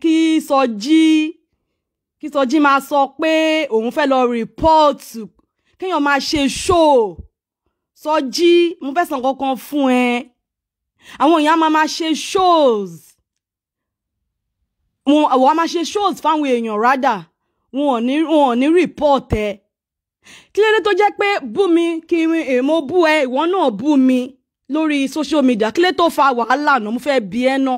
kí Sọjí kí Sọjí máa sọ pé òun fẹ́ lọ rìpọ́ọ̀tù kéèyàn máa ṣe ṣóò Sọjí mo fẹ́ sàn kankan fún ẹ àwọn èèyàn máa máa ṣe shows wọn àwọn máa ṣe shows fáwọn èèyàn rádà wọn ò ní wọn ò ní report ẹ kí ló dé tó jẹ́ pé bú mi kí èmo bú ẹ ìwọ náà bú mi lórí social media kí ló tó fa wàhálà náà mo fẹ́ bi ẹ́ náà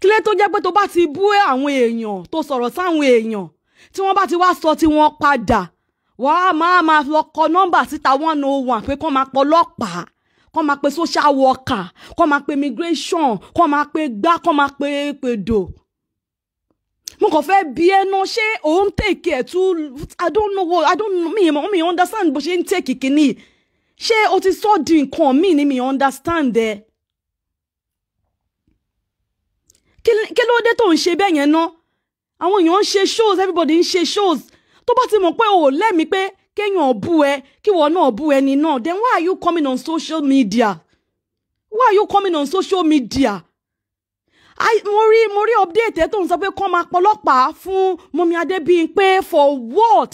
kílẹ̀ tó jẹ́ pé tó bá ti bú àwọn èèyàn tó sọ̀rọ̀ sáwọn èèyàn tí wọ́n bá ti wá sọ tí wọ́n padà wàá máa máa lọ nọ́mbà síta one oh one pé kọ́ máa pọ̀ ọlọ́pàá kọ́ máa pe social worker kọ́ máa pe immigration kọ́ máa pe gbá kọ́ máa pe pèdò mo kàn fẹ́ bí ẹ náà ṣé òun tèkì ẹ̀ tú i don't know what i don't know mi ìmọ̀ mi understand bó ṣe ń tèkì kínní ṣé o ti sọ di nǹkan mi ni mi understand ẹ. Eh? kí ló dé tó ń ṣe bẹ́ẹ̀ yẹn ná àwọn èèyàn ń ṣe shows everybody ń ṣe shows tó bá ti mọ̀ pé o ò pé kéèyàn bú ẹ kí wọ́n náà bú ẹni náà then why are you coming on social media why are you coming on social media I, mo rí mo rí update ẹ tó ń sọ pé kọ́ máa pọlọ́pàá fún mọ́mí Adébíyìnpé for what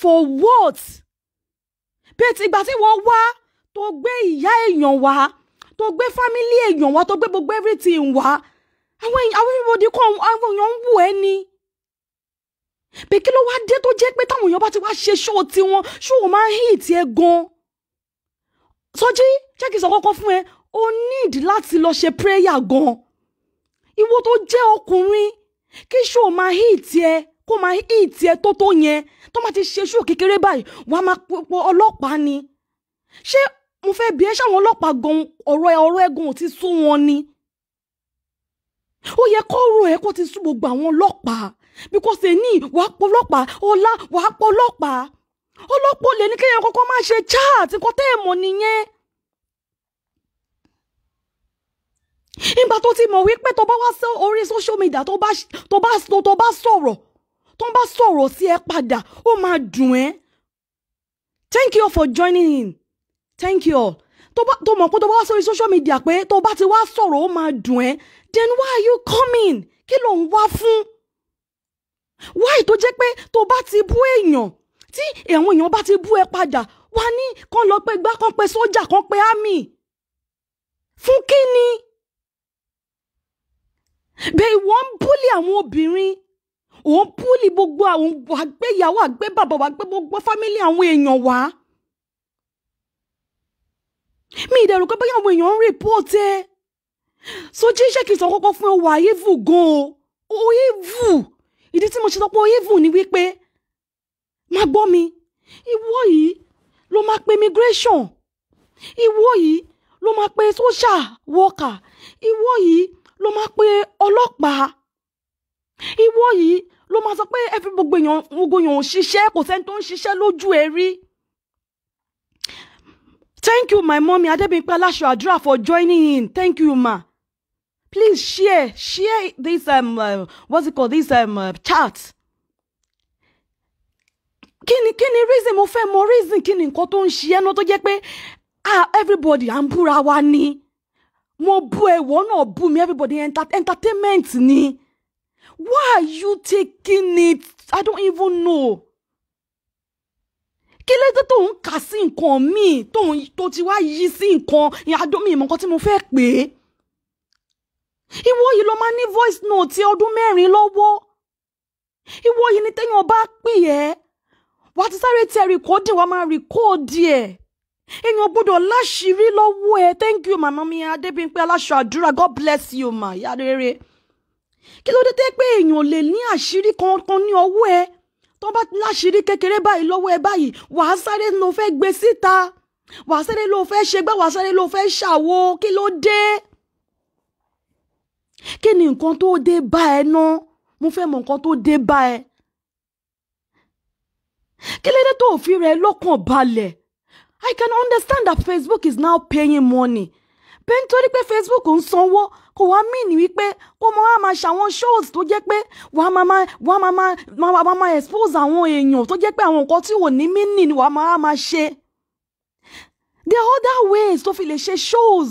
for what bẹ́ẹ̀ tìgbà tí wọ́n wá tó gbé ìyá èèyàn wá tó gbé fámílì èèyàn wá tó gbé gbogbo everything wá àwọn everybody kan àwọn èèyàn ń wù ẹ́ ni pé kí ló wá dé tó jẹ́ pé táwọn èèyàn bá ti wá ṣe ṣóò tiwọn ṣóò máa ń hit ẹ gan Sọjí jẹ́ kí n sọ kọ́kọ́ fún ẹ o need láti lọ ṣe prayer gan ìwọ tó jẹ́ ọkùnrin kí ṣóò máa hit ẹ kó máa hit ẹ tó tó yẹn tó máa ti ṣe ṣóò kékeré báyìí wàá máa pọ ọlọ́pàá ni ṣé mo fẹ́ bi ẹ́ ṣáwọn ọlọ́pàá gan ọ̀rọ̀ ọ̀rọ̀ ẹ̀gùn ò ti sú wọn ni ó yẹ kọ́rọ̀ ẹ̀ kó ti sú gbogbo àwọn ọlọ́pàá because ẹni wàá pọ̀ ọlọ́pàá ọ̀la wàá pọ̀ ọlọ́pàá ọlọ́pàá olè ní kéèyàn kọ́kọ́ máa ṣe chat nǹkan tẹ́ ẹ̀ mọ̀ nìyẹn. ìgbà tó ti mọ̀ wípé tó bá wá sí orí social media tó bá tó bá tó bá sọ̀rọ̀ tó bá sọ̀rọ̀ sí ẹ padà ó máa dùn ẹ́. Thank you for joining in thank you all tó mọ̀ pé tó bá wá sórí social media pé tó bá ti wá sọ̀rọ̀ ó máa dùn ẹ́ then why are you coming kí ló ń wá fún why tó jẹ́ pé tó bá ti bú èèyàn tí àwọn èèyàn bá ti bú ẹ padà wá ní kán lọ pé gbá kán pé sójà kán pé ámì fún kí ni bẹ́ẹ̀ wọ́n ń búlì àwọn obìnrin òun búlì gbogbo àwọn àgbéyàwó àgbébàbà àgbégbogbo fámílì àwọn èèyàn wá mi ìdẹ̀rù pé bóyá àwọn èèyàn ń report ẹ Soji ṣé kí n sọ kọ́kọ́ fún ẹ wà éèvù gan o o éèvù ìdí tí mo ṣe sọ pé o éèvù ni wípé má gbọ́ mi ìwọ yìí ló máa pe immigration ìwọ yìí ló máa pe social worker ìwọ yìí ló máa pe ọlọ́pàá ìwọ yìí ló máa sọ pé ẹ fi gbogbo èèyàn gbogbo èèyàn ò ṣiṣẹ́ kò sẹ́ni tó ń ṣiṣẹ́ lójú ẹ rí Thank you, my mommy Adebimpe Alasho Adura, for joining in. Thank you, ma. Please share, share this um, uh, what's it called? This um uh, chat. Kí ni kí ni reason mo fẹ́ mọ̀ reason kí ni nǹkan tó ń ṣe ẹnu tó ah everybody à ń búra wa ni mo bú ẹ̀wọ́ náà mi everybody enter entertainment ni why are you taking it I don't even know kí ló dé tó ń kà sí nǹkan míì tó ń tó ti wá yí sí nǹkan ìyá àdómi ìmọ̀ nǹkan tí mo fẹ́ pè é ìwọ yìí ló máa ní voice note ọdún mẹ́rin lọ́wọ́ ìwọ yìí ni téèyàn bá pè ẹ́ wà á ti sáré tẹ rìkọ́dì wà á máa rìkọ́ọ̀dì ẹ̀ èèyàn gbọ́dọ̀ láṣìírí lọ́wọ́ ẹ̀ thank you màmá mi adébíyẹnpẹ aláṣọ àdúrà god bless you mà yá rere kí ló dé tẹ́ pé èèyàn lè ní àṣírí kankan ní ọwọ́ ẹ̀ tó bá láṣìírí kékeré báyìí lọ́wọ́ ẹ báyìí wàá sáré ló fẹ́ gbé síta wàá sáré ló fẹ́ ṣègbà wàá sáré ló fẹ́ ṣàwo kí ló dé kí ni nǹkan tó dé bá ẹ náà mo fẹ́ mọ nǹkan tó dé bá ẹ kí ló tó fi rẹ lọ́kàn balẹ̀ I can understand that Facebook is now paying money pé nítorí pé Facebook ń sanwó kò wá mìíní wípé kó mọ wá ṣàwọn shows tó jẹ́ pé wàá máa máa wàá máa máa wàá máa expose àwọn èèyàn tó jẹ́ pé àwọn nǹkan tí ò ní mìíní ni wàá máa máa ṣe. the other ways tó fi lè ṣe shows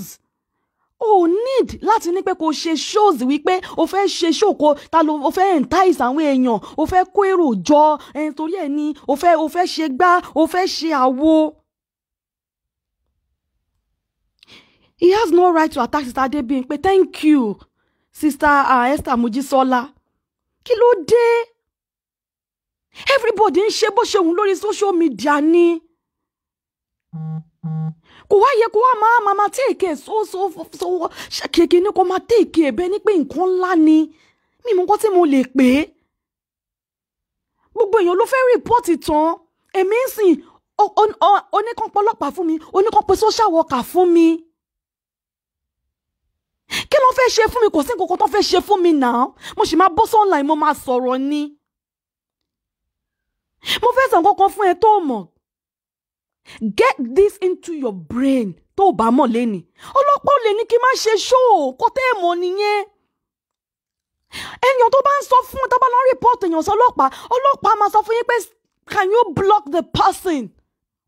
o oh, need láti ní pé kó ṣe shows wípé o fẹ́ ṣe show ko ta ló o fẹ́ entice àwọn èèyàn o fẹ́ kó èrò jọ ẹni torí ẹ̀ ni o fẹ́ o fẹ́ ṣe gbá o fẹ́ ṣe àwo He has no right to attack Sister Adebimpe. Thank you, Sister uh, Esther Mujisola. Kí ló dé? Everybody ń ṣe bó ṣe òun lórí social media ni. Kò wá yẹ kó wá máa máa máa so so so kéèké ni kò máa téèké ẹ̀bẹ̀ ni pé nǹkan ńlá ni. Mi mú nǹkan tí mo lè pè é. Gbogbo èèyàn ló fẹ́ rìpọ́ọ̀tì tán. Èmi ń sìn oníkan pọlọ́pàá fún mi, oníkan pe social worker fún mi kí ló fẹ́ ṣe fún mi kò sí nǹkan kan tó fẹ́ ṣe fún mi náà mo sì máa bọ́ sọ́ọ̀nà mo máa sọ̀rọ̀ ni mo fẹ́ sọ nǹkan fún ẹ tó mọ̀ get this into your brain tó o bá mọ̀ lẹ́ni ọlọ́pàá ò lè ní kí n má ṣe ṣóò kó tẹ́ ẹ̀ mọ̀ nìyẹn èèyàn tó bá ń sọ fún tó bá lọ ń rìpọ́ọ̀tì sọ ọlọ́pàá ọlọ́pàá máa sọ fún yín pé can you block the person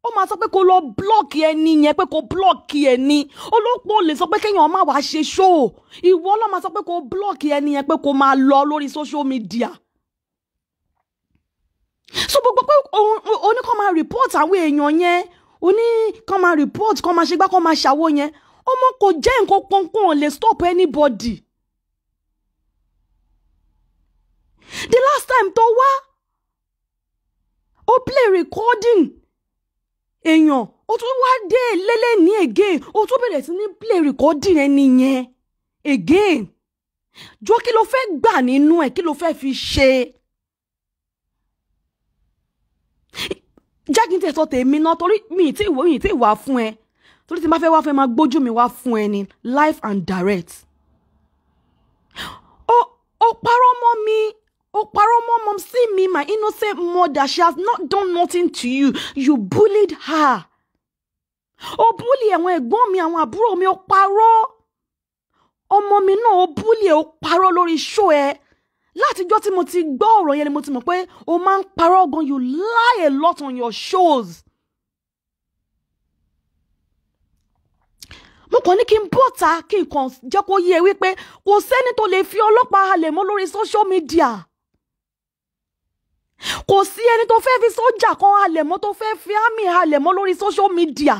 ó máa sọ pé kó lọ blọọkì ẹni yẹn pé kó blọọkì ẹni olóòpó lè sọ pé kéèyàn má wàá ṣe ṣóò ìwọ ló máa sọ pé kó blọọkì ẹni yẹn pé kó máa lọ lórí social media so gbogbo pé oníkan máa report àwọn èèyàn yẹn oníkan máa report kan máa ṣe gbá kan máa ṣàwó yẹn ọmọ kò jẹ́ nǹkan kankan lè stop anybody the last time tó wá ó play recording èèyàn ó tún wá dé lélẹ̀ ní again ó tún bẹ̀rẹ̀ sí ní play recording ẹni yẹn again jọ kí ló fẹ́ gbà nínú ẹ̀ kí ló fẹ́ fi ṣe. jẹ́ kí n tèmi náà torí mi ì tí ìwọ yìí tí ìwà fún ẹ torí tí n bá fẹ́ wá fún máa gbójú mi wá fún ẹ ni live and direct. ó ó parọ́ mọ́ mi Ó oh, parọ́ mọ́ mom see me, my innocent mother she has not done nothing to you you bullied her. Ó bully! àwọn ẹ̀gbọ́n mi àwọn àbúrò mi ó parọ́. Ọmọ mi náà ó búlì ó parọ́ lórí ṣó ẹ. Látijọ́ tí mo ti gbọ́ ọ̀rọ̀ yẹn ni mo ti mọ̀ pé o máa ń parọ́ gan you lie a lot on your shows. mo kàn ní kí n bọ́ta kí n kàn jẹ́ kó yé e wípé kò sẹ́ni tó lè fi ọlọ́pàá halẹ̀ mọ́ lórí social media kò sí ẹni tó fẹ́ fi sójà kan halẹ̀ tó fẹ́ fi àmì halẹ̀ mọ́ lórí social media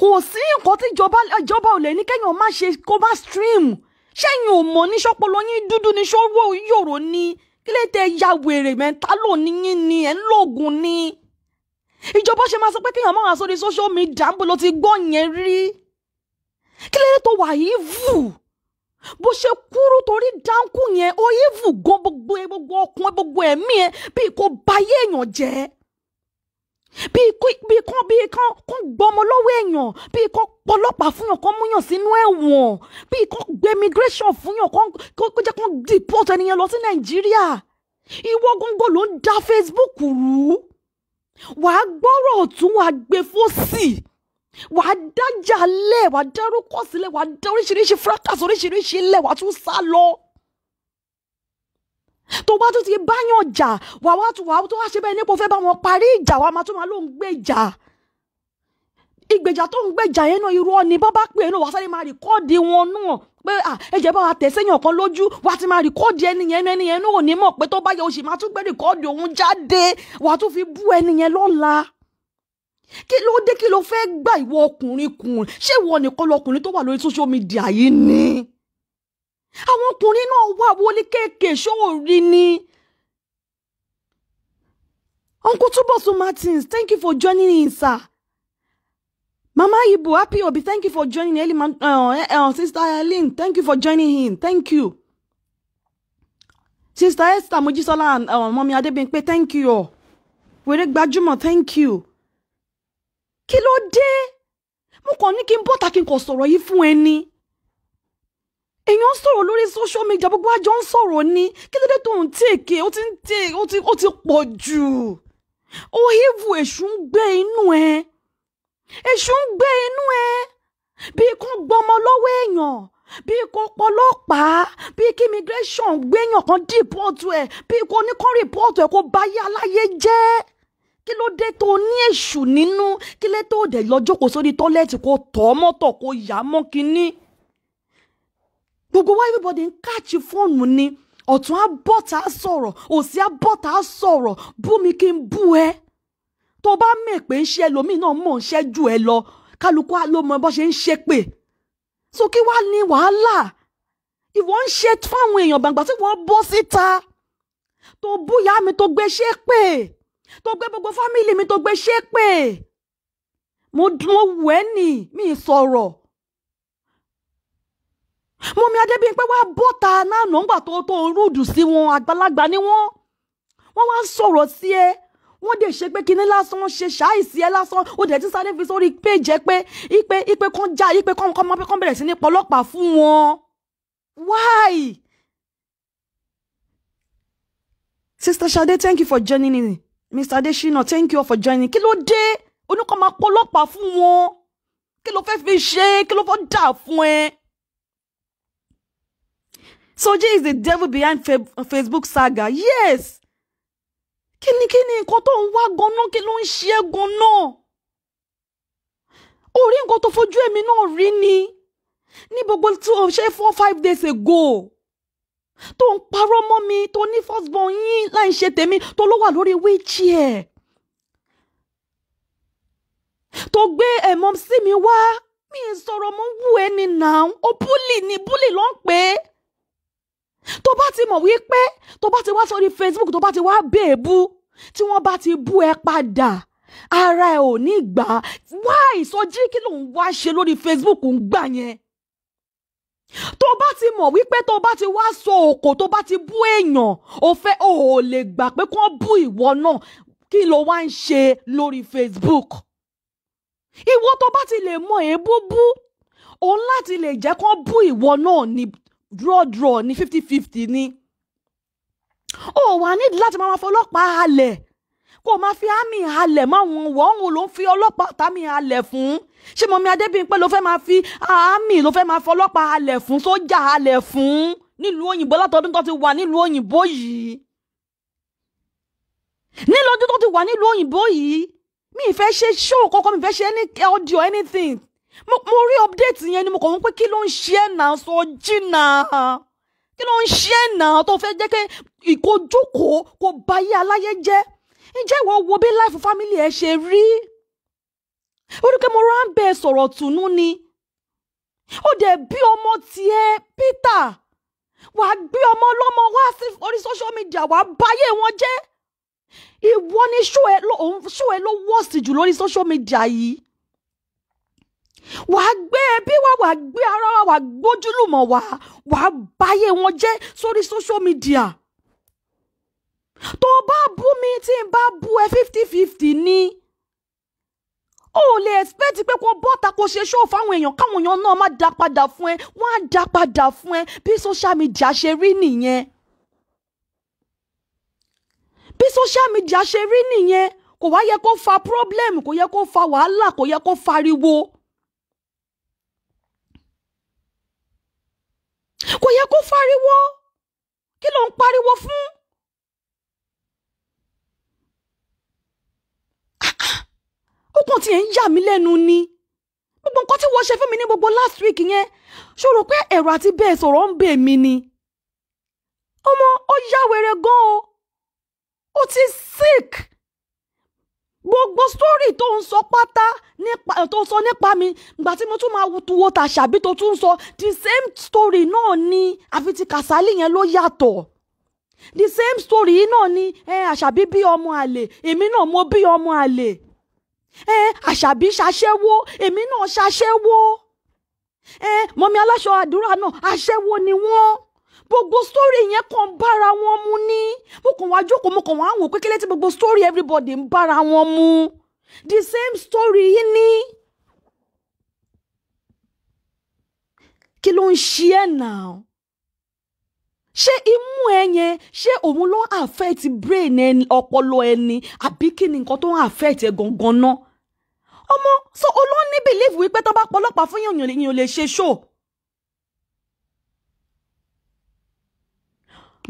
kò sí nǹkan tí ìjọba ò lè ní kéèyàn má ṣe kó má stream ṣẹ́yìn ò mọ̀ ní ṣọ́pọ̀lọ́ yín dúdú ní ṣọ́wọ́ yòrò ni kí lè tẹ ya wèrè mẹ́ta lò níyìn ni ẹ̀ ń lògùn ni ìjọba ṣe máa sọ pé kéèyàn máa wá sórí social media ń bọ̀ ló ti gbọ́ yẹn rí kí lè tó wà yìí vù bó ṣe kúrú torí dáńkù yẹn ó yíwù gan gbogbo gbogbo ọkùn gbogbo ẹ̀mí ẹ bí kò báyé èèyàn jẹ́ bí bí kan bí kan kan gbọmọ lọ́wọ́ èèyàn bí kan pọlọ́pàá fúnyàn kan múyàn sínú ẹ̀wọ̀n bí kan gbé immigration fúnyàn kan kó jẹ́ kan deport ẹniyẹn lọ sí nàìjíríà ìwọ góńgó ló ń da Facebook rú wàá gbọ́rọ̀ ọ̀tún wàá gbé fósì wà á dájà lẹ̀ wà á dárúkọ sílẹ̀ wà á dá oríṣiríṣi fracas oríṣiríṣi lẹ̀ wà á tún sá lọ tó bá tún ti báyàn jà wà wá tún wà tó wá ṣe bẹ́ẹ̀ nípò fẹ́ bá wọn parí ìjà wà á máa tún máa ló ń gbèjà ìgbèjà tó ń gbèjà yẹn náà irọ́ ni bábá pè é náà wà á sáré máa rìkọ́ọ̀dì wọn náà pé à ẹ̀jẹ̀ bá wa tẹ̀ sẹ́yìn ọ̀kan lójú wà á ti máa rìkọ́ọ̀dì ẹni yẹn ẹni yẹn náà ò ní mọ̀ pé tó bá yẹ oṣù máa tún gbé rìkọ́ọ̀dì òun jáde wà á tún fi bú ẹni yẹn lọ́la kí ló dé kí ló fẹ́ gbà ìwọ ọkùnrin kùnrin ṣé ìwọ nìkan lọkùnrin tó wà lórí social media yìí ni àwọn ọkùnrin náà wà wọlé kéèké ṣóòrí ni. Uncle Tubosu Martins, thank you for joining in, sir. Mama Ibu, Happy Obi, thank you for joining in. Uh, uh, uh, Sister Eileen, thank you for joining in. Thank you. Sister Esther Mojisola and uh, Mommy Adebimpe, thank you. Were Gbajúmọ̀, thank you kí ló dé mo kàn ní kí n bọ́ta kí n kàn sọ̀rọ̀ yìí fún ẹni èèyàn ń sọ̀rọ̀ lórí social media gbogbo àjọ ń sọ̀rọ̀ ni kí ló dé tó ń tèké ó ti ń tè ó ti ó ti pọ̀ jù ó hívu èṣù ń gbé inú ẹ èṣù ń gbé inú ẹ bí kan gbọmọ lọ́wọ́ èèyàn bí kò pọlọ́pàá bí kí immigration gbéyàn kan dìpọ́tù ẹ̀ bí kò ní kán rìpọ́tù ẹ̀ kó báyé aláyé jẹ́ kí ló dé tó ní èṣù nínú kí ló dé tó dẹ̀ lọ sórí tọ́lẹ́ẹ̀tì kó tọ́ mọ́tọ̀ kó yá mọ́ kínní gbogbo wa everybody ń káàkiri fóònù ni ọ̀tún á bọ́ta sọ̀rọ̀ òsì á bọ́ta sọ̀rọ̀ bú mi kí n bú ẹ tó bá mẹ̀ pé ń ṣe ẹlòmíì náà mọ̀ ń ṣe jù ẹ lọ kálukú ló bó ṣe ń ṣe pé so kí wàá ní wàhálà ìwọ ń ṣe fáwọn èèyàn gbàgbà tí wọ́n bọ́ síta tó búyàá mi tó gbé ṣe pé tó gbé gbogbo fámìlì mi tó gbé ṣépè mo dùn ó wù ẹ́ nì mí sọ̀rọ̀ mọ́mí adébíyẹ̀pẹ̀ wá bọ́ta náà nọ́ngbà tó tó ń rúdù sí wọn àgbàlagbà ni wọ́n wọ́n wá ń sọ̀rọ̀ sí ẹ wọ́n dẹ̀ ṣe pé kinní lásán ṣe ṣàìsí ẹ lásán ó dẹ̀ ti sáré fi sórí péjẹ pé ipe ipe kan já ipe kan kan kan bẹ̀rẹ̀ sí ní pọlọ́pàá fún wọn why. Sister Shade, thank you for joining me. Mr. Adesina thank you all for joining kí ló dé oníkan máa pọlọ́pàá fún wọn kí ló fẹ́ fi ṣe kí ló fẹ́ dà fún ẹ. Soji is the devil behind Facebook saga yes kí ni kí ni nǹkan tó ń wá ganan kí ló ń ṣe é ganan orí nǹkan tó fojú èmi náà rí ni ní gbogbo tí ṣe four five days ago tó ń parọ́ mọ́ mi tó ní first born yín láì ṣe tèmi tó ló wà lórí wheelchair tó gbé ẹ̀mọ́ sí mi wá mi sọ̀rọ̀ mo wù ẹ́ ni nàá o búlì ni búlì ló ń pè é tó bá ti mọ̀ wípé tó bá ti wá sórí Facebook tó bá ti wá bèébú tí wọ́n bá ti bú ẹ padà ara ẹ ò ní gbà wá ìsọjí kí ló ń wá ṣe lórí Facebook ń gbà yẹn tó bá ti mọ̀ wípé tó bá ti wá so òkò tó bá ti bú èèyàn ò fẹ́ ò lè gbà pé kí wọ́n bú ìwọ náà kí ló wá ń ṣe lórí Facebook ìwọ tó bá ti lè mọ èébú bú òun láti lè jẹ́ kí wọ́n bú ìwọ náà ní draw draw ní fifty fifty ni ó wà nídìí láti máa fọlọ́pàá halẹ̀ kó o máa fi àmì halẹ̀ mọ́ wọn wọ́n òun ló ń fi ọlọ́pàá tàmì halẹ̀ fún ṣé mọ̀mí adébíyìnpé ló fẹ́ máa fi àmì ló fẹ́ máa fi ọlọ́pàá halẹ̀ fún sójà halẹ̀ fún nílùú òyìnbó látọdún tó ti wà nílùú òyìnbó yìí nílọ́dún tó ti wà nílùú òyìnbó yìí mi ì fẹ́ ṣe show kọ́kọ́ mi ì fẹ́ ṣe any audio anything mo, mo rí update yẹn ni mo kàn wọ́n pé kí ló ń ṣe é náà sọ jìnnà kí ló ń ṣe é náà tó fẹ́ jẹ́ kí ìkójúkòó kò báyé aláyé jẹ́ ǹjẹ́ ìwọ wo bí láìfù fámìlì ẹ ṣe rí ó ní pé mo rán bẹ́ẹ̀ sọ̀rọ̀ tùnú ni ó dẹ̀ bí ọmọ tiẹ̀ Peter wà á gbé ọmọ ọlọ́mọ wá sí orí social media wà á báyé wọn jẹ́ ìwọ ni ṣó ẹ ló wọ́ọ̀sì jù lórí social media yìí wà á gbé ẹbí wa wà á gbé ara wa wà á gbójúlùmọ̀ wa wà á báyé wọn jẹ́ sórí social media tó bá bú mi tí n bá bú ẹ fifty fifty ni o lè expect pé kó bọ́ta kó ṣe ṣó fáwọn èèyàn káwọn èèyàn náà má dá padà fún ẹ wọ́n á dá padà fún ẹ bí social media ṣe rí nìyẹn bí social media ṣe rí nìyẹn kò wá yẹ kó fa problem kò yẹ kó fa wàhálà kò yẹ kó fariwo. kò yẹ kó fariwo kí ló ń pariwo fún. ó kàn tiẹ̀ ń yà mí lẹ́nu ni gbogbo nǹkan tí wọ́n ṣe fún mi ní gbogbo last week yẹn ṣó rò pé ẹ̀rọ àti bẹ́ẹ̀ sọ̀rọ̀ ń bè mí ni ọmọ ó yá wèrè gan o ó ti sick gbogbo story tó ń sọ pátá nípa tó ń sọ nípa mi ìgbà tí mo tún máa wo tàṣàbí tó tún sọ the same story náà ni àfi ti kàsálì yẹn ló yàtọ̀ the same story náà ni ẹ àṣàbí bí ọmọ àlè èmi náà mo bí ọmọ àlè ẹ àṣàbí ṣaṣẹ́wó èmi náà ṣaṣẹ́wó ẹ mọ̀mí aláṣọ àdúrà náà aṣẹ́wó ni wọ́n gbogbo story yẹn kàn bára wọn mu ní mo kàn wá jókòó mo kàn wá wò pé kílẹ̀ tí gbogbo story everybody ń bára wọn mu the same story yìí ni kí ló ń ṣe ẹ̀ náà ṣé imú ẹ yẹn ṣé òun ló affect brain ẹni ọpọlọ ẹni àbí kí ni nǹkan tó ń affect ẹ gangan náà ọmọ so olóhùn ní believe wípé tó bá pọlọpàá fún yàn yàn ò lè ṣe ṣó.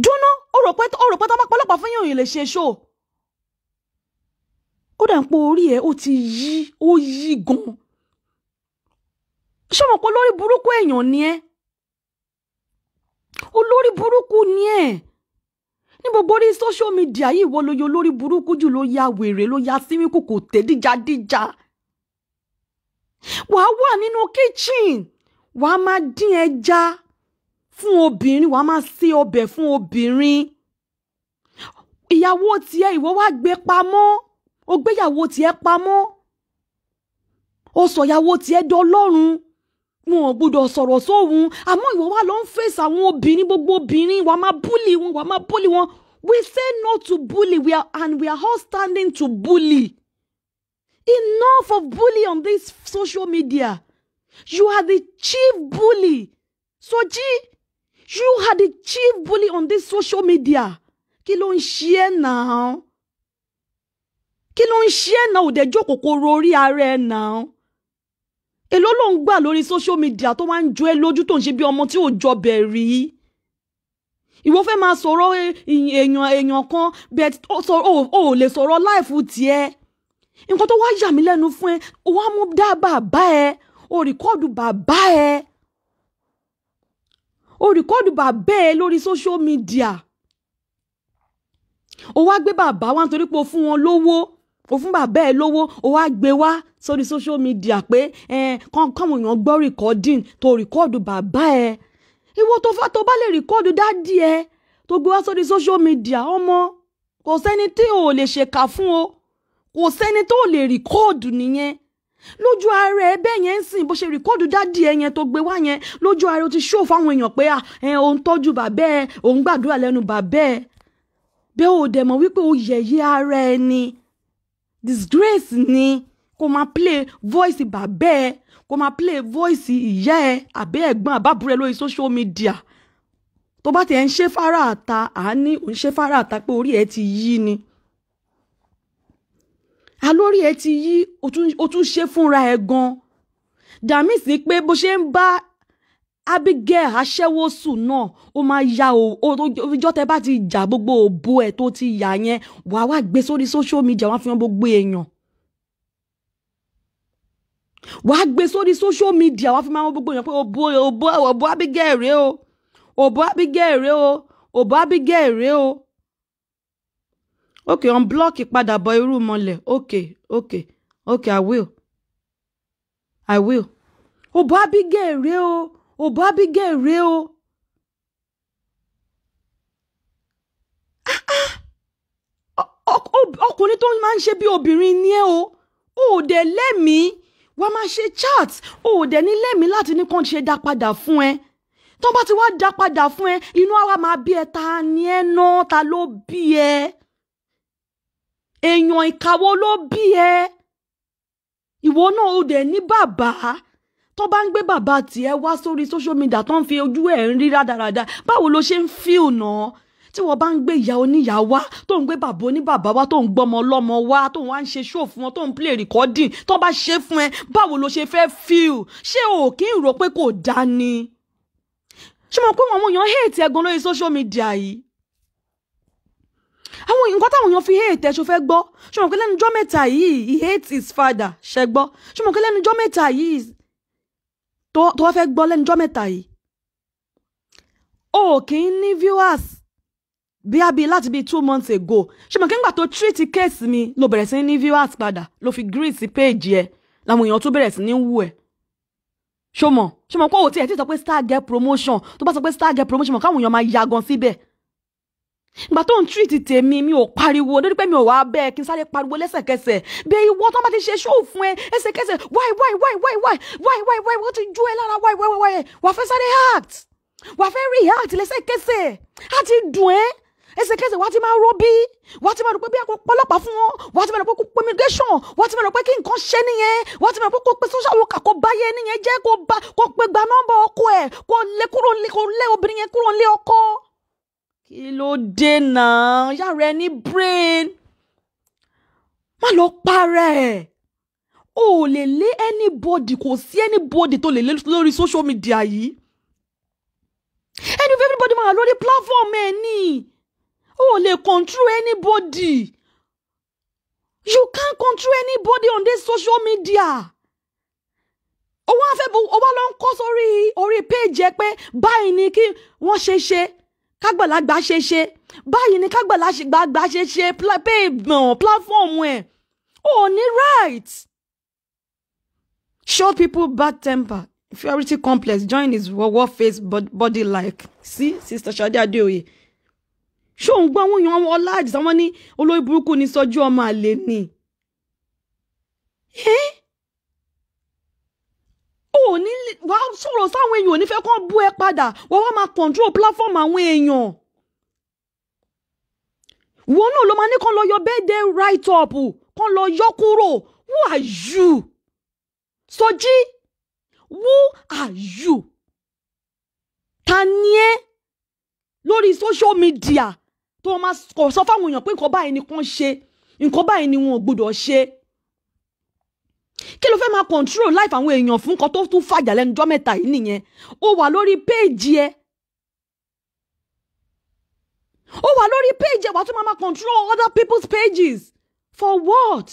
jóná ó rò pé ó rò pé tó bá pọlọpàá fún yàn yàn lè ṣe ṣó. ó dà ń pọ orí ẹ ó ti yí ó yí gan. ṣé mo pé lórí burúkú èèyàn ni ẹ́ olórí burúkú ni ẹ ní gbogbo orí social media yìí ìwọ lóye olórí burúkú jù ló ya wèrè ló ya símíkù kò tẹ díjadíja wàá wà nínú kitchen wàá máa dín ẹja fún obìnrin wàá máa sè ọbẹ̀ fún obìnrin ìyàwó tiẹ̀ ìwọ wá gbé pamọ́ ó gbéyàwó tiẹ̀ pamọ́ ìyàwó tiẹ̀ dọlọ́run wọn ò gbúdọ̀ sóhun àmọ́ ìwọ wa ló ń fèsì àwọn obìnrin gbogbo obìnrin wàá máa búlì wọn wàá máa búlì wọn we say no to bully we are, and we are all standing to bully enough of bully on this social media you are the chief bully Soji you are the chief bully on this social media kí ló ń ṣe é náà kí ló ń ṣe é náà ò dẹjọ́ kòkòrò orí ara ẹ̀ náà èló ló ń gbà lórí social media tó máa ń jọ ẹ lójú tó ń ṣe bí ọmọ tí ò jọ bẹ̀ rí ìwọ fẹ́ máa sọ̀rọ̀ eh, èèyàn èèyàn kan bẹ́ẹ̀ ò lè sọ̀rọ̀ láìfù tiẹ̀ nǹkan tó wá yà mí lẹ́nu fún ẹ ó wá mú dá bàbá ẹ ó rìkọ́ọ̀dù bàbá ẹ ó rìkọ́ọ̀dù bàbá ẹ lórí social media ó wá gbé bàbá wa nítorí pé ó fún wọn lówó o fún bàbá ẹ lówó o wá gbé wá sórí social media pé kọ́mọ èèyàn gbọ́ recording tó rìkọ́ọ̀dù bàbá ẹ ìwọ tó fà tó bá lè rìkọ́ọ̀dù dádì ẹ tó gbé wá sórí social media ọmọ kò sẹ́ni tí ò lè ṣèkà fún o kò sẹ́ni tó lè rìkọ́ọ̀dù nìyẹn lójú ara ẹ bẹ́ẹ̀ yẹn ń sìn bó ṣe rìkọ́dù dádì ẹ yẹn tó gbé wá yẹn lójú ara ẹ ti ṣó fáwọn èèyàn pé òun tọ́jú bàbẹ́ ẹ òun gbàdúrà lẹ́nu bàbẹ́ ẹ bẹ́ẹ̀ ò dẹ̀ mọ̀ wípé o yẹ̀yẹ́ ara ẹ ni disgrace ni kó máa play voice bàbá ẹ kó máa play voice ìyá ẹ àbẹ́ ẹ̀gbọ́n àbábúrẹ́ lórí social media tó bá tiẹ̀ ń ṣe fara àta àání òun ṣe fara àta pé orí ẹ ti yí ni alórí ẹ ti yí o tún ṣe fúnra ẹ gan dàmí sí pé bó ṣe ń bá Abigail aṣẹ́wósù náà ó máa ya ọjọ́ tẹ bá ti jà gbogbo òbo ẹ̀ tó ti yà yẹn wàá wá gbé sórí social media wàá fi hàn gbogbo èèyàn wàá gbé sórí social media wàá fi máa hàn gbogbo èèyàn pé òbo òbo òbo Abigail rèé o òbo Abigail rèé o òbo Abigail rèé o ok unblock padà bọ irú mọlẹ̀ ok ok ok I will I will òbo Abigail rèé o òbó Abigail rèé ah, ah. o. ọkùnrin tó máa ń ṣe bí obìnrin ni ẹ́ o ò dẹ̀ lẹ́mìí wàá máa ṣe chat ò dẹ̀ ní lẹ́mìí láti ní kàn ṣe dá padà fún ẹ tó bá ti wá dá padà fún ẹ inú àwa máa bí ẹ ta ni ẹ náà ta ló bí ẹ èèyàn ìkàwọ́ ló bí ẹ ìwọ náà ò dẹ̀ ní bàbá tó bá ń gbé bàbá tiẹ̀ wá sórí social media tó ń fi ojú ẹ̀ ń rí rádaràda báwo ló ṣe ń fíìl náà tí wọ́n bá ń gbé ìyá oníyà wá tó ń gbé bàbá oníbàbá wá tó ń gbọmọ ọlọ́mọ wá tó ń wá ń ṣe ṣó fún ọ tó ń play recording tó bá ṣe fún ẹ báwo ló ṣe fẹ́ fíìl ṣé o kì í rò pé kò dá ni ṣé mo pé àwọn èèyàn hate ẹ lórí social media yìí àwọn nǹkan táwọn èèyàn fi hate ẹ ṣo fẹ́ gbọ́ ṣé mo pé lẹ́nu jọ́ yìí he hates his father ṣẹ́ gbọ́ ṣé mo pé lẹ́nu yìí tó wá fẹ́ gbọ́ lẹ́nujọ́ mẹ́ta yìí o kì í ní viewers bí a bí láti bíi two months ago ṣe mọ̀ kí n gbà tó treat case mi ló bẹ̀rẹ̀ sí ní viewers padà ló fi greet sí page ẹ̀ làwọn èèyàn tún bẹ̀rẹ̀ sí ní wù ẹ̀ ṣọmọ ṣọmọ pé òwò tí ẹ ti sọ pé star get promotion tó bá sọ pé star get promotion mọ̀ káwọn èèyàn máa yagan síbẹ̀. Si ìgbà tó ń tírìtì tèmi mi ò pariwo lórí pé mi ò wá bẹ́ẹ̀ kí n sáré pariwo lẹ́sẹ̀kẹsẹ̀ bẹ́ẹ̀ ìwọ tó má ti ṣe ṣóò fún ẹ ẹsẹ̀kẹsẹ̀ wáì wáì wáì wáì wáì wáì wáì wáì wọ́n ti ju ẹ lára wáì wáì wáì wà fẹ́ sáré act wà fẹ́ react lẹ́sẹ̀kẹsẹ̀ á ti dùn ẹ́ ẹsẹ̀kẹsẹ̀ wà á ti máa rọ bí wà á ti máa rò pé bí àpò ọlọ́pàá fún wọn wà á ti máa rò pé kó pé migration wà á ti máa rò pé kí nǹkan ṣe nìyẹn wà á ti máa rò pé kó pe social worker kó bá yẹ nìyẹn jẹ́ kó bá nọ́mbà ọkọ ẹ̀ kó lé kúrò lé obìnrin yẹn kúrò lé ọkọ kí ló dé náà yàrá ẹ ní brain má lọ para ẹ̀ o lè lé anybody kò sí anybody tó lè lé lórí social media yìí ẹni everybody máa lórí platform ẹ ní o lè control anybody you can't control anybody on this social media o wá fẹ́ o wá lọ ń kọ́ sórí orí péjì ẹ pé báyìí ni kí wọ́n ṣe ṣe kágbàlagbà ṣe ṣe báyìí ni kágbàlagbà ṣe ṣe pé ìgbọ̀n platform ẹ̀ ò ní right. show people bad temper inferiority complex join his war face body like see sister Ṣadé Adéoyè ṣóun gbọ́ àwọn èèyàn ọlá àdìsáwọn ní olórí burúkú ní sọ́jú ọmọ àlè ni. Eh? ò ní wá sọ̀rọ̀ sáwọn èèyàn ò ní fẹ́ kó bú ẹ padà wọ́n wá máa control platform àwọn èèyàn wọn náà ló máa ní kán lọ yọ birthday write up kán lọ yọ kúrò who are you Sọjí who are you ta ni ẹ lórí social media tó o máa sọ fáwọn èèyàn pé nǹkan báyìí ni kán ṣe nǹkan báyìí ni wọn ò gbọdọ̀ ṣe kí ló fẹ́ máa control life àwọn èèyàn fún kan tó tún fàjà lẹ́nu jọ́ mẹ́ta yìí nìyẹn ó wà lórí péèjì ẹ ó wà lórí péèjì ẹ wà tún máa máa control other people's pages for what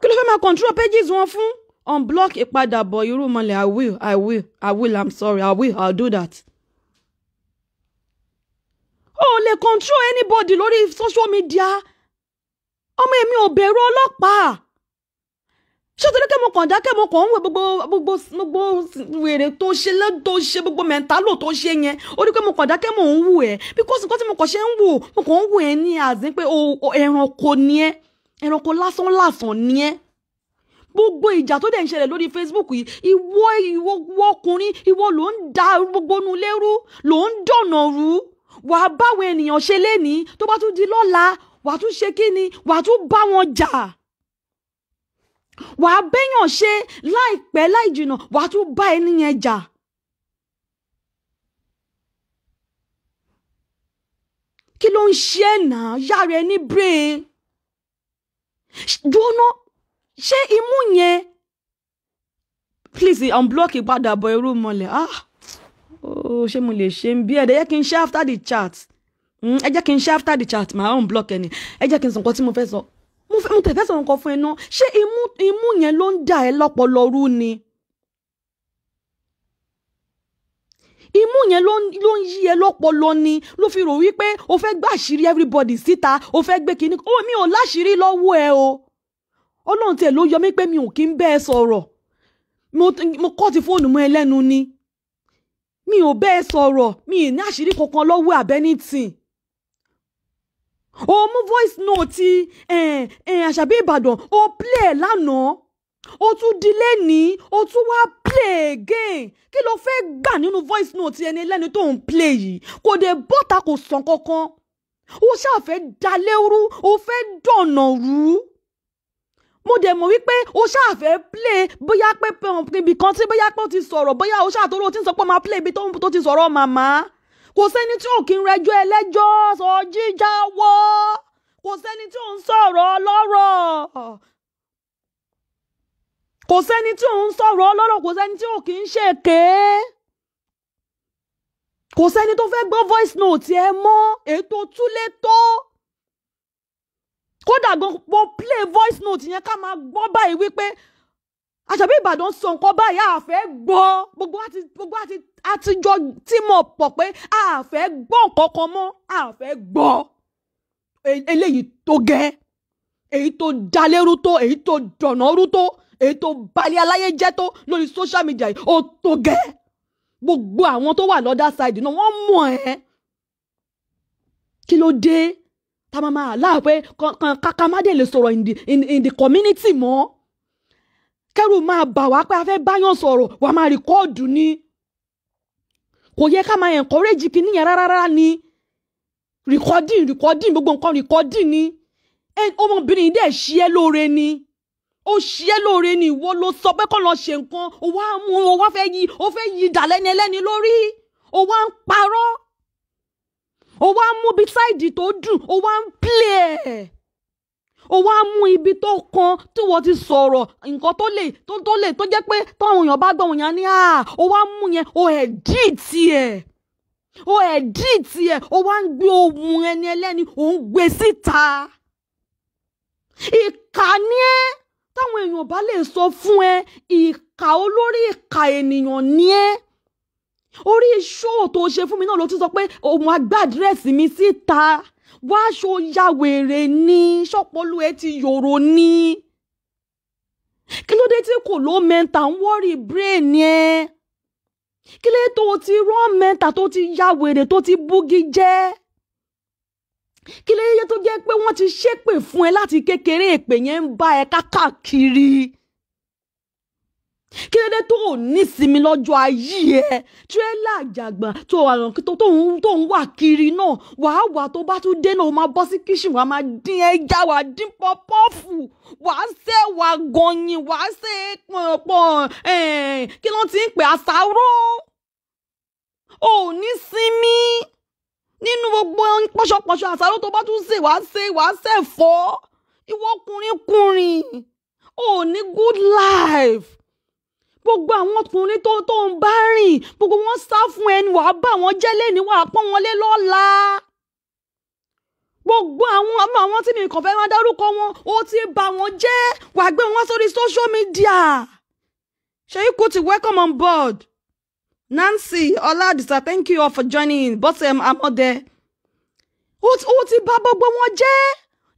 kí ló fẹ́ máa control pages wọn fún unblock ìpadàbọ̀ irú mọ́lẹ̀ i will i will i will i'm sorry i will i'll do that o oh, lè control anybody lórí social media ọmọ èmi ò bẹ̀rù ọlọ́pàá ṣé torí kẹ́ mo kàn dákẹ́ mo kàn ń wo gbogbo gbogbo gbogbo wèrè tó ṣe lẹ́dọ̀ ṣe gbogbo mẹ́ntálò tó ṣe yẹn ó rí pé mo kàn dákẹ́ mo ń wù ẹ́ bíkọ́sì nǹkan tí mo kàn ṣe ń wù mo kàn ń wù ẹ́ ní àzín pé ẹranko ni ẹ́ ẹranko lásán lásán ni ẹ́ gbogbo ìjà tó dẹ̀ ń ṣẹlẹ̀ lórí Facebook yìí ìwọ ìwọ ọkùnrin ìwọ ló ń da gbogbo nu lérú ló ń dọ̀nà rú wàá báwọn ènìyàn ṣe lénìí tó bá tún di lọ́la wàá tún ṣe kí ni wàá tún bá wọn jà wàá bẹ́yàn ṣe láìpẹ́ láì jìnnà wàá tún bá ẹni yẹn jà. kí ló ń ṣe ẹ̀ náà yára ẹni brain dúró ṣé imú yẹn please unblock ìpadàbọ̀ irú mọ́lẹ̀ ah oh ṣé mo lè ṣe bí ẹ̀ dẹ̀ kí n ṣe after the chat. Hmm, ẹ jẹ́ kí n ṣe after the chat my own block ẹni ẹ jẹ́ kí n sọ nǹkan tí mo fẹ́ sọ mo fẹ́ mo tẹ̀ fẹ́ sọ nǹkan fún ẹ náà ṣé imú imú yẹn ló ń dà ẹ́ lọ́pọlọ rú ni imú yẹn ló ń yí ẹ lọ́pọlọ ni ló fi rò wípé o fẹ́ gbé àṣírí everybody síta o fẹ́ gbé kinní o mi ò láṣìírí lọ́wọ́ ẹ o ọlọ́run tiẹ̀ ló yọ mí pé mi ò kí ń bẹ́ ẹ sọ̀rọ̀ mo kọ́ ti fóònù mọ́ ẹ lẹ́nu ni mi ò bẹ́ ẹ sọ̀rọ̀ mi ì ní àṣírí kankan lọ́wọ́ àbẹ́nítìn o mú voice note eh, eh, àṣàbí ìbàdàn o play e lánàá o tún dilé e ní o tún wá play e again kí ló fẹ́ gbà nínú voice note ẹni lẹ́ni tó ń play yìí kò dé bọ́ta kò sàn kankan o ṣáà fẹ́ dalẹ́rú o fẹ́ dọ̀nà rú mo dẹ̀ mọ̀ wípé o ṣáà play bóyá pé ibì kan tí bóyá pé o ti sọ̀rọ̀ bóyá o ṣáà tó ti sọ pé o máa play ibi tó ti sọ̀rọ̀ màmá kò sẹ́ni tí ò kí ń rẹjọ́ ẹlẹ́jọ́ sọ jíjáwọ́ kò sẹ́ni tí ò ń sọ̀rọ̀ ọlọ́rọ̀ kò sẹ́ni tí ò ń sọ̀rọ̀ ọlọ́rọ̀ kò sẹ́ni tí ò ṣèké kò sẹ́ni tó fẹ́ gbọ́ voice note ẹ mọ́ ètò túlé tó kódà gan play voice note yẹn ká máa gbọ́ báyìí wípé àṣàbí ìbàdàn sọ nǹkan báyìí àfẹ́ gbọ́ gbogbo àti gbogbo àti àtijọ́ tí mo pọ̀ pé àfẹ́ gbọ́ nǹkan kan mọ́ àfẹ́ gbọ́ e, eléyìí tó gẹ́ èyí tó jalérú tó èyí tó dọ̀nàrú tó èyí tó balẹ̀ aláyé jẹ́ tó lórí social media yìí ó tó gẹ́ gbogbo àwọn tó wà lọ́dà side náà wọ́n mọ̀ ẹ́ kí ló dé tá a máa máa láàpẹ́ kankan kákámádé lè sọ̀rọ̀ in the in the community mọ́ kẹ́rù máa bà wá pé a fẹ́ báyàn sọ̀rọ̀ wà máa rìkọ́ọ̀dù ni kò yẹ ká máa encourage kí nìyẹn rárá ni recording recording gbogbo nǹkan recording ni ọmọbìnrin yìí dẹ̀ ṣí ẹ́ lóore ni ó ṣí ẹ́ lóore ni ìwọ ló sọ pé kó lọ ṣe nǹkan ó wá mú ó wá fẹ́ yí ó fẹ́ yí ìdàlẹ́ni ẹlẹ́ni lórí ó wá ń parọ́ ó wá ń mú bí sáìdì tó dùn ó wá ń play O wá mú ibi tó kan tí wọ́n ti sọ̀rọ̀ nǹkan tó lè tó tó lè tó jẹ́ pé táwọn èèyàn bá gbọ́ wọn yẹn ní à ah, ó wá mú yẹn o ẹ̀ dì tiẹ̀ o ẹ̀ dì tiẹ̀ ó wá ń gbé ohun ẹni ẹlẹ́ni ó ń gbé síta ìkà ni ẹ́ táwọn èèyàn bá lè sọ fún ẹ ìkà olórí ìkà ènìyàn ni ẹ́ orí ṣóò tó ṣe fún mi náà ló tún sọ pé òun á àdírẹ́sì mi síta wá aṣọ ya wèrè ni? ṣọ́pọ̀lú ẹ ti yòrò ni? kí ló dé tí kò ló mẹ́ta ń wọ́rì brain yẹn kí ló dé tó o ti rán mẹ́ta tó ti ya wèrè tó ti búgi jẹ́ kí ló dé tó jẹ́ pé wọ́n ti ṣépè fún ẹ láti kékeré èpè yẹn ń bá ẹ kákàkiri kí ló dé tó ò nísinmi lọ́jọ́ ayé ẹ tírélà àjàgbà tó ń wà kiri náà wàá wà tó bá tún dé náà ó máa bọ́ sí kíṣìn wàá máa dín ẹja wàá dín pọ́pọ́ọ̀fù wàá ṣe wàá gọ̀yìn wàá ṣe pọ̀npọ̀n kí ló ti ń pè àṣàrò ò nísinmi nínú gbogbo pọ́ṣọpọ́ṣọ àṣàrò tó bá tún ṣe wàá ṣe wàá ṣe fọ́ ìwọ́kùnrin kùnrin ò ní good life gbogbo àwọn ọkùnrin tó tó ń bá rìn gbogbo wọn sá fún ẹni wàá bá wọn jẹ́ lẹ́ni wàá pọ́n wọn lé lọ́la gbogbo àwọn ọmọ àwọn tí mi kàn máa dárúkọ wọn ó ti bà wọn jẹ́ wàá gbé wọn sórí social media Ṣèyí Kútì welcome on board Nancy Ọládìsá thank you all for joining Bọ́sẹ̀ Amọ́dẹ ó ti bà gbogbo wọn jẹ́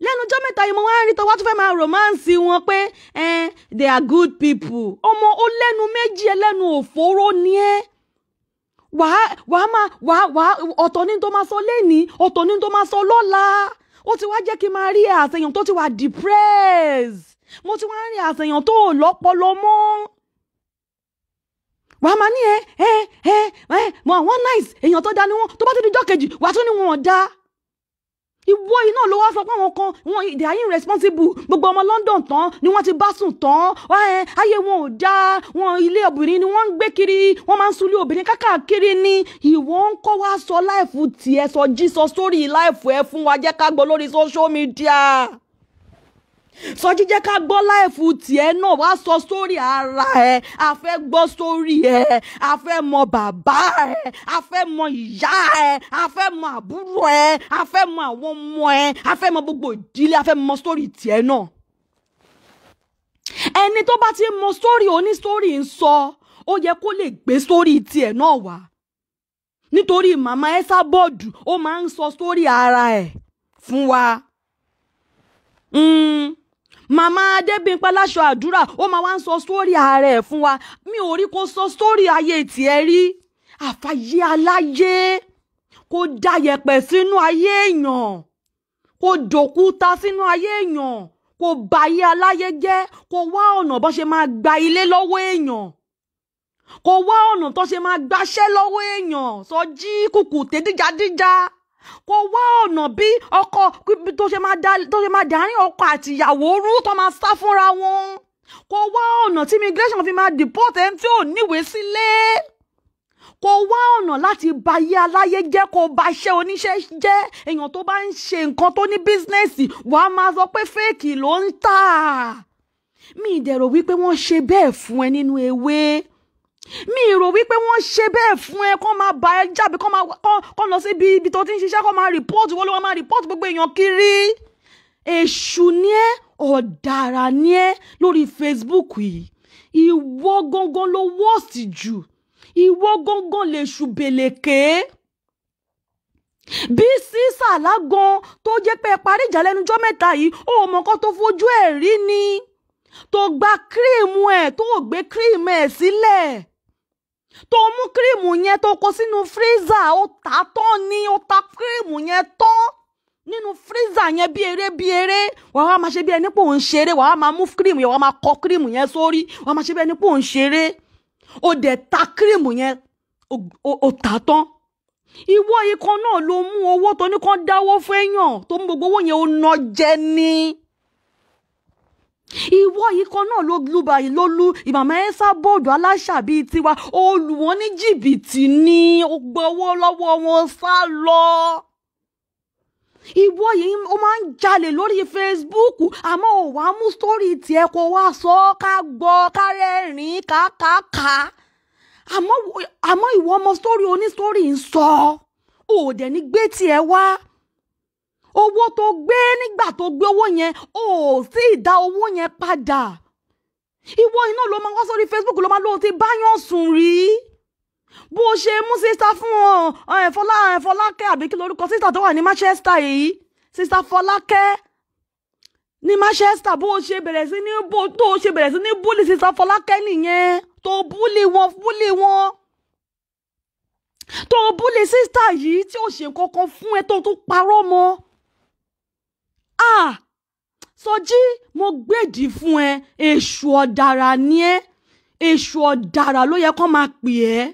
lẹ́nujọ́ mẹ́ta yìí mo wá ń rí tọ́wọ́ tó fẹ́ máa romance wọn pé eh, they are good people ọmọ ó lẹ́nu méjì ẹlẹ́nu òfóró ni ẹ́ wàá wàá máa wàá wàá ọ̀tọ̀ ní tó máa sọ lẹ́ni ọ̀tọ̀ ní tó máa sọ lọ́la ó ti wá jẹ́ kí n máa rí àṣeyàn tó ti wà depressed mo ti wá ń rí àṣeyàn tó lọ́pọlọ mọ́ wàá máa ní ẹ ẹ ẹ wọn nice èèyàn tó da ni wọn tó bá ti di jọ́ kejì wàá tún ní wọn ò da ìwọ iná ló wá sọ pé àwọn kan wọn they are irresponsible gbogbo ọmọ London tán ni wọ́n ti bá sùn tán ayé wọn ò já wọn ilé obìnrin ni wọ́n ń gbé kiri wọ́n máa ń sunlé obìnrin kákàkiri ni ìwọ ń kọ́ wá sọ láìfù tiẹ̀ sọ jí sọ sórí láìfù ẹ fún wa jẹ́ ká gbọ́ lórí social media sọjí jẹ́ ká gbọ́ láìfù tiẹ̀ náà wá sọ sórí ara ẹ̀ a fẹ́ gbọ́ sórí ẹ̀ a fẹ́ mọ bàbá ẹ̀ a fẹ́ mọ ìyá ẹ̀ a fẹ́ mọ àbúrò ẹ̀ a fẹ́ mọ àwọn ọmọ ẹ̀ a fẹ́ mọ gbogbo ìdílé a fẹ́ mọ sórí tiẹ̀ náà ẹni tó bá ti mọ sórí onísórí ń sọ ó yẹ kó lè gbé sórí tiẹ̀ náà wá nítorí màmá ẹ́sà bọ́ọ̀dù ó máa ń sọ sórí ara ẹ̀ fún wa. Mm màmá adébínpẹ́ láṣọ àdúrà ó máa wá ń sọ sórí ààrẹ ẹ̀ fún wa mi ò rí kó sọ sórí ayé tiẹ̀ rí àfàyè aláyé kó da yẹ̀pẹ̀ sínú ayé èèyàn kó dòkúta sínú ayé èèyàn kó ba ayé aláyé jẹ́ kó wá ọ̀nà bó ṣe máa gba ilé lọ́wọ́ èèyàn kó wá ọ̀nà tó ṣe máa gbaṣẹ́ lọ́wọ́ èèyàn sọ jí kùkù tèdíjàdíjà. So, kò wá ọ̀nà bí ọkọ tó ṣe máa darí ọkọ àti ìyàwó rú tó máa sá fúnra wọn kò wá ọ̀nà tí immigration fi máa deport ẹni tí ò níwèé sílé kò wá ọ̀nà láti bayé aláyé jẹ́ kó ba iṣẹ́ oníṣẹ́ jẹ́ èèyàn tó bá ń ṣe nǹkan tó ní bísínẹ́sì wàá máa sọ pé fẹ́ẹ̀kì ló ń tà mí ìdẹ̀rọ̀ wípé wọ́n ṣe bẹ́ẹ̀ fún ẹ nínú ewé mi rò wípé wọ́n ṣe bẹ́ẹ̀ fún ẹ kó máa bá ẹ jábí kó máa kó lọ síbi ibi tó ti ń ṣiṣẹ́ kó máa rìpọ́ọ̀tì wọ́n ló máa rìpọ́ọ̀tì gbogbo èèyàn kiri èṣù ni ẹ ọ̀dàrà ni ẹ lórí Facebook yìí ìwọ gangan ló wọ́ọ̀sì jù ìwọ gangan lè ṣù bèlèké bí sísà lágan tó jẹ́ pé ẹ parí ìjà lẹ́nujọ́ mẹ́ta yìí ó mọ nǹkan tó fojú ẹ̀ rí ni tó gba kírìmù ẹ̀ tó gbé kírìmù ẹ̀ sílẹ̀. Si tó mú kírìmù yẹn tó kó sínú fírízà ó ta tán ni ó ta kírìmù yẹn tán nínú fírízà yẹn bí eré bí eré wàá wá máa ṣe bí ẹni pò ń ṣeré wàá máa mú kírìmù yẹn wàá máa kọ kírìmù yẹn sórí wàá máa ṣe bí ẹni pò ń ṣeré ó dẹ̀ ta kírìmù yẹn ó ta tán ìwọ ikọ̀ náà ló mú owó tó ní kàn dáwó fẹ́yàn tó mú gbogbo owó yẹn ó ná jẹ ni ìwọ yìí kan náà ló lu báyìí ló lu ìmàmá ẹ sábòdò aláṣà bíi tiwa ó lù wọ́n ní jìbìtì ni ó gbowó lọ́wọ́ wọn sá lọ ìwọ yìí ó máa ń jalè lórí Facebook àmọ́ ò wá mú sórí tiẹ̀ kó wá sọ ká gbọ́ ká rẹ́rìn-ín kàkàkà àmọ́ ìwọ ọmọ sórí onísórí ń sọ ò dẹ̀ ní gbé tiẹ̀ wá owó tó gbé nígbà tó gbé owó yẹn ò sí ìdá owó yẹn padà ìwọ iná ló máa wá sórí Facebook ló máa lóun ti báyọ̀ sùn rí bó ṣe mú sísá fún ọ ẹ̀fọ́lá ẹ̀fọ́lákẹ́ àbí kí lórúkọ sísá tó wà ní Manchester yìí sísá Fọlákẹ́ ní Manchester bó ṣe bẹ̀rẹ̀ sí ní bó tó ṣe bẹ̀rẹ̀ sí ní búlì sísá Fọlákẹ́ nìyẹn tó búlì wọn búlì wọn tó búlì sísá yìí tí ò ṣe kankan fún ẹ tó tún parọ́ mọ́ ah sọjí mo gbèdì fún ẹ èṣù ọ̀dàrà ni ẹ èṣù ọ̀dàrà ló yẹ kó máa pè ẹ́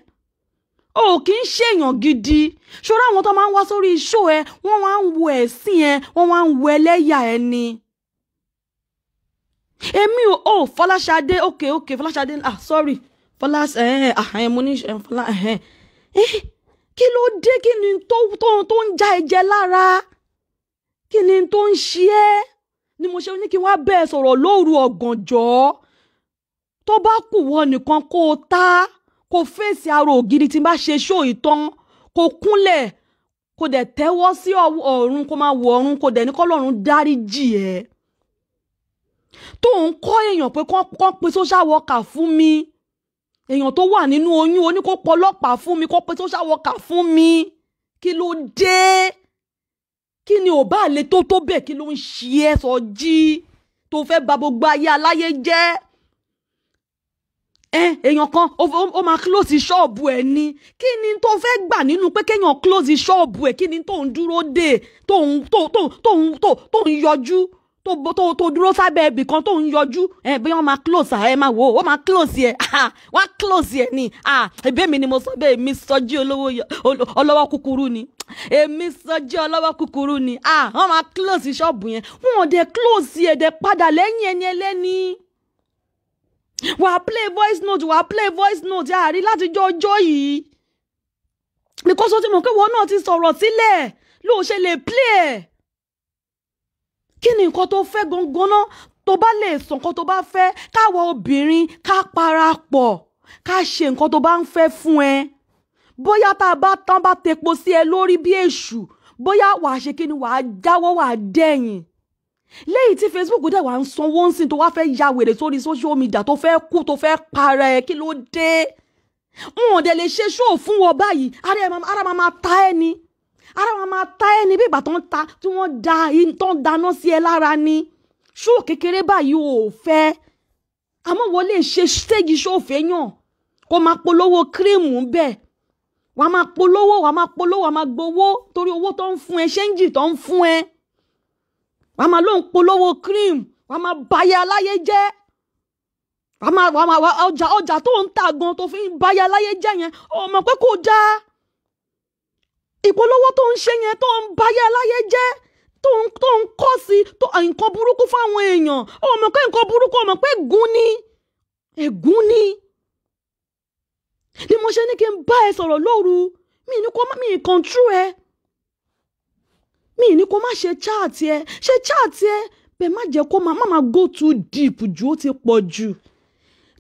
o kì í ṣèyàn gidi ṣọ́ra àwọn tó máa ń wá sórí iṣó ẹ wọ́n wá ń wo ẹ̀sìn ẹ wọ́n wá ń wo ẹlẹ́yà ẹ ni èmi ò ò fọláṣadé òkè òkè fọláṣadé ah sorry fọlá ẹ̀hẹ́n eh, àhẹ́n eh, ah, eh, mo ní fọlá ẹ̀hẹ́n kí ló dé kí ni tó ń já ẹ̀jẹ̀ lára kí ni tó ń ṣe ẹ́ ni mo ṣe ní kí wọ́n á bẹ́ẹ̀ sọ̀rọ̀ lóru ọ̀gànjọ́ tó bá kù wọ́n nìkan kó o ta kó o fèsì ara ògiri tí n bá ṣe ṣó ìtàn kó o kúnlẹ̀ kó dẹ̀ tẹ́wọ́ sí ọ̀run kó máa wọ ọ̀run kó dẹ̀ ní kọ́lọ́run dáríjì ẹ̀ tó ń kọ́ èèyàn pé kán pe social worker fún mi èèyàn tó wà nínú oyún oníkópọ̀ ọlọ́pàá fún mi kó pe social worker fún mi kí ló dé kí ni ò bá lè tó tó bẹ́ẹ̀ kí ló ń ṣe ẹ́ sọ jí tó fẹ́ bà gbogbo ayé aláyé jẹ́ ẹ èèyàn kan ó máa close ṣọ́ọ̀bù ẹ̀ ni kí ni tó fẹ́ gbà nínú pé kéèyàn close ṣọ́ọ̀bù ẹ̀ kí ni tó ń dúró dè tó ń tó tó tó ń tó tó ń yọjú tó tó tó dúró sábẹ́ ibì kan tó ń yọjú ẹ bí wọ́n máa close ẹ máa wò ó máa close ẹ ah, wọ́n á close ẹ ni ah, ẹbí mi ni mo sọ bẹ́ẹ̀ mi sọ jí olówó kúkúrú ni èmi sọjẹ́ ọlọ́wọ́ kúkúrú ni àwọn máa close ṣọ́ọ̀bù yẹn wọn ò dé close èdè padà lẹ́yìn ẹni ẹlẹ́ni wàá play voice note wàá play voice note àárí láti jọ ọjọ́ yìí because ó ti mọ̀ pé wọn náà ti sọ̀rọ̀ sílẹ̀ ló ṣe lè play ẹ̀ kí ni nǹkan tó fẹ́ gangan náà tó bá lè sọ nǹkan tó bá fẹ́ káwọ obìnrin ká parapọ̀ ká ṣe nǹkan tó bá ń fẹ́ fún ẹ bóyá tá a bá tán bá tepo sí ẹ lórí bí èṣù bóyá wàá ṣe kí ni wàá jáwọ́ wàá dẹ̀yìn lẹ́yìn tí Facebook dẹ̀ wàá ń sanwó ń sìn tó wàá fẹ́ ya wèrè sórí social media tó fẹ́ kú tó fẹ́ para ẹ̀ kí ló dé n ò dẹ̀ lè ṣe ṣóò fún wọn báyìí ara máa máa ta ẹ́ ni ara máa ta ẹ́ ni bí ìgbà tó ń ta tí wọ́n da tó ń dáná sí ẹ lára ni ṣóò kékeré báyìí ò fẹ́ àmọ́ wọ́n lè ṣe stage ṣóò fẹ́ yàn kó máa polówó kírìmù bẹ́ẹ̀ wàá máa polówó wàá máa polówó wàá máa gbowó torí owó tó ń fún ẹ ṣéǹjì tó ń fún ẹ wàá máa lóun polówó cream wàá máa bayé aláyé jẹ́ wàá máa wàá máa ọjà ọjà tó ń ta gan tó fi ń bayé aláyé jẹ́ yẹn ọmọ pé kò dáa ìpolówó tó ń ṣe yẹn tó ń bayé aláyé jẹ́ tó ń kọ́ sí tó nǹkan burúkú fáwọn èèyàn ọmọ pé nǹkan burúkú ọmọ pé ègún ni ègún ni ni mo ṣe ní kí n bá ẹ sọ̀rọ̀ lóru mi ní kó mi kọ̀ǹtrú ẹ mi ní kó má ṣe chaati ẹ ṣe chaati ẹ bẹ́ẹ̀ má jẹ́ kó má má go too deep ju ó ti pọ̀ jù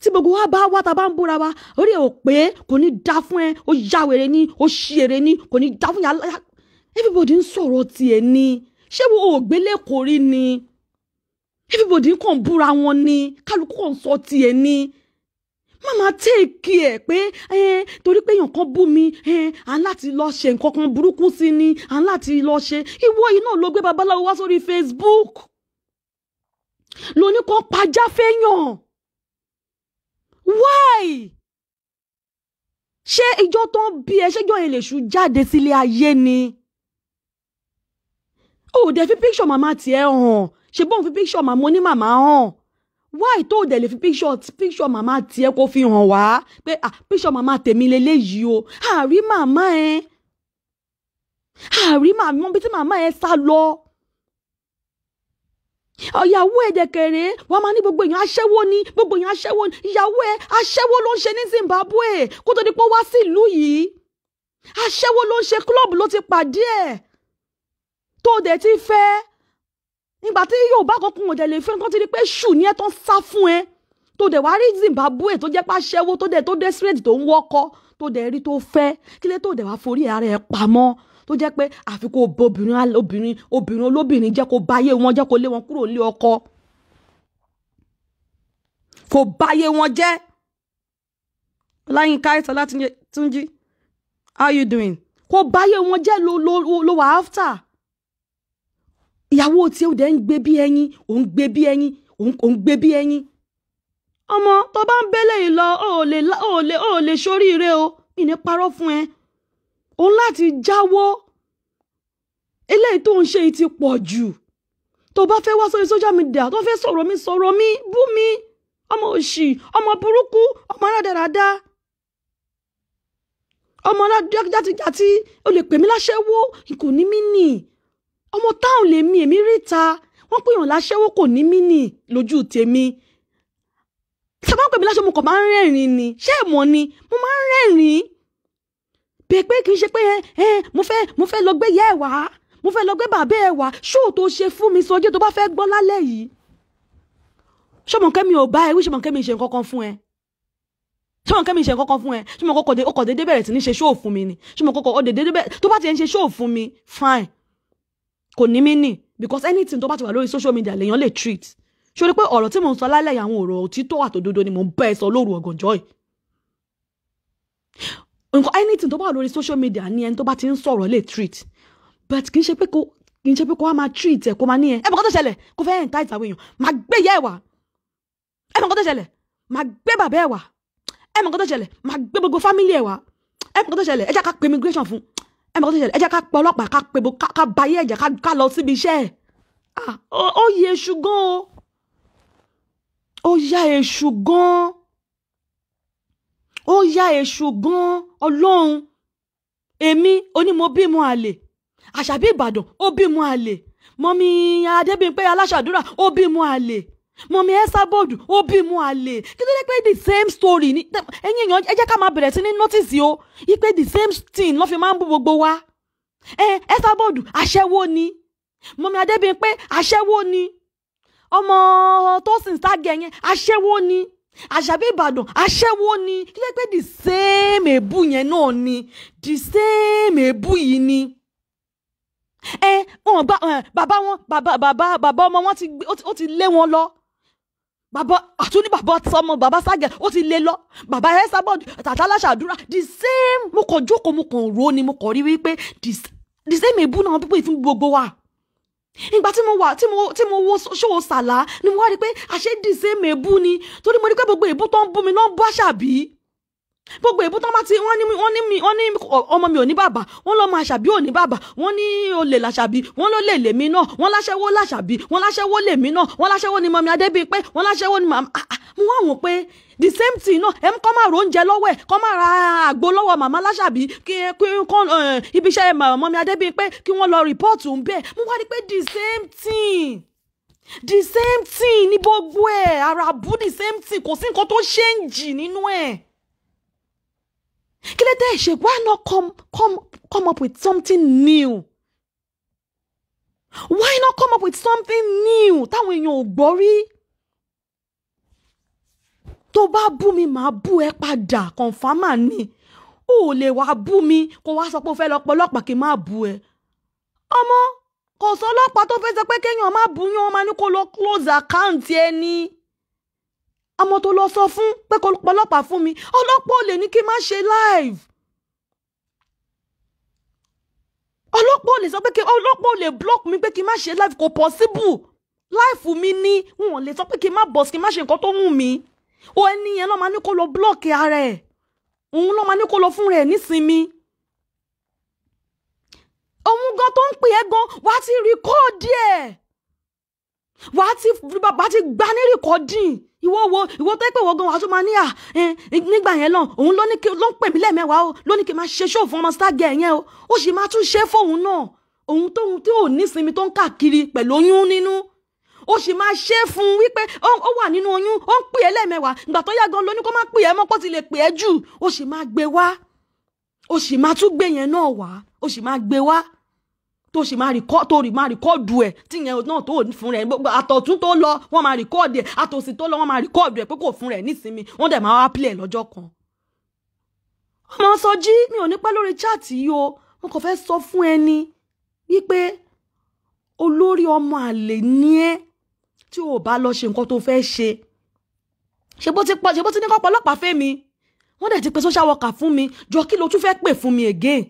tí gbogbo wa bá wá ta bá ń búra wa orí ò pé kò ní dá fún ẹ ó yá wèrè ni ó ṣí èrè ni kò ní dá fún yàrá everybody ń sọ̀rọ̀ tiẹ̀ ni ṣé wo ògbélé kò rí ni everybody ń kàn búra wọn ni kálukú kàn sọ tiẹ̀ ni mama take care pé eh, torí pé èèyàn kan bú mi eh, à ń láti lọ ṣe nǹkan kan burúkú sí ni à ń láti lọ ṣe ìwọ yìí náà ló gbé babaláwo wá sórí Facebook lóní kan pajá fẹ́yàn why ṣé ìjọ tó ń bí ẹ ṣéjọ yẹn lè ṣú jáde sílé ayé ni ó dẹ̀ fi píṣọ màmá tiẹ̀ hàn ṣe bóun fi píṣọ màmá onímàmá hàn why tó dẹ̀ lè fi picture picture mama tiẹ̀ kó fi hàn wá pé ah picture mama tèmi lélẹ́yìí o àrí màmá ẹ àrí màmá bí tí màmá ẹ sá lọ ìyàwó ẹ dẹkẹrẹ wà á máa ní gbogbo èèyàn aṣẹ́wó ni gbogbo èèyàn aṣẹ́wó ni ìyàwó ẹ aṣẹ́wó ló ń ṣe ní Zimbabwe kó tó di pé ó wá sí ìlú yìí aṣẹ́wó ló ń ṣe club ló ti pàdé ẹ̀ tó dẹ̀ ti fẹ́ẹ́ nígbà tí yorùbá kankan ò dẹ̀ lè fẹ́ tó ti rí pé ṣù ni ẹ tó ń sá fún ẹ tó dẹ̀ wá rí zimbabwe tó jẹ́ pàṣẹwó tó dẹ̀ tó desperate tó ń wọ́kọ́ tó dẹ̀ rí tó fẹ́ kílé tó dẹ̀ wá forí ara ẹ pamọ́ tó jẹ́ pé àfi kó obìnrin obìnrin obìnrin olóbìnrin jẹ́ kó báyé wọn jẹ́ kó lé wọn kúrò lé ọkọ kó báyé wọn jẹ́ ọláyínká ìsọlá túnjí how you doing kó báyé wọn jẹ́ ló ló ló wà after ìyàwó tí ó dẹ̀ ń gbé bí ẹyin òun gbé bí ẹyin òun gbé bí ẹyin ọmọ tó bá ń bẹ́lẹ̀ yìí lọ ó lè ó lè ó lè ṣoríire o ìní parọ́ fún ẹ òun láti jáwọ́ eléyìí tó ń ṣe yìí ti pọ̀ jù tó bá fẹ́ wá sórí social media tó fẹ́ sọ̀rọ̀ mi sọ̀rọ̀ mi bú mi ọmọ òṣì ọmọ burúkú ọmọ aládàradà ọmọ aládàjàtijàti o lè pè mí láṣẹ́wó kò ní mí nìí ọmọ táwọn lèmi èmi ríta wọ́n pèèyàn láṣẹ́wó kò ní mí ni lójú tèmi sábà ń pè mí láṣẹ mo kàn máa ń rẹ́rìn ni ṣé ẹ̀ mọ̀ ni mo máa ń rẹ́rìn bẹ́ẹ̀ pé kì í ṣe pé ẹ mo fẹ́ mo fẹ́ lọ gbé ìyá ẹ̀ wá mo fẹ́ lọ gbé bàbá ẹ̀ wá ṣóò tó ṣe fún mi sọjí tó bá fẹ́ gbọ́ lálẹ́ yìí ṣọmọkẹ́mi ò bá ẹ wí ṣọmọkẹ́mi ṣe nǹkan kan fún ẹ ṣé wọn kẹ́mi ṣe nǹkan fún ẹ ṣé wọn kọ́kọ́ ọkọ̀ déédéé bẹ̀rẹ̀ sí ní ṣe ṣóò fún mi ni ṣé wọn kọ́kọ́ ọdẹ déédéé bẹ̀rẹ̀ tó bá ti ń ṣe ṣóò fún mi fine kò ní mí nì because anything tó bá ti wà lórí social media lèèyàn lè treat ṣorí pé ọ̀rọ̀ tí mò ń sọ lálẹ́ yìí àwọn ọ̀rọ̀ òtítọ́ àtòdodo ni mò ń bẹ́ ẹ sọ lóru ọ̀gànjọ́ yìí nǹkan anything tó bá wà lórí social media ni ẹni tó bá ti ń sọ̀rọ̀ lè treat but kì í ṣe pé kò kì í ṣe pé kò wá máa treat ẹ̀ kò máa ní ẹ ẹ mọ̀ kó tó ṣẹlẹ̀ kò fẹ́ entice àwọn èèyàn máa gbé ìyá ẹ̀ wá ẹ mọ̀ kó tó ṣẹlẹ̀ máa gbé bàbá ẹ̀ wá ẹ mọ̀ kó tó ṣẹlẹ̀ máa gbé gbogbo family ẹ̀ wá ẹ mọ̀ kó tó ṣẹlẹ̀ ẹ jẹ́ ká pè immigration fún ẹ mọ̀ tó ṣẹlẹ̀ ẹ jẹ́ ká pa ọlọ́pàá ká pe bo ká bayé ẹ̀jẹ̀ ká lọ síbi iṣẹ́ ẹ̀ ó yẹ èṣù gan o ó yá èṣù gan ó yá èṣù gan ọlọ́run èmi onímọ̀bímọ àlè àṣàbí ìbàdàn ó bímọ àlè mọ́mí adébíyìn aláṣàdúrà ó bímọ àlè mọ̀mí Esabod ó bímọ àlè kí ló dé pé the same story ni ẹ̀yin èèyàn ẹ jẹ́ ká máa bẹ̀rẹ̀ sí ní notice o yí pé the same thing ló fi máa ń bú gbogbo wa ẹ Esabod aṣẹ́wó ni mọ̀mí Adébíyìn pé aṣẹ́wó ni ọmọ Tosin Stargurl yẹn aṣẹ́wó ni àṣàbí ìbàdàn aṣẹ́wó ni kí ló dé pé the same èébú yẹn náà ni the same èébú yìí ni ẹ wọn bá bàbá wọn bàbá bàbá bàbá ọmọ wọn ó ti lé wọn lọ bàbá àtúní bàbá sọmọ bàbá ságẹ ó ti lé lọ bàbá ẹsàbọdù tàtàlà shadura. the same mo kàn jókòó mo kàn rò ni mo kàn rí wípé the same èébú na pípé ifun gbogbo wa ìgbà tí mo wà tí mo tí mo wo ṣòwò sàlá ni mo wá rí i pé the same èébú ni torí mo rí i pé gbogbo èébú tó ń mi náà ń bú gbogbo ìbú tán bá ti wọ́n ní wọ́n ní wọ́n ní ọmọ mi ò ní bàbá wọ́n lọ́mọ àṣàbí ò ní bàbá wọ́n ní olè làṣàbí wọ́n ló lè lèmi náà wọ́n láṣẹ́wó làṣàbí wọ́n láṣẹ́wó lèmi náà wọ́n láṣẹ́wó ni mọ̀mí adébíyí pé wọ́n láṣẹ́wó ni màmá ah, ah, mo wá wò pé the same thing náà ẹ kọ́ máa róúnjẹ lọ́wọ́ ẹ̀ kọ́ máa ra àgbo lọ́wọ́ màmá láṣàbí kí eh, ibiṣẹ́ mọ̀mí adébíyí pé kí wọ́n lọ rìpọ́ọ̀tù ń bẹ̀ mo wá rí pé the same thing the same thing ní gbogbo ẹ̀ àràbù the same thing kò sí nǹkan tó ṣéǹjì nínú ẹ̀ kí ló dé ṣe why not come come come up with something new why not come up with something new táwọn èèyàn ò gbọ́ rí tó bá bú mi màá bú ẹ padà kọ̀ǹfàmà ni ó lè wá bú mi kó wá sọ pé ó fẹ́ lọ pọ̀ ọlọ́pàá kí n má bú ẹ ọmọ kò sọ ọlọ́pàá tó fẹ́ sọ pé kéèyàn má bú yín wọn máa kó lọ close account ẹni. Eh, àmọ́ tó lọ sọ fún pé kó pọlọ́pàá fún mi ọlọ́pàá ò lè ní kí n má ṣe live ọlọ́pàá ò lè sọ pé kí ọlọ́pàá ò lè block mi pé kí n má ṣe live kò possible life mi ní wọn ò lè sọ pé kí n má bọ̀ sí kí n má ṣe nǹkan tó wù mí o ẹni yẹn ló máa ní kó lọ block ara ẹ̀ òun ló máa ní kó lọ fún rẹ̀ nísinmi òun gan tó ń pè é gan wàá ti rìkọ́ọ̀dì ẹ̀ wàá ti gba ní rìkọ́ọ̀dì ìwọ wo ìwọ tó yẹ pé ìwọ gan wàá tún máa ní à ah, eh, nígbà yẹn lọ òun ló ní kí ló ń pè mí lẹ́ẹ̀mẹ́wàá o ló ní kí n máa ṣe ṣó fún ọmọ star yẹn o ó sì máa tún ṣe fóun náà òun tóun tí ò nísinmi tó ń káàkiri pẹ̀lú oyún nínú ó sì máa ṣe fún un wípé ó wà nínú oyún ó ń pè é lẹ́ẹ̀mẹ́wàá ìgbà tó yá gan ló kó má pè é mọ́ kó ti lè pè é jù ó sì máa gbé wá ó sì máa tún gbé yẹn náà wá ó sì máa gbé wá tó sì máa rìkọ́ tó rì máa rìkọ́ọ̀dù ẹ̀ tí ìyẹn náà tó fún rẹ̀ gbogbo àtọ̀tún tó lọ wọ́n máa rìkọ́ọ̀dù ẹ̀ àtòsí tó lọ wọ́n máa rìkọ́ọ̀dù ẹ̀ pé kò fún rẹ̀ nísinmi wọ́n dẹ̀ máa wá pílẹ̀ lọ́jọ́ kan. ọmọ sọ jí mi ò ní pẹ́ lórí chaati yìí o mo kàn fẹ́ sọ fún ẹni wípé olórí ọmọ àlè ni ẹ́ tí o bá lọ ṣe nǹkan tó fẹ́ ṣe ṣe bó ti pọ̀ ṣe bó ti ní kọ́ pọ̀ ọlọ́pàá fẹ́ mi wọ́n dẹ̀ ti pe social worker fún mi jọ kí lo tún fẹ́ pè fún mi again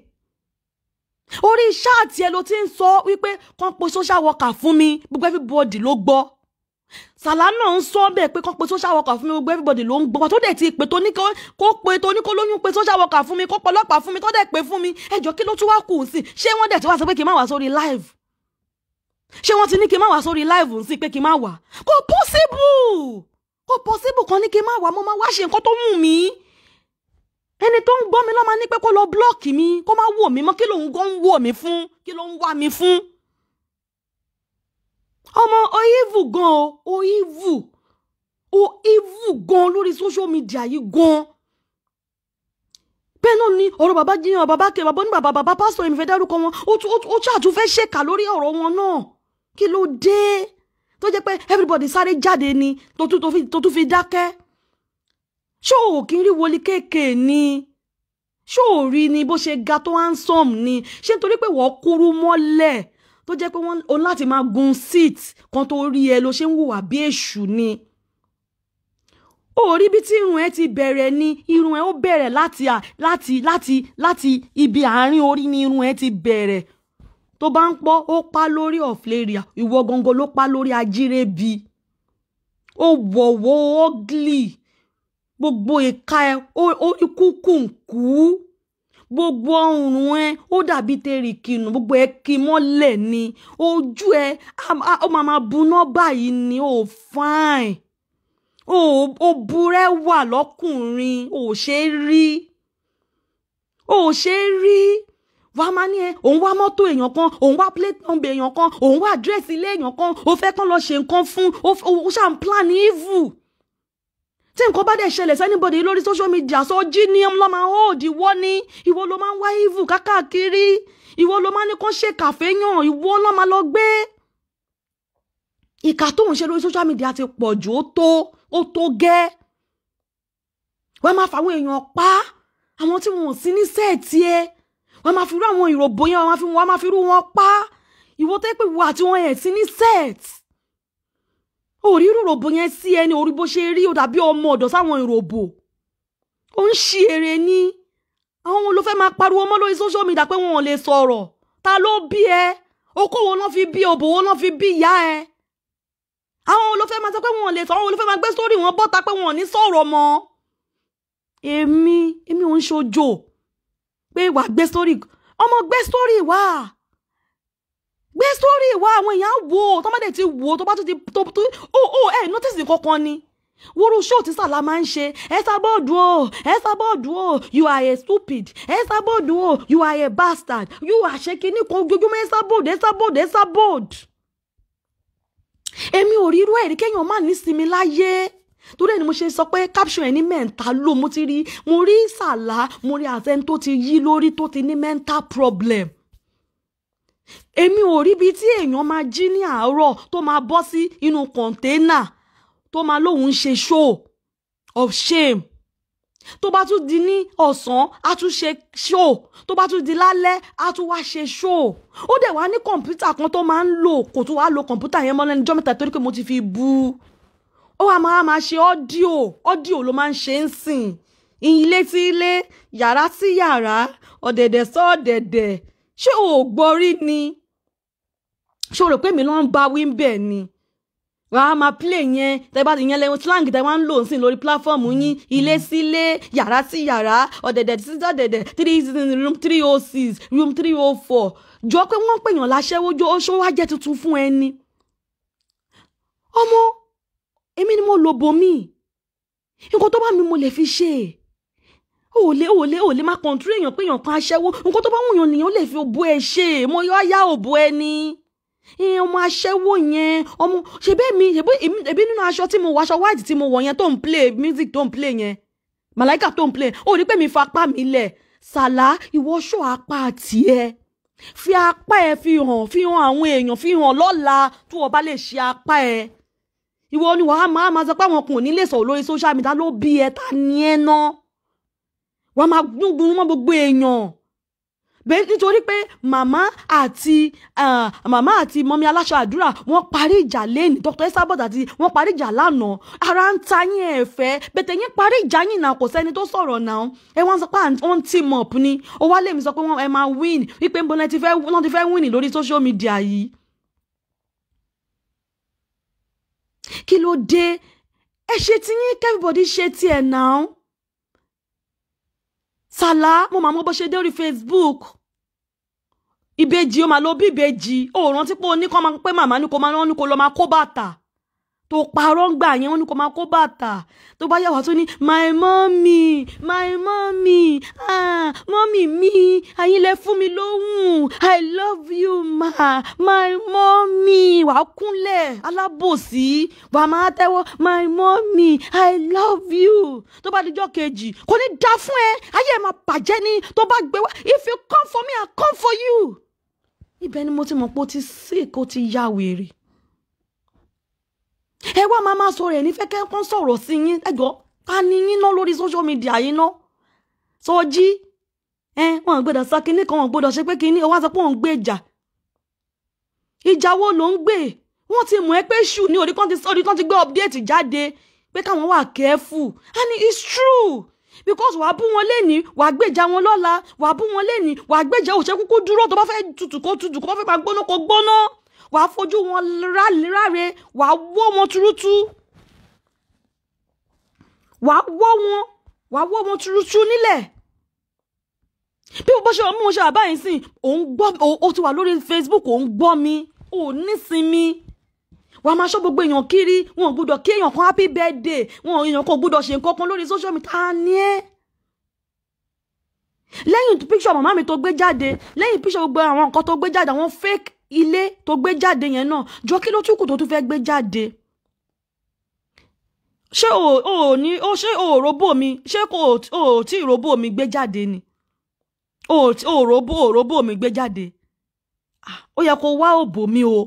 orí ṣáàtì ẹ ló ti ń sọ wípé kàn pe social worker fún mi gbogbo everybody ló gbọ́ sàlánà ń sọ bẹ́ẹ̀ pé kàn pe social worker fún mi gbogbo everybody ló ń gbọ́ tó dẹ̀ ti pè tó ní kó pe tó ní kó lóyún pe social worker fún mi kó pe ọlọ́pàá fún mi tó dẹ̀ pè fún mi ẹjọ́ kí ló tún wá kù sí ṣé wọ́n dẹ̀ ti wá sọ pé kí n má wá sórí live ṣé wọ́n ti ní kí n má wá sórí live ń sí pé kí n má wá kò possible kò possible kan ní kí n má wá mo má wá ṣe nǹkan tó wù mí ẹni tó ń gbọ́ mi ló máa ní pé kó lọ búlọ́ọ̀kì mi kó má wò mí mọ́ kí lòun gan ń wò mí fún kí ló ń wá mi fún. ọmọ oivu gan o oivu gan lórí social media yìí gan bẹ́ẹ̀ náà ni ọ̀rọ̀ bàbá jiyàn bàbá kẹ bàbá ní bàbá bàbá pásítọ̀ èmi fẹ́ dárúkọ wọn ó ṣàtún fẹ́ ṣèkà lórí ọ̀rọ̀ wọn náà kí ló dé tó jẹ́ pé everybody sáré jáde ni tó tún fi dákẹ́ ṣó ò kí n rí wọlé kéèké ni ṣó ò rí ni bó ṣe ga tó handsome ni ṣé nítorí pé wọ́n kúrú mọ́lẹ̀ tó jẹ́ pé wọ́n láti máa gun seat kan tó rí ẹ ló ṣe ń hùwà bí èṣù ni orí bí tí irun ẹ ti bẹ̀rẹ̀ ni irun ẹ ó bẹ̀rẹ̀ láti láti láti láti ibi àárín orí ni irun ẹ ti bẹ̀rẹ̀ tó bá ń pọ́ ó pa lórí ọ̀flẹ́rìà ìwọ gangan ló pa lórí ajírẹ́bi ó wọ̀wọ́ ọ́gìlì gbogbo ìka ẹ ó ikú kùnkú gbogbo ọrùn ẹ ó dàbí tẹ̀rì kìnnù gbogbo ẹ kì mọ́lẹ̀ ni ojú ẹ ó máa máa buná báyìí ni ó fáìn ó burẹ́ wà lọ́kùnrin ó ṣe é rí ó ṣe é rí wà á máa ní ẹ òun wá mọ́tò èèyàn kan òun wá plate number èèyàn kan òun wá àdírẹ́sì ilé èèyàn kan ó fẹ́ kán lọ ṣe nǹkan fún ó ṣàǹplan ní evil tí nǹkan bá dẹ̀ ṣẹlẹ̀ sẹ́nibọ̀dì lórí social media sọ jí ni ló máa ń hold ìwọ ni ìwọ ló máa ń wá ìvù kákàkiri ìwọ ló máa ń ní kó ṣe kàféyàn ìwọ ló máa lọ gbé. ìkà tó ń ṣe lórí social media ti pọ̀ jù ó tó ó tó gẹ́ wọ́n máa fàwọn èèyàn pa àwọn tí wọn ò sí ní sẹ́ẹ̀tì ẹ̀ wọ́n máa fi rú àwọn ìròbó yẹn wọ́n máa fi rú wọn pa ìwọ tẹ́ pé wọ́n àti wọn ẹ̀ sí ní sẹ́ẹ̀tì orí ròròbó yẹn sí ẹni orí bó ṣe rí ó dàbí ọmọ ọ̀dọ̀ sáwọn ìròbó ó ń ṣe èrè ni àwọn ló fẹ́ máa pariwo mọ́ lórí social media pé wọn ò lè sọ̀rọ̀ ta ló bí ẹ okòwò náà fi bí òbòwò náà fi bí ìyá ẹ àwọn ló fẹ́ máa sọ pé wọn ò lè sọ àwọn ló fẹ́ máa gbé sórí wọn bọ́ta pé wọn ò ní sọ̀rọ̀ mọ́ èmi èmi ò ń ṣojo pé wàá gbé sórí ọmọ gbé sórí wàá gbé sórí ìwà àwọn èèyàn wò ó tọ́mọdé ti wò ó tó bá tún ti tó tó ó ó ẹ̀ nọ́tìsì kankan ni wúrú ṣóò tí sàlá máa ń ṣe ẹ sábọ́ọ̀dù o ẹ sábọ́ọ̀dù o you are a stupid ẹ sábọ́ọ̀dù o you are a bastard you are ṣe kinní kan ojoojúmọ́ ẹ sábọ́ọ̀dù ẹ sábọ́ọ̀dù ẹ sábọ́ọ̀dù. èmi ò rí irú ẹ̀rí kéèyàn má nísinmi láyé torí ẹni mo ṣe sọ pé caption ẹ ní mẹ́ta ló mo ti rí mo rí sàlá mo rí àtẹni tó ti yí lórí tó ti ní mental problem èmi ò ríbi tí èèyàn máa jí ní àárọ̀ tó máa bọ́ sí inú kọ̀ńténà tó máa lóun ń ṣe show of shame tó bá tún di ní ọ̀sán á tún ṣe show tó bá tún di lálẹ́ á tún wá ṣe show ó dẹ̀ wá ní kọ̀ǹpútà kan tó máa ń lò kò tó wá lo kọ̀ǹpútà yẹn mọ́ lẹ́nu jọ́mẹ́ta torí pé mo ti fi bu ó wá máa máa ṣe ọ́díò ọ́díò ló máa ń ṣe ń sìn ilé sí ilé yàrá sí yàrá ọ̀dẹ̀dẹ̀ sọ ọ̀dẹ̀dẹ̀ ṣé o ò gbọ́rí ni ṣé o rò pé mi ló ń ba wí bẹ́ẹ̀ ni wàá máa play yẹn tẹ bá ti yẹn lẹ́yìn slang tẹ wá ń lò sí lórí platform yín ilé sílé yàrá sí yàrá ọ̀dẹ̀dẹ̀ sí ọ̀dẹ̀dẹ̀ three room three oh six room three oh four jọ pé wọ́n ń pèèyàn láṣẹ́wójú oṣù wá jẹ́ tuntun fún ẹni ọmọ èmi ni mo lò bòmíì nǹkan tó bá mi mo lè fi ṣe é o le o le o le! Ma control èèyàn pé èèyàn kan aṣẹ́wó nǹkan tó bá wùn yàn nìyàn lè fi òbò ẹ̀ ṣe mo yo aya yá òbò Eh, ni ọmọ aṣẹ́wó yẹn ọmọ ṣebí mi ṣebí nínú aṣọ tí mo wọ aṣọ white tí mo wọ yẹn tó ń play music tó ń play yẹn màláìkà tó ń play ó rí pé mi fa apá mi lẹ̀ sàlá ìwọ ṣó apá tiẹ̀ fi apá ẹ fi hàn fi hàn àwọn èèyàn fi hàn lọ́la tó o bá lè ṣe apá ẹ ìwọ ni wàá máa máa sọ pé àwọn ọkùnrin ò le lè sọ̀rọ̀ social media ló bí ẹ ta ni ẹ náà wọ́n máa gbúngbùn mọ́ gbogbo èèyàn bẹ́ẹ̀ nítorí pé màmá àti màmá àti mọ́mí aláṣọ àdúrà wọ́n parí ìjà lẹ́nu Dr. Esabod àti wọ́n parí ìjà lánàá ara ń ta yín ẹ̀fẹ́ bẹ̀tẹ̀ yín parí ìjà yín náà kò sẹ́ni tó sọ̀rọ̀ náà ẹ wọ́n sọ pé wọ́n ń team up ni ó wá lèmi sọ pé wọ́n ẹ máa win wípé ń bọ́ náà ti fẹ́ win lórí social media yìí. kí ló dé ẹ ṣe ti yín everybody ṣe tiẹ̀ náà. Sàlá mo máa mọ bó ṣe dé orí Facebook ìbejì ó máa lọ bí ìbejì ó rántí pé oníkan máa pé màmá ni kò máa rán ni kò lọ máa kó bàtà tó parọ́ ń gbà yẹn wọ́n ní kó máa kó bàtà tó bá yàwá tó ní my mommy my mommy ah mommy mi ẹ̀yin lẹ fún mi lóhùn i love you ma my mommy wà á kúnlẹ̀ alábòsí wà á máa tẹ́wọ́ my mommy i love you tó bá dijọ́ kejì kò ní dá fún ẹ ayé ẹ máa bàjẹ́ ni tó bá gbé wá if you come for me i come for you ibẹ̀ ni mo ti mọ̀ pé ó ti sick ti ya wèrè ẹ wá máa máa sọ̀rọ̀ ẹ̀ ní fẹ́kẹ́ kán sọ̀rọ̀ sí yín ẹjọ́ ká ní yín ná lórí social media yín ná Sọjí ẹ wọn gbọ́dọ̀ sá kinní kan wọn gbọ́dọ̀ ṣe pé kinní ọwọ́ sọ pé òun gbé ìjà ìjà wo ló ń gbé wọn ti mọ̀ ẹ́ pé ṣù ní orí kan ti orí kan ti gbé update jáde pé káwọn wà careful and it's true because wàá bú wọn lẹ́ni wàá gbèjà wọn lọ́la wàá bú wọn lẹ́ni wàá gbèjà òṣèkúkú dúró tó bá fẹ́ tutù kó tutù kó bá fẹ́ gbóná kó gbóná wàá fojú wọn ráre wàá wọ́ wọn túrútú wàá wọ́ wọn wàá wọ́ wọn túrútú nílẹ̀ bí mo bá ṣe mú ṣe àbáyé sí òun gbọ́ ó ti wà lórí Facebook òun gbọ́ mi ò nísinmi wàá máa ṣọ́ gbogbo èèyàn kiri wọn ò gbúdọ̀ kí èèyàn kan happy birthday wọn èèyàn kan ò gbúdọ̀ ṣe nǹkan kan lórí social media ta ni ẹ́ lẹ́yìn picture màmá mi tó gbé jáde lẹ́yìn picture gbogbo àwọn nǹkan tó gbé jáde àwọn fake ilé tó gbé jáde yẹn náà jọ kí ló tún kù tó tún fẹ́ gbé jáde ṣé o ò ní ó ṣé o ò robó mi ṣé kò o ò tí robó mi gbé jáde ni o ò robó o robó mi gbé jáde ó yẹ kó wá òbò mi o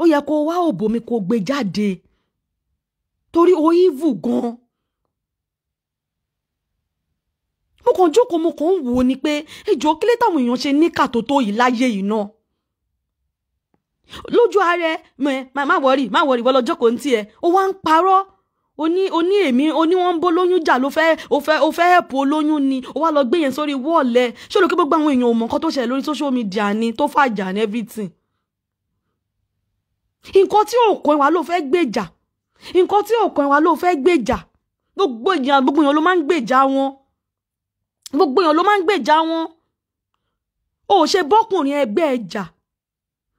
ó yẹ kó wá òbò mi kó gbé jáde torí o ìvù gan-an. mo kàn jókòó mo kàn ń wò ó ni pé ẹjọ́ kílé táwọn èèyàn ṣe níkà tó tó yìí láyé yìí náà lójú ara ẹ má wọrí má wọrí wọ́n lọ jókòó ní tiẹ̀ ó wá ń parọ́ oní oní èmi oní wọn ń bó lóyún jà ló fẹ́ ó fẹ́ ó fẹ́ ẹ̀pù olóyún ni ó wá lọ gbé yẹn sórí wọ́ọ̀lẹ̀ ṣé olùkí gbogbo àwọn èèyàn ò mọ̀ nǹkan tó ṣẹlẹ̀ lórí social media ni tó fàjà ní everything nǹkan tí òkàn wa ló fẹ́ gbèjà nǹkan tí òkàn wa ló fẹ́ gbèjà gbogbo èèyàn gbogbo èèyàn ló máa ń gbèjà wọn gbogbo èèyàn ló máa ń gbèjà wọn ò ṣe bọ́kùnrin ẹgbẹ́ ẹjà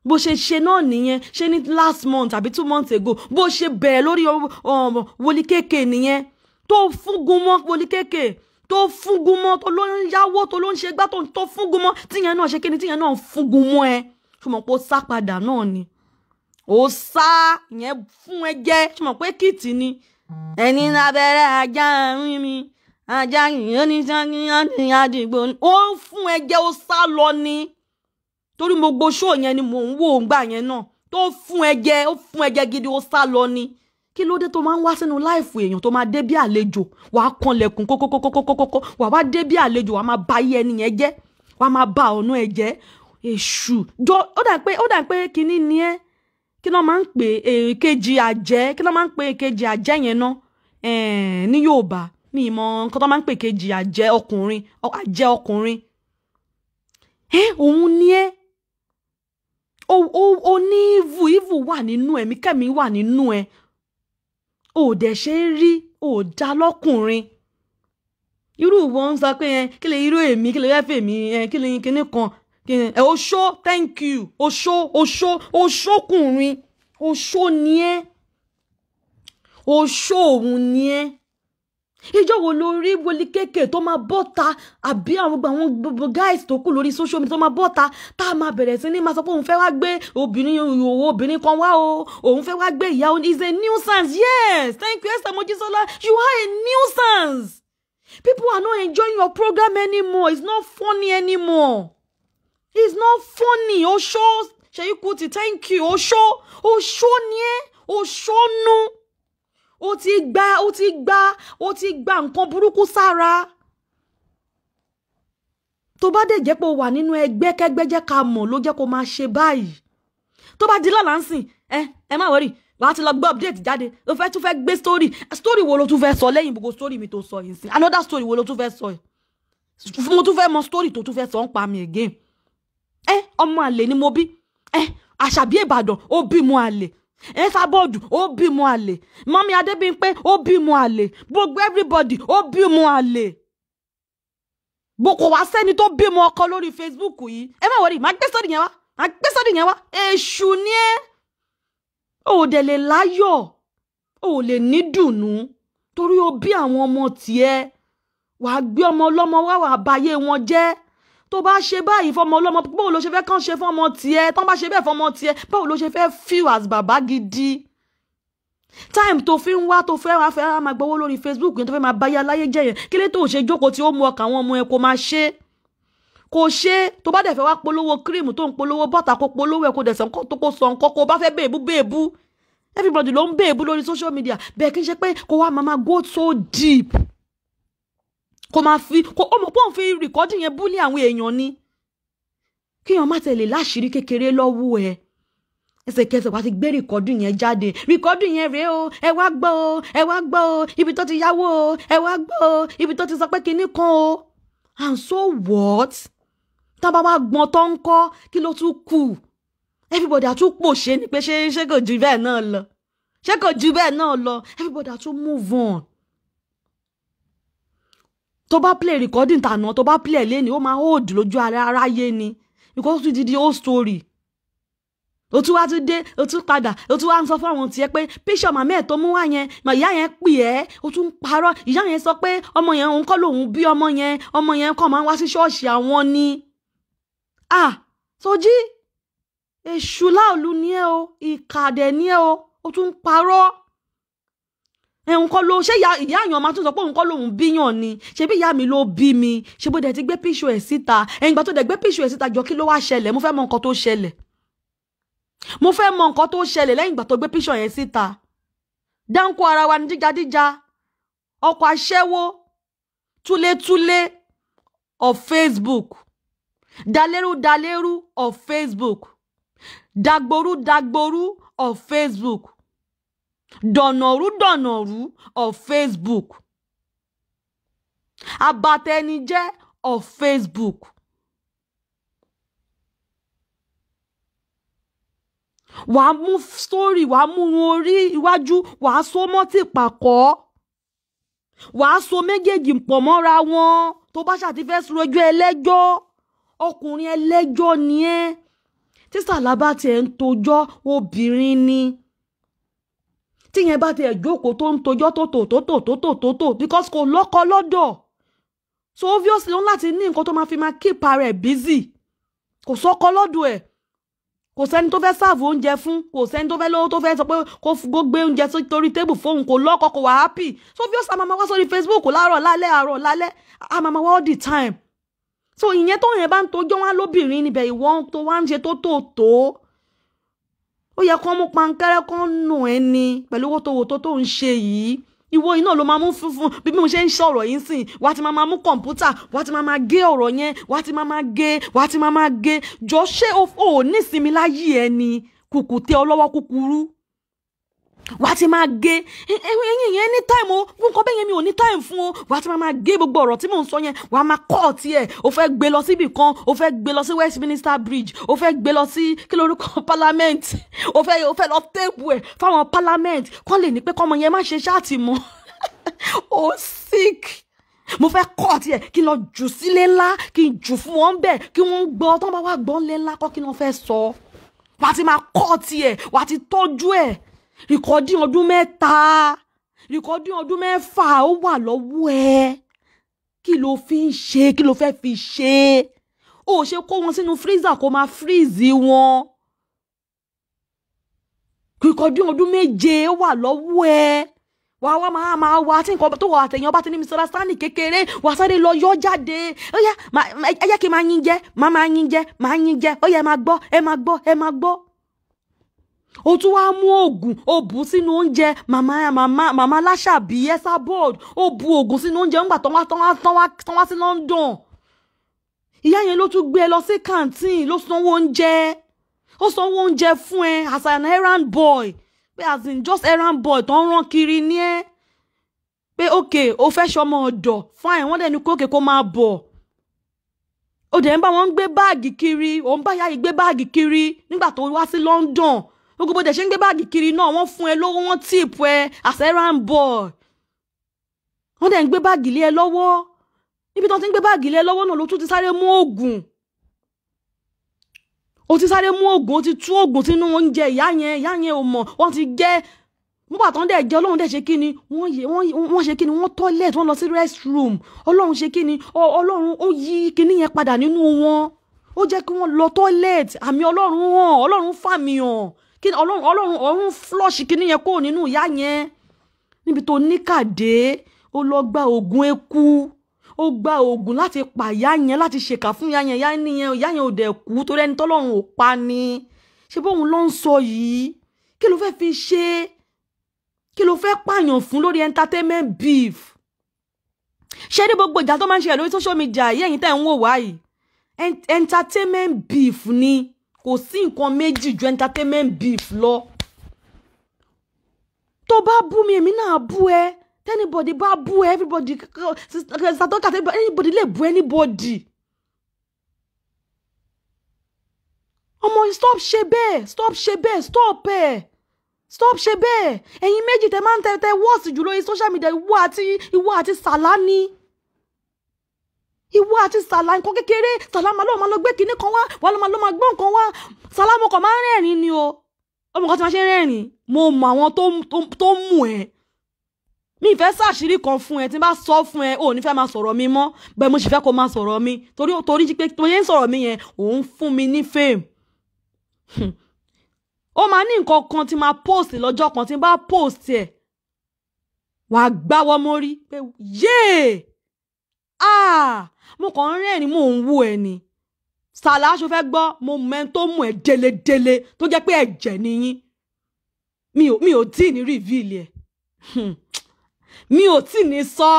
bó ṣe ṣe náà nìyẹn ṣe ní last month àbí two months ago bó ṣe bẹ̀rẹ̀ lórí um, um, wòlí kéèké nìyẹn tó fúngun mọ́ wòlí kéèké tó fúngun mọ́ tó ló ń yáwó tó ló ń ṣe gbá tó fúngun mọ́ tíyẹn náà ṣe kíni tíyẹn náà fúngun mọ́ ẹ ṣùgbọ́n pé ó sá padà náà ni ó sá ìyẹn fún ẹ jẹ́ ṣùgbọ́n pé kìtì ni ẹni lábẹ́rẹ́ ajá rin mi ajá yìí ó ní sanni ó ní àdìgbò ó fún ẹ ó sá lọ ni torí mo gbo ṣó yẹn ni mò ń wò ń gbà yẹn náà tó fún ẹjẹ ó fún ẹjẹ gidi ó sá lọ ni kí ló dé tó máa ń wá sínú láìfù èèyàn tó máa dé bí àlejò wàá kanlẹ̀kùn kókókókókókókó wàá wá dé bí àlejò wàá máa ba ayé ẹni yẹn jẹ́ wàá máa ba ọ̀nà ẹ̀ jẹ́ èṣù jọ ó dà pé ó dà pé kinní ni ẹ́ kí ló máa ń pè èkejì àjẹ́ kí ló máa ń pè èkejì àjẹ́ yẹn náà ní Yorùbá mi mọ nǹkan tó máa ń pè èkejì àjẹ́ ọkùnrin àjẹ́ ọkùnrin ẹ òun ni ẹ́ o o o ní evil evil wà nínú ẹ̀mí kẹ́mi wà nínú ẹ̀ ò dẹ̀ ṣe é rí ò já lọ́kùnrin irú ìwọ ń sọ pé ẹ kí lè irú èmi kí lè fẹ́ fèmí ẹ kí lè kíní kan ẹ oṣó thank you oṣó oṣó oṣókùnrin oṣó ni ẹ oṣó òun ni ẹ ìjọ wo ló rí wọlé kéèké tó máa bọ́ ta àbí àwọn gbogbo àwọn gbogbo guys tó kù lórí social media tó máa bọ́ ta tá a máa bẹ̀rẹ̀ sí ní máa sọ pé òun fẹ́ wá gbé obìnrin òwò obìnrin kan wá o òun fẹ́ wá gbé ìyá o is a nuisance yes thank you Esther Mojisola you are a nuisance people are not enjoying your program anymore it's not funny anymore it's not funny oṣó Seyi Kuti thank you oṣó oṣó ni ẹ oṣó nu. No ó ti gbá ó ti gbá ó ti gba nǹkan burúkú sára tó bá dẹ̀ jẹ́ pé o wà nínú ẹgbẹ́ kẹ́gbẹ́ jẹ́ ká mọ̀ ló jẹ́ kó máa ṣe báyìí tó bá di lọ́la ń sìn ẹ ẹ má wọrí wàá ti lọ gbé update jáde o fẹ́ tún fẹ́ gbé story story wo ló tún fẹ́ sọ lẹ́yìn gbogbo story mi tó sọ yìí sìn another story wo ló tún fẹ́ sọ mo tún fẹ́ mọ story tó tún fẹ́ sọ ń pa mi again ẹ ọmọ àlè ni mo bí ẹ àṣàbí Ìbàdàn ó bí mo àlè Ẹfabọọdù ó bímọ àlè mọmi Adébímpé ó bímọ àlè gbogbo everybody ó bímọ àlè boko wá sẹ́ni tó bímọ ọkọ lórí Facebook yìí ẹ má wọrí màá gbé sórí yẹn wá màá gbé sórí yẹn wá èṣù ni ẹ ò dẹ̀ lè láyọ̀ ò lè ní dùnú torí o bí àwọn ọmọ tiẹ̀ wàá gbé ọmọ ọlọ́mọ wá wàá bayé wọn jẹ́ tó bá ṣe báyìí fọmọ ọlọ́mọ báwo ló ṣe fẹ́ kàn ṣe fọmọ tiẹ̀ tán bá ṣe bẹ́ẹ̀ fọmọ tiẹ̀ báwo ló ṣe fẹ́ feel as bàbá gidi time tó fi ń wá tó fẹ́ wá fẹ́ máa gbowó lórí Facebook yẹn tó fẹ́ máa báyé aláyé jẹ́ yẹn kí lè tó ṣe jókòó tí ó mú ọkàn àwọn ọmọ ẹ kó máa ṣe kò ṣe tó bá dẹ̀ fẹ́ wá polówó kírìmù tó ń polówó bọ́tà kó polówó ẹ̀ kó dẹ̀ sàn tó kó sàn kó kó bá fẹ́ bèébú bèébú everybody ló ń bèébú lórí social media bẹ́ẹ̀ kí n ṣe pé kó wá máa máa go so deep kó máa fi kó ó mọ̀ pé òun fi rìkọ́dì yẹn búlé àwọn èèyàn ni kíyàn má tẹ̀lé láṣìírí kékeré lọ́wọ́ ẹ̀ ẹsẹ̀kẹsẹ̀ wá ti gbé rìkọ́dù yẹn jáde rìkọ́dù yẹn rèé o ẹ wá gbọ́ o ẹ wá gbọ́ o ibi tó ti yáwó o ẹ wá gbọ́ o ibi tó ti sọ pé kinní kan o and so what tá a bá wá gbọ́n tó ń kọ́ kí ló tún kù everybody á tún pòṣé ni pé ṣé ṣé kò jù bẹ́ẹ̀ náà lọ ṣé kò jù bẹ́ẹ̀ náà lọ everybody á move on tó bá play recording tàná tó bá play ni ó máa hold lójú aráyé ni because ó ti di whole story o tún wá tún dé o tún padà o tún wá ń sọ fún àwọn tiẹ̀ pé píṣọ màmá ẹ̀ tó mú wá yẹn mà ìyá yẹn pè ẹ́ o tún parọ́ ìyá yẹn sọ pé ọmọ yẹn òun kọ́ lòun bí ọmọ yẹn ọmọ yẹn kàn máa ń wá sí ṣọ́ọ̀ṣì àwọn ni. ah Sọjí èṣù láòlù ni ẹ o ìkàdẹ ni ẹ o o tún parọ́ ẹ̀hún kọ́ ló ṣé ìyá àyàn máa tún sọ pé òun kọ́ lòun bíyàn ni ṣé bí ìyá mi ló bí mi ṣé bó dẹ̀ ti gbé píṣù ẹ̀ síta ẹ̀yìn ìgbà tó dẹ̀ gbé píṣù ẹ̀ síta jọ kí ló wá ṣẹlẹ̀ mo fẹ́ mọ nǹkan tó ṣẹlẹ̀ mo fẹ́ mọ nǹkan tó ṣẹlẹ̀ lẹ́yìn ìgbà tó gbé píṣù yẹn síta dáńkó ara wa ní jíjadíja ọkọ̀ aṣẹ́wó túlétúlé of Facebook dalérú dalérú of Facebook dagboru dagboru of Facebook dọ̀nàrúdọ̀nàrú of Facebook abatẹnijẹ́ of Facebook wàá mú story wàá mú irun orí iwájú wàá so mọ́tì pàkọ́ wàá so méjèèjì pọ̀ mọ́ra wọn tó bá ṣàtìfẹ́ sùrọ̀jú ẹlẹ́jọ́ ọkùnrin ẹlẹ́jọ́ ni ẹ́ tí sàlábà tiẹ̀ ń tojọ́ obìnrin ni tíyẹn bá tiẹ̀ jókòó tó ń tojọ́ tó tò tó tò tó tò tó tò because kò lọ́kọ lọ́dọ̀ so obviously òun láti ní nǹkan tó máa fi máa keep ara ẹ̀ busy kò sọ́kọ lọ́dọ̀ ẹ̀ kò sẹ́ni tó fẹ́ sáàfù oúnjẹ fún kò sẹ́ni tó fẹ́ lówó tó fẹ́ sọ pé kó gbé oúnjẹ sórí tébù fóun kò lọ́kọ kò wá happy so obviously, a máa ma wá sórí Facebook láàárọ̀ lálẹ́ àárọ̀ lálẹ́ a máa wá all the time so ìyẹn tó yẹn bá ń tojọ́ wá lóbìnrin níbẹ̀ ìwọ́n tó wá ń ṣe tó tó tó ó yẹ kán mú pankẹ́rẹ́ kán nù ẹ́ ni pẹ̀lú wótòwòtò tó ń ṣe yìí ìwọ iná ló máa mú funfun bí mo ṣe ń sọ̀rọ̀ yìí sìn wá ti máa máa mú kọ̀ǹpútà wá ti máa máa gé ọ̀rọ̀ yẹn wá ti máa máa gé wá ti máa máa gé jọ ṣé o ò ní ìsinmi láyé ẹni kùkùté ọlọ́wọ́ kúkúrú wàá ti máa gé ẹyin yẹn ní táìmù o nǹkan bẹ́ẹ̀ yẹn mi ò ní táìmù fún o wàá ti máa gé gbogbo ọ̀rọ̀ tí mò ń sọ yẹn wàá máa kọ́ ọ̀tí ẹ̀ o fẹ́ gbé lọ síbì kan o fẹ́ gbé lọ sí Westminster Bridge o fẹ́ gbé lọ sí kí lórúkọ parliament o fẹ́ o fẹ́ lọ téèpù ẹ̀ fáwọn parliament kọ́ lè ní pé kọ́mọ yẹn má ṣe ṣáàtì mọ́ o sick mo fẹ́ kọ́ tiẹ̀ kí n lọ jù sílé ńlá kí n jù fún wọn bẹ́ẹ̀ kí wọ́n gbọ́ tán bá wà gbọ́ ńlé ńlá kọ́ kí wọ́n fẹ́ sọ wàá ti máa kọ́ tiẹ̀ wàá ti tọ́jú ẹ̀ rìkọ́dí ọdún mẹ́ta rìkọ́dí ọdún mẹ́fà ó wà lọ́wọ́ ẹ kí ló fi ń ṣe kí ló fẹ́ẹ́ fi ṣe ó ṣe kó wọn sínú freezer kó máa freeze wọn rìkọ́dí ọdún méje ó wà lọ́wọ́ ẹ wàá wá máa máa wá tí nǹkan tó wà àtẹ̀yìn ọba ti ní mr stanley kékeré wàá sáré lọ yọ jáde ó yẹ ẹ jẹ́ kí n máa yín jẹ́ máa máa yín jẹ́ máa yín jẹ́ ó yẹ máa gbọ́ ẹ máa gbọ́ ẹ máa gbọ́ o tún wá mú oògùn o bù sínú oúnjẹ màmá màmá màmá aláṣàbí ẹsà board o bù oògùn sínú oúnjẹ ńgbà tán wá tán wá tán sí London ìyá yẹn ló tún gbé ẹ e lọ sí canteen ló sanwó oúnjẹ ó sanwó oúnjẹ fún ẹ as an errand boy pé as in just errand boy tó ń rán kiri ní ẹ pé okay o fẹ́ ṣọmọ ọ̀dọ̀ fine wọ́n dẹ̀ ní kókè kó máa bọ̀ ó dẹ̀ ń bá wọn gbé báàgì kiri òun bá yáyí gbé báàgì kiri nígbà tó wá sí London gbogbo bó dẹ̀ ṣe ń gbé báàgì kiri náà wọ́n fún ẹ lówó wọ́n tíìpù ẹ àṣẹ́ràn bọ̀ wọ́n dẹ̀ ń gbé báàgì lé ẹ lọ́wọ́ níbi tí wọ́n ti ń gbé báàgì lé ẹ lọ́wọ́ náà ló tún ti sáré mú oògùn o ti sáré mú oògùn o ti tú oògùn sínú oúnjẹ ìyá yẹn ìyá yẹn ò mọ̀ wọ́n ti jẹ́ nígbà tó ń dẹ̀ jẹ́ ọlọ́run dẹ̀ ṣe kí ni wọ́n ṣe kí ni wọ́n toilet wọ́n lọ sí restroom ọlọ́run ṣe kí ni ọlọ́run ó yí kinní yẹn padà nínú wọn ó jẹ́ kí wọ́n lọ toilet àmì ọlọ́run hàn ọlọ́run fàmì hàn kí ọlọ́run ọlọ́run ọ̀run flọ́ọ̀ṣì kínní yẹn kúrò nínú ìyá yẹn níbi tó níkàdé ó lọ gba oògùn eku ó gba oògùn láti pa ìyá yẹn láti ṣèkà fún ìyá yẹn ìyá yẹn ìyá yẹn ò dẹ̀ kú torí ẹni tọ́lọ́run ò pa ni ṣé bóun ló ń sọ yìí kí ló fẹ́ẹ́ fi ṣe kí ló fẹ́ẹ́ pààyàn fún lórí entertainment beef ṣé ní gbogbo ìjà tó máa ń ṣe lórí social media yẹ́yìn tẹ́ ń wò wáyìí entertainment beef ni kò sí nǹkan méjì ju entertainment beef lọ tó bá bú mi èmi náà bú ẹ tẹ́nibọ̀dì bá bú ẹ everybody sàtọ́kà anybody lè bú anybody. ọmọ stop ṣe bẹ́ẹ̀ stop ṣe bẹ́ẹ̀ stop ẹ̀. Eh stop ṣe bẹ́ẹ̀ ẹ̀yin méjì tẹ máa ń tẹ tẹ wọ́ọ̀sì jùlọ yìí social media ìwọ àti ìwọ àti sàlá ni ìwọ àti sàlá nǹkan kékeré sàlá máa lọ́ọ́ máa lọ gbé kinní kan wá wàá lọ́ọ́ máa lọ́ọ́ nǹkan wá sàlá mo kàn máa ń ni o ọmọ kan tí máa ṣe ń mo mọ àwọn tó mú ẹ mi ìfẹ́ sàṣírí kan fún ẹ tí n bá sọ fún ẹ ò ní fẹ́ máa sọ̀rọ̀ mi mọ́ bẹ́ẹ̀ mo sì fẹ́ kó máa sọ̀rọ̀ mi torí torí pé tó yẹ ń sọ̀rọ̀ mi yẹn òun fún mi ní fame hmm. ó máa ní nǹkan kan tí máa post lọ́jọ́ kan tí n bá post ẹ̀ wàá gbáwọ́ mórí pé yéè ah mo kàn ń rẹ́rìn mò ń wú ẹ ni sàlá aṣọ fẹ́ gbọ́ mo mọ ẹni tó mú ẹ délédélé tó jẹ́ pé ẹ̀jẹ̀ nìyín mi ò mi ò tí ì ní rìvíìlì ẹ̀ hmm. mi ò tí ì ní sọ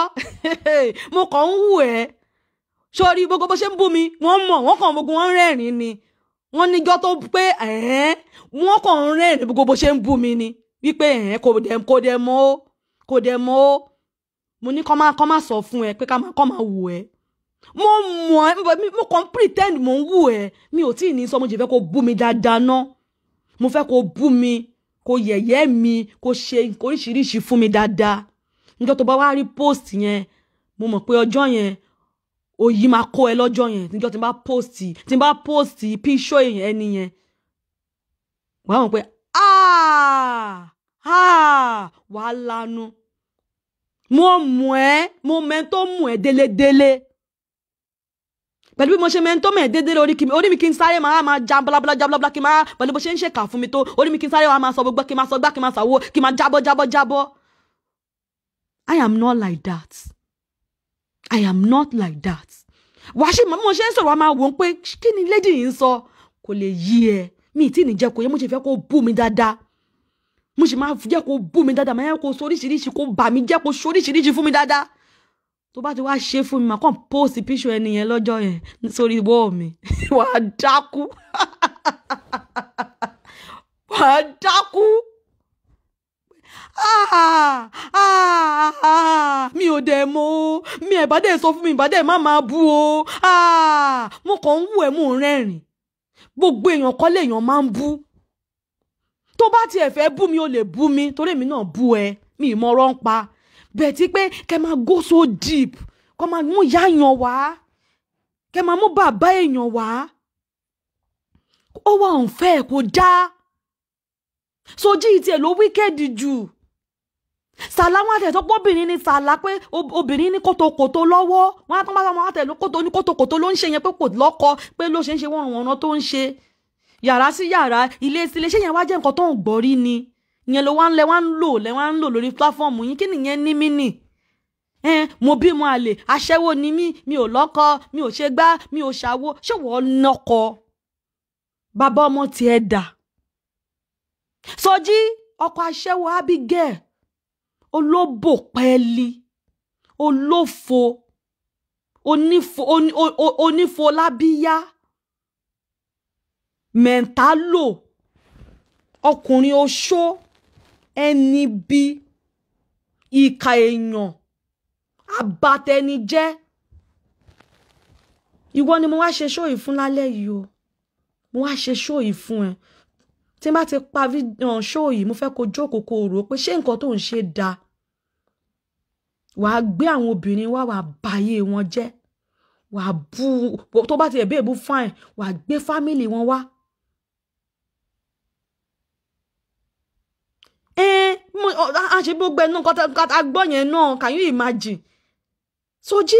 mo kàn ń wú ẹ sórí gbogbo bó ṣe ń bú mi wọ́n mọ̀ wọ́n kàn gbogbo wọn rẹ́rìn ni wọ́n níjọ́ tó pé ẹ̀ẹ́n wọ́n kàn ń rẹ́rìn gbogbo bó ṣe ń bú mi ni wípé ẹ̀ẹ́n kò dẹ̀ kò ó kò dẹ̀ mọ́ ó mo ní kọ́ máa kọ́ máa sọ fún ẹ pé ká kọ́ máa wù ẹ́ mo mọ̀ ẹ́ mo kàn pretend mo ń wù ẹ́ mi ò tí ì ní sọ mo jẹ́ fẹ́ kó bú mi dáadáa ná mo fẹ́ kó bú mi kó yẹ̀yẹ́ mi kó ṣe oríṣiríṣi fún mi dáadáa níjọ́ tó bá wá rí post yẹn mo mọ̀ pé ọjọ́ yẹn òyì máa kó ẹ lọ́jọ́ yẹn níjọ́ tí n bá post tí n bá post píṣọ́ èèyàn ẹni yẹn wàá mọ̀ pé ah! Ah! wàá lanu mo mọ̀ ẹ́ mo mọ̀ ẹ́ tó mọ̀ ẹ́ délédélé pẹ̀lú bí mo ṣe mẹ́ńtọ́ mẹ́ déédéé lórí kí mi orí mi kí n sáré máa máa já blablabla blablabla kí n máa pẹ̀lú bó ṣe ń ṣèkà fún mi tó orí mi kí n sáré máa sọ gbogbo kí n máa sọ gbá kí n máa sàwó kí n máa jábọ́ jábọ́ jábọ́. I am not like that. I am not like that. wàá ṣe mo ṣe ń sọ̀rọ̀ a máa wò ó pé kí ni lady yìí ń sọ kò lè yí ẹ mi tí ì jẹ́ kó yẹ mo ṣe fẹ́ kó bú mi dáadáa mo ṣe máa jẹ́ kó bú mi dáadáa máa yẹ kó soríṣiríṣi kó bà mí jẹ́ kó soríṣiríṣi fún mi dáadáa tó bá ti wá ṣe fún mi mà kàn post picture ẹni yẹn lọ́jọ́ yẹn sórí wall mi wàá dákú wàá dákú ah, ah, ah. mi ò dẹ̀ mọ́ mi ẹ̀ bá dẹ̀ sọ fún mi ìbá dẹ̀ má máa bú o mo kàn ń wù ẹ́ mò ń rẹ́rìn gbogbo èèyàn kọ́ lèèyàn máa ń bú tó bá tiẹ̀ fẹ́ bú mi ó lè bú mi torí èmi náà bú ẹ mi ì ọ̀rọ̀ ń pa bẹ̀tí pé kẹ́ máa go so deep kọ́ máa mú ìyá èèyàn wá kẹ́ máa mú bàbá èèyàn wá ó wà unfair kò dáa Sojí tiẹ̀ ló wíkẹ́ẹ̀dì jù sàlá wọn àtẹ̀tọ́pọ̀ obìnrin ni sàlá pé obìnrin ní kòtòkòtò lọ́wọ́ wọn á tán bá wọn àtẹ̀ ló kòtò ní kòtòkòtò ló ń ṣe yẹn pé kò lọ́kọ pé ló ṣe ń ṣe wọn ọ̀nà tó ń ṣe yàrá sí yàrá ilé sí ṣé yẹn wá jẹ́ nǹkan tó ń gbọ́rí ni ìyẹn ló wá ń lẹ wá ń lò lẹ wá ń lò lórí platform yín kí nìyẹn ní mí nì mo bímọ àlè aṣẹ́wó ni mí mi ò lọ́kọ mi ò ṣe gbá mi ò ṣàwo ṣé wọ́n nọkọ bàbá ọmọ tiẹ̀ dà Sọjí ọkọ aṣẹ́wó Abigail olóbò pẹ́ẹ́lí olófo onífo lábíyá mẹ̀ńtálò ọkùnrin oṣó ẹni bí ìka èèyàn àbàtẹnijẹ́ ìwọ ni mo wá ṣe ṣó yìí fún lálẹ́ yìí o mo wá ṣe ṣó yìí fún ẹ tí n bá ti pa ṣó uh, yìí mo fẹ́ kó jókòó kó rò ó pé ṣé nǹkan tó ń ṣe dáa wàá gbé àwọn obìnrin wá wàá báyé wọn jẹ́ wàá bú tó bá ti ẹ̀ bẹ́ẹ̀ bú fáìn wàá gbé fámìlì wọn wá a ṣe bí ó gbẹ náà kọ́tà gbọ́ yẹn náà can you imagine Soji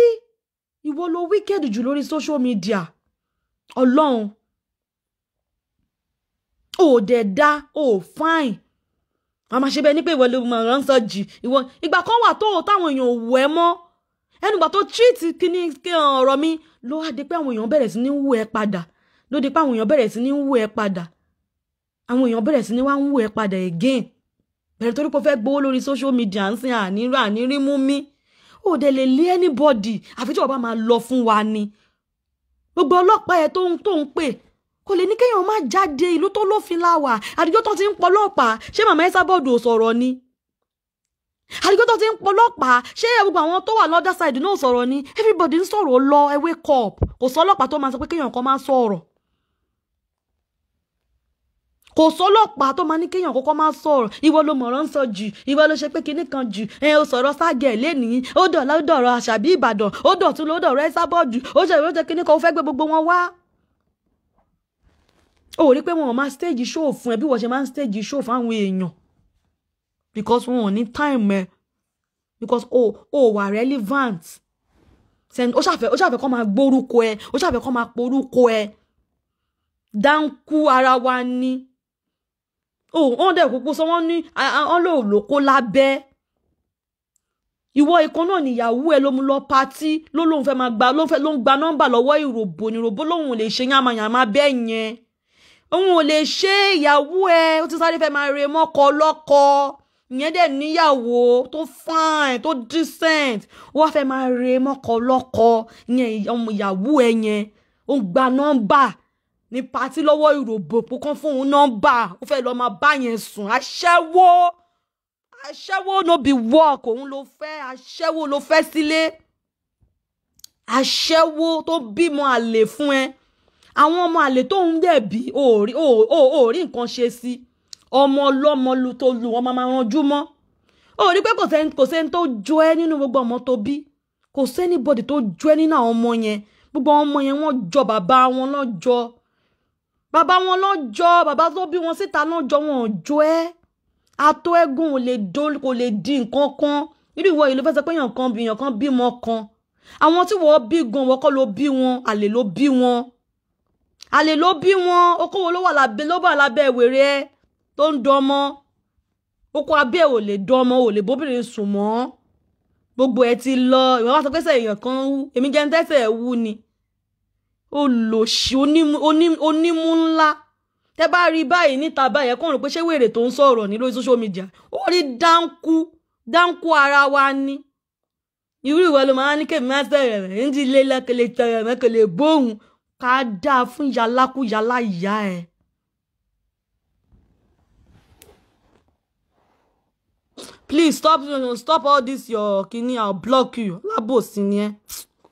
ìwọ ló wicked jù lórí social media ọlọ́run ò dẹ̀ da ò fine màmá ṣe bẹ́ẹ̀ ni pé ìwọ ló mọ̀ ọ́n sọ jì ìwọ ìgbà kan wà tó táwọn èèyàn ò wẹ̀ mọ́ ẹnu ìgbà tó treat kíní eh, ọ̀rọ̀ mi ló wá di pé àwọn èèyàn bẹ̀rẹ̀ sí ní wú ẹ padà ló di pé àwọn èèyàn bẹ̀rẹ̀ sí ní wú ẹ padà àwọn èèyàn bẹ̀rẹ̀ sí ní wá ń wú ẹ padà again bẹ̀rẹ̀ torí pé o fẹ́ gbowó lórí social media ń sin àníra ànírí mú mi ò dẹ̀ lè lé anybody àfi tí wọ́n bá máa lọ fún wa ni gbogbo ọlọ́pàá ẹ̀ tó ń tó ń pè kò lè ní kéèyàn má jáde ìlú tó lófin láwà àdìjọ tó ti ń pọlọ́pàá ṣé màmá Esabod ò sọ̀rọ̀ ni àdìjọ tó ti ń pọlọ́pàá ṣé gbogbo àwọn tó wà lọ́dà side náà sọ̀rọ̀ ni everybody ń sọ̀rọ̀ lọ ẹ wake up kò sọ ọlọ́pàá tó máa sọ pé kéèyàn kan máa sọ̀rọ̀ kò sọlọ́pàá tó máa ní kéèyàn kókó máa sọ̀rọ̀ ìwọ ló mọ̀rọ̀ ń sọ jù ìwọ ló ṣe pé kinní kan jù ẹ o sọ̀rọ̀ ságẹ̀ lẹ́nìí ó dọ̀la ó dọ̀rọ̀ àṣàbí ìbàdàn ó dọ̀tún ló dọ̀rọ̀ ẹ́sàbọ̀dù ó ṣe ìrọ́jẹ́ kinní kan ó fẹ́ gbé gbogbo wọn wá. o ò rí pé wọn ò máa stage show fún ẹ bí wọ́n ṣe máa ń stage show fún àwọn èèyàn because wọn ò ní time ẹ because o ò wà relevant ó ṣàfẹ́ ó ṣàfẹ́ kọ́ máa gbórúkọ ẹ ó ṣàfẹ́ kọ́ máa porúkọ ẹ dáńkú ara wa òun oh, ó dẹ̀ kúkú sọ wọ́n ní wọ́n lò lóko lábẹ́ ìwọ ìkan náà níyàwó ẹ ló mú lọ patí ló lóun fẹ́ máa gba ló fẹ́ ló ń gba nọ́mbà lọ́wọ́ ni ìròbó lòun ò lè ṣe yàmàyàmà bẹ́ẹ̀ yẹn òun ò lè ṣe ìyàwó ẹ ó ti sáré fẹ́ máa re mọ́kọ ọlọ́kọ ìyẹn dẹ̀ níyàwó tó fine to decent ó wá fẹ́ máa re mọ́kọ ọlọ́kọ ìyẹn ìyàwó ẹ yẹn ó ń gba nọ́mbà ní pàtí lọ́wọ́ ìròbò pò kán fún òun nọ́mbà ó fẹ́ lọ́ọ́ máa bá yẹn sùn aṣẹ́wó aṣẹ́wó no be work òun ló fẹ́ aṣẹ́wó ló fẹ́ sílé aṣẹ́wó tó bímọ àlè fún ẹ àwọn ọmọ àlè tó ń dẹ̀bi ò rí nǹkan ṣe sí ọmọ ọlọ́mọ lu tó lu ma máa ranjú mọ́ ò rí pé kò sẹ́ni tó jọ ẹ́ nínú gbogbo ọmọ tó bí kò sẹ́ni bọ́dì tó jọ ẹ́ nínú àwọn ọmọ yẹn gbogbo ọmọ yẹn wọ́n jọ bàbá wọn lọ́jọ́ Baba wọn lọ jọ bàbá tó bí wọn síta náà jọ wọn ò jọ ẹ atọ ẹgùn ò lè do kò lè di nǹkan kan irú ìwọ yìí ló fẹ́ sọ pé èèyàn kan bí èèyàn kan bímọ kan àwọn tí wọ́n bí gan bi won? ló bí wọn àlè ló bí wọn àlè ló bí wọn okòwò la wà lábẹ́ ló wà lábẹ́ ìwèrè ẹ tó ń dọmọ oko abẹ́ ò lè dọmọ o le bóbìnrin sùn mọ́ gbogbo ẹ ti lọ ìwọ wá sọ pé sẹ èèyàn kan wú èmi jẹ́ ń tẹ́sẹ̀ wú ni olòṣì onímú ńlá tẹ bá rí báyìí níta báyẹn kọ́ ọ̀rọ̀ pé ṣé wèrè tó ń sọ̀rọ̀ ní lórí social media ó rí dáńkú dáńkú ara wa ni irú ìwọ ló máa ń ní kébì máa fẹ̀rẹ̀ rẹ̀ ń di lélẹ̀ kele tẹ̀rẹ̀ mẹ́ kele bóun ká dáa fún yalákúyalá ìyá ẹ̀. please stop stop all this your kini i'll block you lábòsí ni ẹ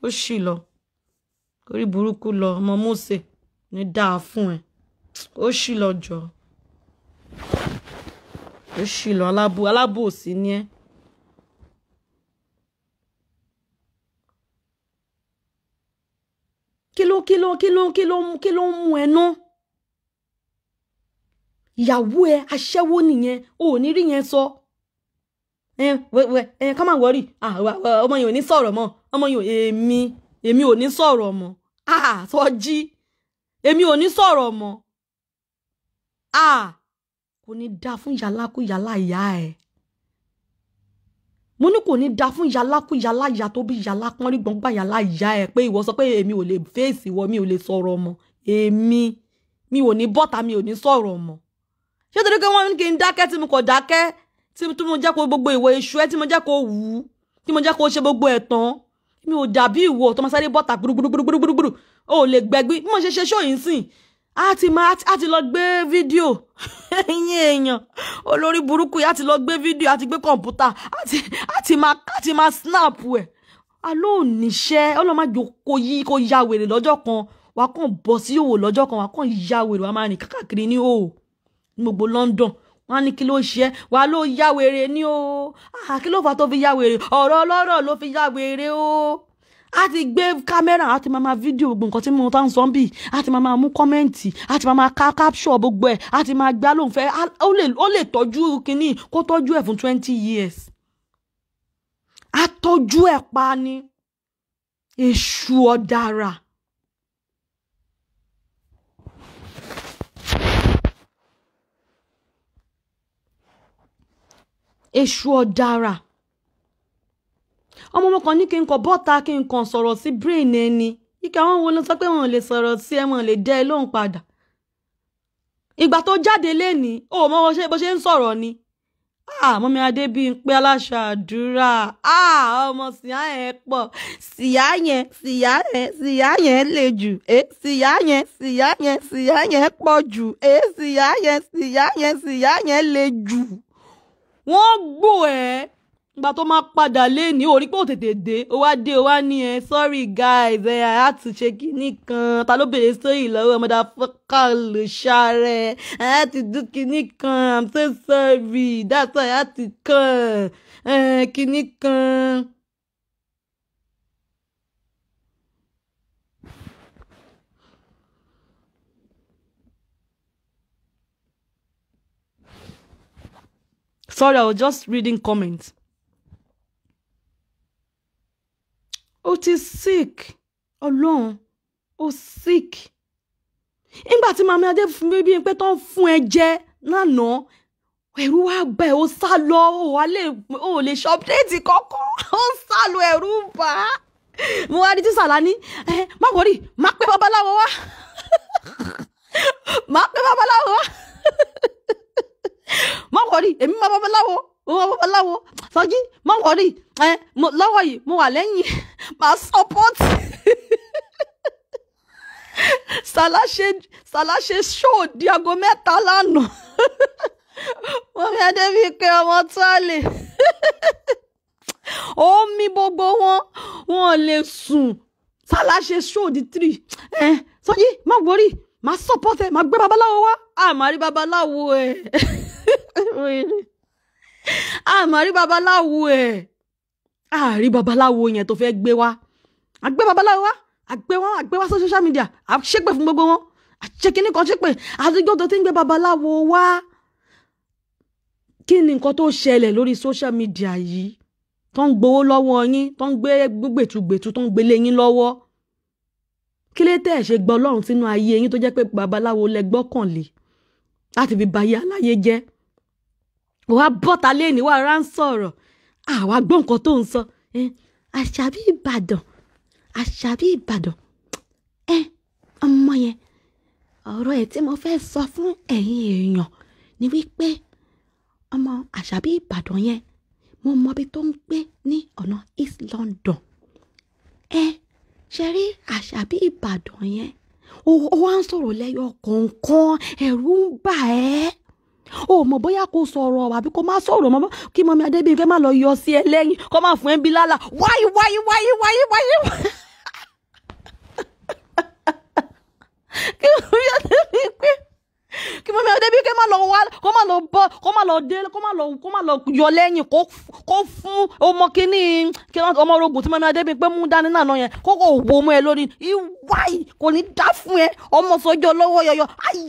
ó ṣì lọ orí burúkú lọ ọmọ Mósè ní dáa fún ẹ ó ṣì lọ jọ ó ṣì lọ alábò alábòsí ni ẹ. kí ló kí ló kí ló kí ló kí ló ń mú ẹ ná ìyàwó ẹ aṣẹ́wó nìyẹn o ò ní rí yẹn sọ ẹ ká má wọrí ọmọ yìí ò ní sọ̀rọ̀ mọ́ ọmọ yìí èmi èmi ò ní sọ̀rọ̀ mọ́ Sọjí èmi ò ní sọ̀rọ̀ mọ́ kò ní yala ku yala ìyá ẹ̀ mo ní kò ní dáa fún yàlákúyàlá ìyá tó bí yàlá pọ́nrí gbọ̀ngbà yàlá ìyá ẹ̀ pé ìwọ sọ pé èmi ò lè fèsì wọ mi ò lè sọ̀rọ̀ mọ́ èmi mi ò ní bọ́ta mi ò ni sọ̀rọ̀ mọ́ ṣé torí ke wọ́n ní kí n dákẹ́ tí mo ko dákẹ́ tí mo jẹ́ kó gbogbo ìwé iṣu ẹ tí mo jẹ́ kó wù ú mo jẹ́ kó ṣe gbogbo ẹ̀ mi ò dàbí ìwọ tó máa sáré bọ́ta gbúrúgbúrúgbúrúgbúrú o ò lè gbẹgbí mo ṣe ṣe ṣóyìn sìn á ti máa á ti lọ gbé fídíò ẹ̀yin èèyàn olórí burúkú yìí á ti lọ gbé fídíò á ti gbé kọ̀ǹpútà á ti máa á ti máa snap ẹ̀ aló níṣẹ́ ọlọ́màjò kò yí kò ya wèrè lọ́jọ́ kan wàá kàn bọ́ sí òwò lọ́jọ́ kan wàá kàn ya wèrè wàá máa rìn káàkiri ní òò ní gbogbo London wọn á ní kí ló ṣe wàá ló ya wèrè ni o ah, kí ló fà tó fi ya wèrè ọ̀rọ̀ ọlọ́rọ̀ ló fi ya wèrè o a ti gbé kámẹ́rà a ti máa ma fídíò gbogbo nǹkan tí mo ta ń sọ bì a ti máa ma mú kọ́mẹ́ǹtì a ti máa ma ká capture gbogbo ẹ̀ a ti máa gbá lóun fẹ́ ó lè tọ́jú kínní kó tọ́jú ẹ̀ fún twenty years a tọ́jú ẹ̀ pa ni èṣù ọ̀dàrà. èṣù ọ̀dàrà ọmọ ọmọ kan ní kí n kọ bọ́ta kí n kàn sọ̀rọ̀ sí brain ẹni ike àwọn wo ló sọ pé wọn ò lè sọ̀rọ̀ sí ẹ wọn ò lè dẹ́ ẹ lóhùn padà ìgbà tó jáde lẹ́ni ó mọ bó ṣe ń sọ̀rọ̀ ni mọ́mí adé bí n pé aláṣà àdúrà ọmọ síyá yẹn pọ̀ síyá yẹn síyá yẹn síyá yẹn le jù síyá yẹn síyá yẹn síyá yẹn pọ̀ jù síyá yẹn síyá yẹn síyá yẹn le jù wọ́n gbò ẹ́ gba tó máa padà léni orí pé ó tètè dé ó wá dé ó wá ní ẹ sorry guys ẹ i had to ṣe kinní kan ta ló bèrè sórí ìlọ́wọ́ ọmọdé afọ́ká lè ṣàrẹ i had to do kinní kan i'm so sorry that's why i had to come kinní kan. Sorry, I was just reading comments. Ó ti sick. Ọlọ́run ó sick. Nígbà tí Mami Adé fún bíbí pé tó ń fún ẹ jẹ lánàá, ẹ̀rù wá gbà ẹ̀ ó sá lọ, ó lè ṣe update kọ́kọ́, ó sá lọ ẹ̀rù bà á mo wá rí tíṣà lání ẹ má wọrí má pé babaláwo wá má pé babaláwo wá má wọrí èmi máa bàbá láwo mo máa bàbá láwo Sọjí má wọrí ẹ lọ́wọ́ yìí mo wà lẹ́yìn máa sọpọ́tì sàlàṣe sàlàṣe ṣóò di aago mẹ́ta lánàá wọ́n fi Adébíkẹ́ ọmọ tó àlè ó mí gbogbo wọn wọn ò lè sùn sàlàṣe ṣóò di three ẹ Sọjí má wọrí màá sọpọ́tì ẹ màá gbé babaláwo wá àmàrí babaláwo ẹ. àmọ́ rí babaláwo ẹ̀ àrí babaláwo yẹn tó fẹ́ gbé wá àgbé babaláwo wá àgbé wá àgbé wá sí social media àṣepẹ̀ fún gbogbo wọn àṣekínní kan ṣépè àdúgbò tó ti ń gbé babaláwo wá kí ni nǹkan tó ṣẹlẹ̀ lórí social media yìí tó ń gbowó lọ́wọ́ yín tó ń gbé gbẹ̀tùgbẹ̀tù tó ń gbélé yín lọ́wọ́ kí lè tẹ̀ ṣe gba ọlọ́run sínú ayé yín tó jẹ́ pé babaláwo lẹ gbọ́kànlé láti fi ba ayé aláyé jẹ́ wàá bọ́ta léèní wàá rà ń sọ̀rọ̀ àwa gbọ́ nǹkan tó ń sọ àṣàbí ìbàdàn àṣàbí ìbàdàn ẹ ọmọ yẹn ọ̀rọ̀ ẹ̀ tí mo fẹ́ sọ fún ẹ̀yin èèyàn ni wípé ọmọ àṣàbí ìbàdàn yẹn mo mọbi tó ń gbé ní ọ̀nà East London ẹ ṣe rí àṣàbí ìbàdàn yẹn ó wá ń sọ̀rọ̀ lẹ́yọ kọ̀ọ̀kan ẹ̀rù ń bà ẹ́ o mọ̀ bóyá kò sọ̀rọ̀ àbí kò má sọ̀rọ̀ mọ́ kí mọ́mí adébíyìnkẹ́ má lọ yọ sí ẹ lẹ́yìn kó má fún ẹ bí lálà wáyé wáyé wáyé wáyé wáyé kí mọ́mí adébíyìnkẹ́ kí mọ́mí adébíyìnkẹ́ má lọ wá kó má lọ bọ́ kó má lọ dé kó má lọ kó má lọ yọ lẹ́yìn kó fún ọmọ kínní ọmọ orogun tí mọ́mí adébíyìnkẹ́ mú dání náà yẹn kó kò wò mọ́ ẹ lórí ìwáyì kò ní dá fún ẹ ọmọ sọjọ́ lọ́wọ́ yọyọ ayé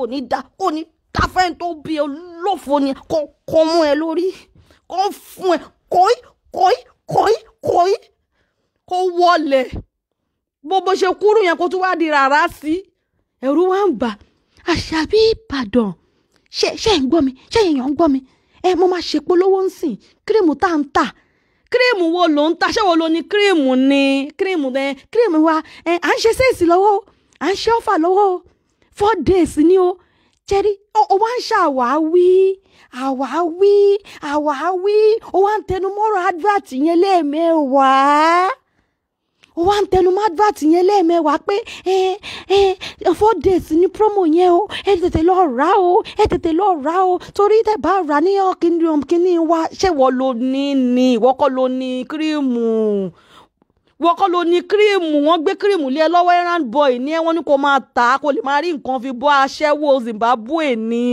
ò ní dá kò ní káfẹ́ni tó bí ẹ lófo ni kò kò mú ẹ lórí kò fún ẹ kòí kòí kòí kòí kò wọlé gbogbo ṣe kúrú yẹn kó tún wá di rárá sí ẹ̀rù wá ń bà àṣàbí ìbàdàn ṣe ṣe ń gbọ́ mi ṣe èèyàn ń gbọ́ mi ẹ mo máa ṣe polówó ń sìn kírèmù tá à ń tà kírèmù wo ló ń ta ṣé wo ló ní kírèmù ni kírèmù ẹ kírèmù wa ẹ à ń ṣe séèsì lọ́wọ́ à ń ṣe ọ́fà lọ́wọ́ four days ni o jẹ́rí ó wá ń ṣàwáwí àwáwí àwáwí ó wá ń tẹnumọ́rọ̀ advert yẹn lẹ́ẹ̀mẹ́wàá ó wá ń tẹnumọ́ advert yẹn lẹ́ẹ̀mẹ́wàá pé ẹ ẹ four days ní promo yẹn o ẹ tètè lọ rà o ẹ tètè lọ rà o torí tẹ bá rà ní ọkìnrin wa ṣé wọ́n ló ní ní ìwọ́kọ́ ló ní kírìmù wọ́n kọ́ ló ní kírìmù wọ́n gbé kírìmù lé ẹ lọ́wọ́ errand boy ní ẹ wọ́n ní kó máa tà á kó lè máa rí nǹkan fi bọ́ aṣẹ́wó Zimbabwe ni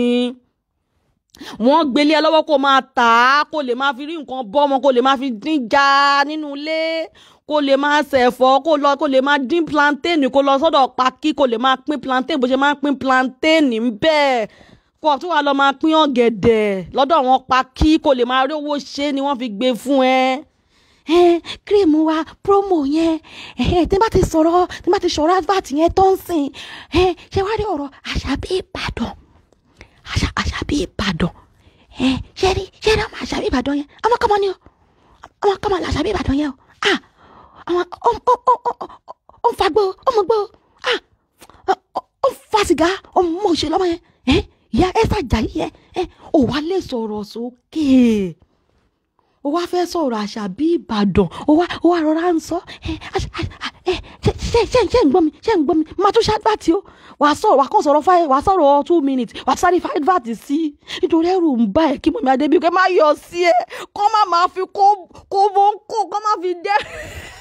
wọ́n gbélé ẹ lọ́wọ́ kó máa tà á kó lè máa fi rí nǹkan bọ́ ọmọ kó lè máa fi níjà nínú ilé kó lè máa ṣẹ̀fọ́ kó lọ kó lè máa dín plantain kó lọ sọ́dọ̀ paki kó lè máa pín plantain bó ṣe máa pín plantain ń bẹ́ẹ̀ kó tún wà lọ máa pín ọ̀gẹ̀dẹ̀ lọ́dọ̀ wọn paki kó lè máa rí owó ṣe ni wọ́n fi gbé fún ẹ. Eh kírèmù wa promo yẹn tí n bá ti sọ̀rọ̀ tí n bá ti sọ̀rọ̀ advert yẹn tó ń sìn ṣe wá rí ọ̀rọ̀ àṣàbí ìbàdàn àṣàbí ìbàdàn ṣe rí ṣe rí ọmọ àṣàbí ìbàdàn yẹn ọmọ kọ́mọ ni o ọmọ kọ́mọ ni àṣàbí ìbàdàn yẹn o àwọn ó ń fagbó ó mú gbó ó ń fa sìgá ó mú òṣèlú ọmọ yẹn ìyá ẹ ṣàjà yìí yẹn ò lè sọ̀rọ̀ sókè. So ó wá fẹ́ sọ̀rọ̀ àṣà bí Ìbàdàn ó wá ó wá rọra ń sọ ẹ ẹ ṣe ṣe ṣe ń gbọ́ mi ṣe ń gbọ́ mi máa tún ṣágbá tí ó wà á sọ̀rọ̀ wà á kàn sọ̀rọ̀ five wà á sọ̀rọ̀ two minutes wà á sáré five vat sí i nítorí ẹrù ń bá ẹ kí mọ̀mí Adébíyì kẹ́ máa yọ sí ẹ kọ́ má máa fi kó kó bó ń kó kọ́ má fi dẹ́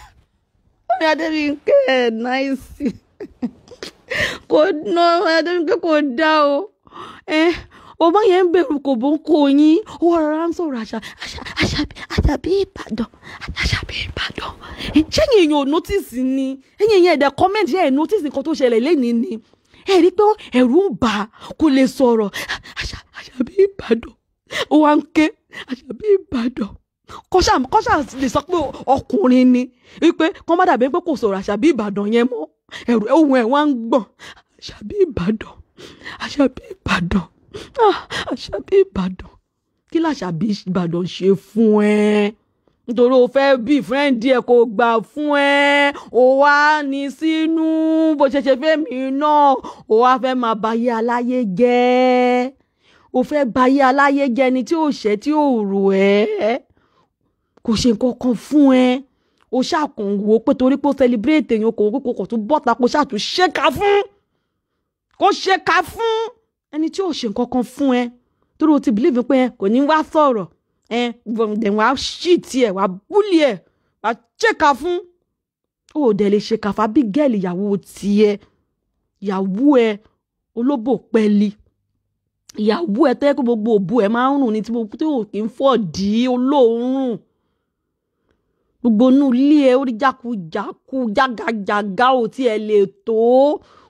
mọ̀mí Adébíyì kẹ́ ẹ̀ náìsì kò ná mọ̀mí Adébíyì kẹ́ kò dá o ẹ bọ̀bá yẹn ń bẹ̀rù kò bó ń kó yín ó wà rárá ń sọ̀rọ̀ àṣà àṣàbí ìbàdàn àṣàbí ìbàdàn ṣẹ́yìn èèyàn ò ni ẹ̀yìn èèyàn ẹ̀dẹ̀ kọ́mẹ́ǹtì ẹ̀ nọ́tìsì nǹkan tó ṣẹlẹ̀ lẹ́nìí ni ẹ̀ rí pé ẹ̀rù ń bà kò lè sọ̀rọ̀ àṣàbí ìbàdàn ó wá ń ké àṣàbí ìbàdàn kọ́ṣà kọ́ṣà lè sọ pé ọkùnrin ni wípé kọ́ má dàbí pé kò sọ̀rọ̀ àṣàbí ìbàdàn yẹn mọ́ ẹ̀rù ohun ẹ̀ ń gbọ̀n àṣàbí ìbàdàn àṣàbí ìbàdàn Ah, àṣàbí ìbàdàn kí làṣàbí ìbàdàn ṣe fún ẹ nítorí o fẹ́ bí fúrẹ́ǹdì ẹ̀ kò gbà fún ẹ o wá ní sínú bó ṣe ṣe fẹ́mi náà o wá fẹ́ máa bayé aláyé jẹ́ o fẹ́ bayé aláyé jẹ́ ni tí ò ṣẹ́ tí ò rò ẹ́ kò ṣe nǹkan kan fún ẹ o ṣàkùn pé torí pé o celebrate èèyàn kò kò kò tún bọ́ta kò ṣàtúnṣe ká fún kò ṣe ká fún ẹni tí ò ṣe nǹkan kan fún ẹ torí o ti believe pé kò ní wá sọ̀rọ̀ ẹ dẹ̀n wá shit ẹ wá búlì ẹ wá ṣèkà fún o ò dẹ̀ lè ṣèkà fún Abigail ìyàwó tiẹ̀ ìyàwó ẹ olóbò pẹ́ẹ́lí ìyàwó ẹ tẹ́ kó gbogbo òbu ẹ máa ń rùn ní tí gbogbo tí ò kì í fọ̀ dí olóòórùn gbogbo inú ilé ẹ ó rí jákujàku ò tí ẹ lè tó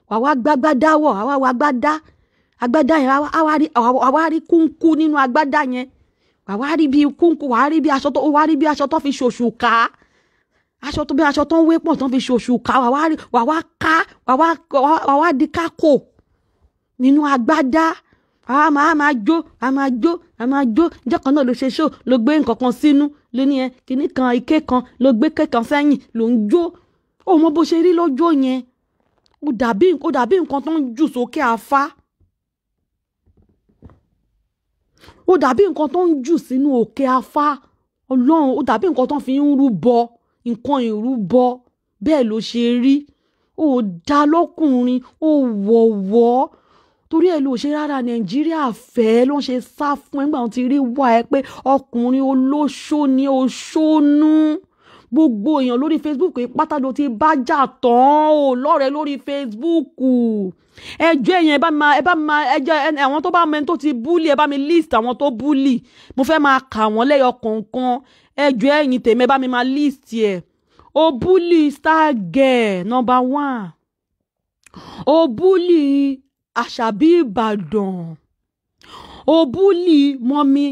wàá wá gbágbá dáwọ̀ wàá wá gbá dá agbádá yẹn àwa rí kúńkú nínú agbádá yẹn àwa rí bí kúńkú wàá rí bí aṣọ tó wàá rí bí aṣọ tó fi ṣoṣù ká aṣọ tó bí aṣọ tó ń wé pọ̀ tó fi ṣoṣù ká wàá ká wàá di kákò nínú agbádá a máa máa jó a máa jó a máa jó ìjọ kan náà ló ṣe ṣó ló gbé nǹkan sínú ló ní ẹ kìíní kan ike kan ló gbé kẹkàn sẹ́yìn ló ń jó ó mọ bó ṣe rí lọ́jọ́ yẹn ó dàbí nǹkan tó ń jù sókè afá. ó dàbí nǹkan tó ń jù sínú òkè afá ọlọ́run ó dàbí nǹkan tó fi ń rúbọ nǹkan ìrúbọ bẹ́ẹ̀ ló ṣe rí ó dá lọ́kùnrin ó wọ̀wọ́ torí ẹ̀ ló ṣe rárá nàìjíríà fẹ́ ló ń ṣe sá fún ẹgbàá ti rí wà ẹ pé ọkùnrin olóṣó ni oṣónú gbogbo èèyàn lórí facebook yìí pátá ló ti bá jà tán o lọ́rẹ̀ẹ́ lórí facebook ẹjọ́ èèyàn ẹ bá máa ẹ bá máa ẹjọ́ àwọn tó bá mọ ẹni tó ti búlì ẹ bá mi list àwọn tó búlì mo fẹ́ máa kà wọ́n lẹ́yọ kọ̀ọ̀kan ẹjọ́ ẹ̀yìn tèmi ẹ bá mi máa list ẹ̀ o búlì stargell number one o búlì àṣàbí ìbàdàn o búlì mọ́mí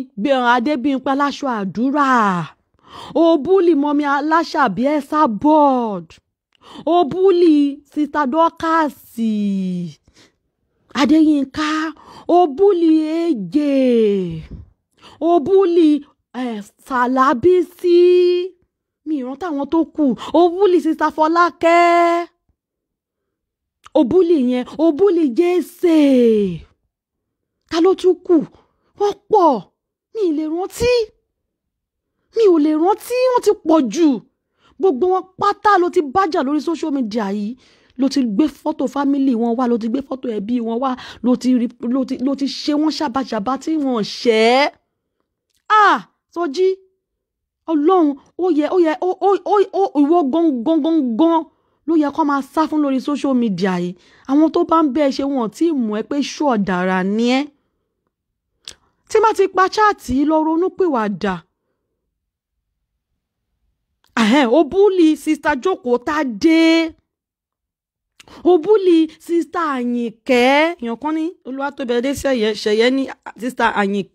adébíyìnpá láṣọ àdúrà o búlì mọ́mí aláṣàbí ẹ́sà board o búlì sista dọ́kàsì Adeyinka. o búlì èjè o búlì eh, salabisi. mi ìrántí àwọn tó kù o búlì sista fọlákẹ́ o búlì yẹn o búlì jésè ta ló tún kù wọ́n pọ̀ mi ì lè rántí mi ò lè rántí wọ́n ti pọ̀ jù gbogbo wọn pátá ló ti bájà lórí social media yìí ló ti gbé fọ́tò fámìlì wọn wá ló ti gbé fọ́tò ẹbí wọn wá ló ti ló ti ló ti ṣe wọ́n ṣàbàṣàbà tí wọ́n ṣẹ́ ah Sọjí ọlọ́run ó yẹ ó yẹ ó ó ó ìwọ gangan ló yẹ kó máa sá fún lórí social media yìí àwọn tó bá ń bẹ́ẹ̀ ṣe wọn tí mú ẹ pé ṣú ọ̀dàrà ni ẹ́ tí má ti pa chaati lọ ronú pìwàdà ó búlì sista jókòó tá a dé ó búlì sista àyìnkẹ́ èèyàn kan ní olùwàtòbẹ̀dẹ ṣẹ̀yẹ ṣẹ̀yẹ ní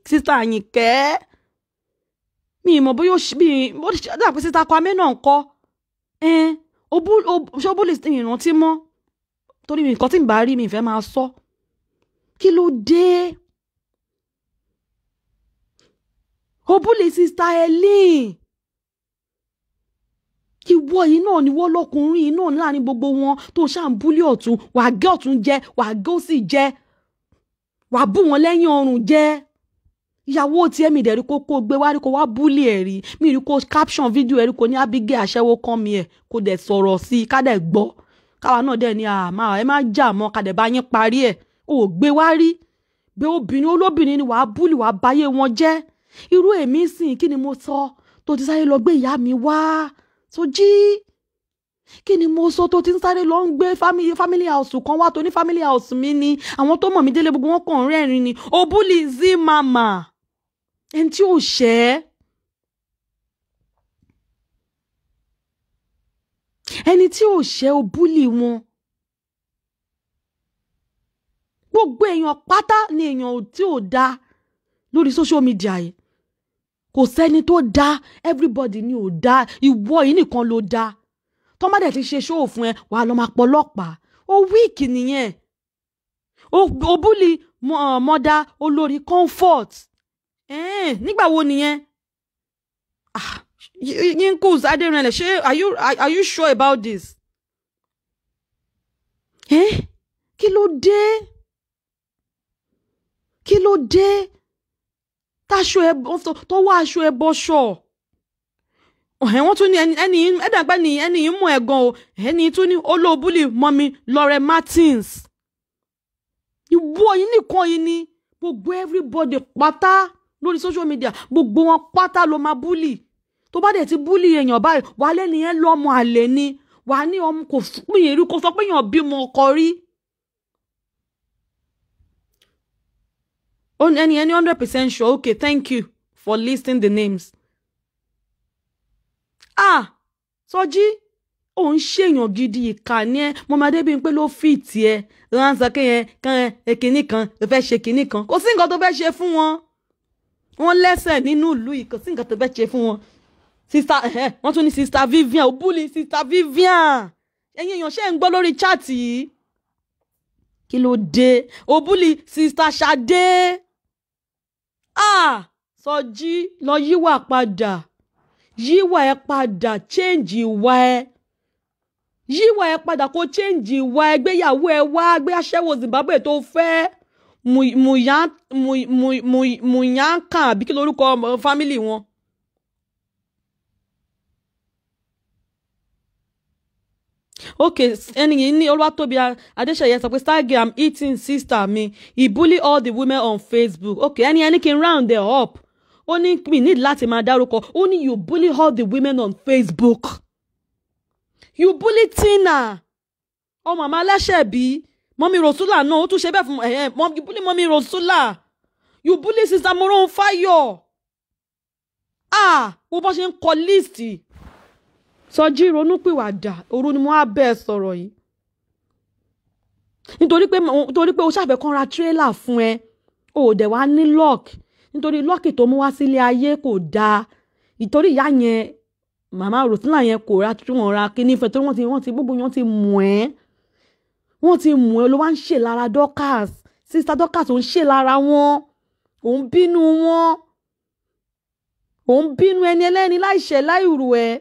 sista àyìnkẹ́ mi ìmọ̀ bóyá ó mi ó dà pé sista kwame náà ń kọ́ ṣé ó búlì ìrántí mọ́ torí nǹkan tí n bá rí mi ìfẹ́ máa sọ kí ló dé. ó búlì sista Helen ìwọ yìí náà ni wọ́n lọ́kùnrin yìí náà láàrin gbogbo wọn tó ṣáà ń búlé ọ̀tún wàá gé ọ̀tún jẹ wàá gé òsì jẹ wàá bù wọn lẹ́yìn ọrùn jẹ ìyàwó tí ẹ̀mí ìdẹ̀rí kó kó gbé wá rí kó wá búlì ẹ̀ rí mi rí kó caption fídíò ẹ̀ rí kó ní Abigail aṣẹ́wó kán mi ẹ̀ kó dẹ̀ sọ̀rọ̀ sí i ká dẹ̀ gbọ́ káwa náà dẹ̀ ní àmà ẹ má jà mọ́ ká dẹ̀ bá yín parí ẹ̀ ò gbé wá rí bẹ́ẹ̀ obìnrin olóbìnrin ni wàá búlì wàá báyé wọn jẹ́ irú èmi sìn kí ni mo sọ tó ti sáyé lọ gbé ìyá mi wá Sojí kí ni mo sọ tó ti ń sáré lọ ń gbé family family house kan wá tó ní family house mi ni àwọn tó mọ̀ mí délé gbogbo wọn kàn rẹ́rìn ni òbúlì zí màmá ẹni tí ò ṣẹ́ ẹni tí ò ṣẹ́ òbúlì wọn gbogbo èèyàn pátá ni èèyàn tí ò dáa lórí social media yìí kò sẹ́ni tó dáa everybody ni ò dáa ìwọ yìí nìkan ló dáa tọ́mọdé ti ṣe ṣóò fún ẹ wàá lọ́ọ́ máa pọlọ́pàá ó wíìkì nìyẹn ó búlì mọ́dá olórí comfort nígbà wo nìyẹn ah, Yinkus Aderinle ṣé are you are you sure about this? Eh? kí ló dé? kí ló dé? táṣọ ẹbọ tó wá aṣọ ẹbọ ṣọ ọ̀hẹ́ wọ́n tún ní ẹni ẹ̀dàgbẹ́ ni ẹni yìí mọ̀ ẹ̀gàn o ẹni tún ní olóòbúlì mọ́mi Lore Martins ìwọ yìí nìkan yìí ni gbogbo everybody pátá lórí social media gbogbo wọn pátá ló máa búlì tó bá dẹ̀ ti búlì èèyàn báyìí wà á lẹ́ni yẹn lọ́mọ àlè ni wà á ní ọmọ kò fún yẹn rí kó sọ pé èèyàn bímọ ọkọ rí ó any ẹni hundred percent sure okay thank you for listing the names. ah Sọjí ò ń ṣèyàn gidi ìkà ni ẹ mo máa débi lo ló fi tiẹ ránṣẹ́ kéèyàn kan èkìní kan ló fẹ́ ṣe kìíní kan kò sí nǹkan tó fẹ́ ṣe fún wọn wọn lẹ́sẹ̀ nínú ìlú yìí kò sí nǹkan tó fẹ́ ṣe sista ẹ wọn eh, eh, tún ní sista Vivian ò búlì sista Vivian ẹ̀yin èèyàn ṣe ń gbọ́ lórí chaati yìí kí ló dé òbúlì sista Ṣadé ah sọjí lọ yíwà padà yíwà ẹ padà change ìwà ẹ yíwà ẹ padà kó change ìwà ẹ gbéyàwó ẹ wá gbé aṣẹ́wó Zimbabwe tó fẹ́ mùyáǹkà àbí kí lorúkọ family wọn. okay ẹnìyí ní olúwatóbi adéṣeyẹ sọ pé stargate i'm eating sister mi he bully all the women on facebook okay ẹni ẹni kí n round them up ó ní mi need láti máa dárúkọ ó ní you bully all the women on facebook you bully tina ọmọ àmà aláṣẹ bí mọ́mí rosula náà ó tún ṣe bẹ́ẹ̀ fún ẹ̀yẹ́ you bully mọ́mí rosula you bully sister Moron moronfayo ah wo bó ṣe ń kọ líìsì Sọjí ìrònúpìwàdà òru ni mo á bẹ́ẹ̀ sọ̀rọ̀ yìí nítorí pé nítorí pé o ṣàfẹ́ kan ra tírélà fún ẹ o ò dẹ̀ wá ní lọ́ọ̀kì nítorí lọ́ọ̀kì tó mú wá sílé ayé kò dáa ìtorí ìyá yẹn màmá rotila yẹn kò ra tí wọ́n ra kíní fẹ́ tó wọ́n ti wọ́n ti gbogbo yẹn ti mú ẹ́ wọ́n ti mú ẹ́ ló wá ń ṣe lára Dorcas sista Dorcas ò ń ṣe lára wọn ò ń bínú wọn ò ń bínú ẹni ẹlẹ́ni láìṣẹ̀ láìrù ẹ̀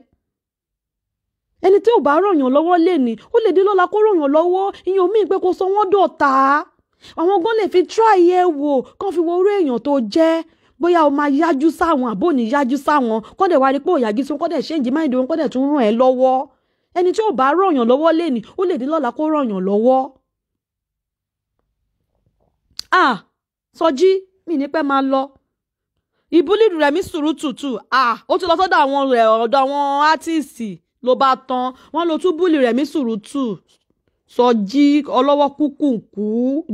ẹni tí ò bá ròyàn lọ́wọ́ lè ní ó lè dín lọ́la kó ròyàn lọ́wọ́ ìyẹn omi ìpè kó sọ wọ́n dọ̀tá àwọn gan lè fi try ẹ wò kán fi wo orú èèyàn tó jẹ́ bóyá o máa yájú sáwọn àbò ní yájú sáwọn kọ́ dẹ̀ wá rí pé ò yájú sí wọn kọ́ dẹ̀ ṣéǹjì máa ń dòun kọ́ dẹ̀ tún ràn ẹ́ lọ́wọ́ ẹni tí ò bá ròyàn lọ́wọ́ lè ní ó lè dín lọ́la kó ròyàn lọ́wọ́. ah Sọjí mi ní pẹ́ máa lọ ìbúlídùú rẹ̀ mi sùúrù tútù ah ó ti lọ sọ́dọ̀ àwọn ọ̀dọ̀ àwọn átíìsì ló bá tán wọ́n lọ tún búlì rẹ̀ mí sùrùtù sọjí ọlọ́wọ́ kúkúkú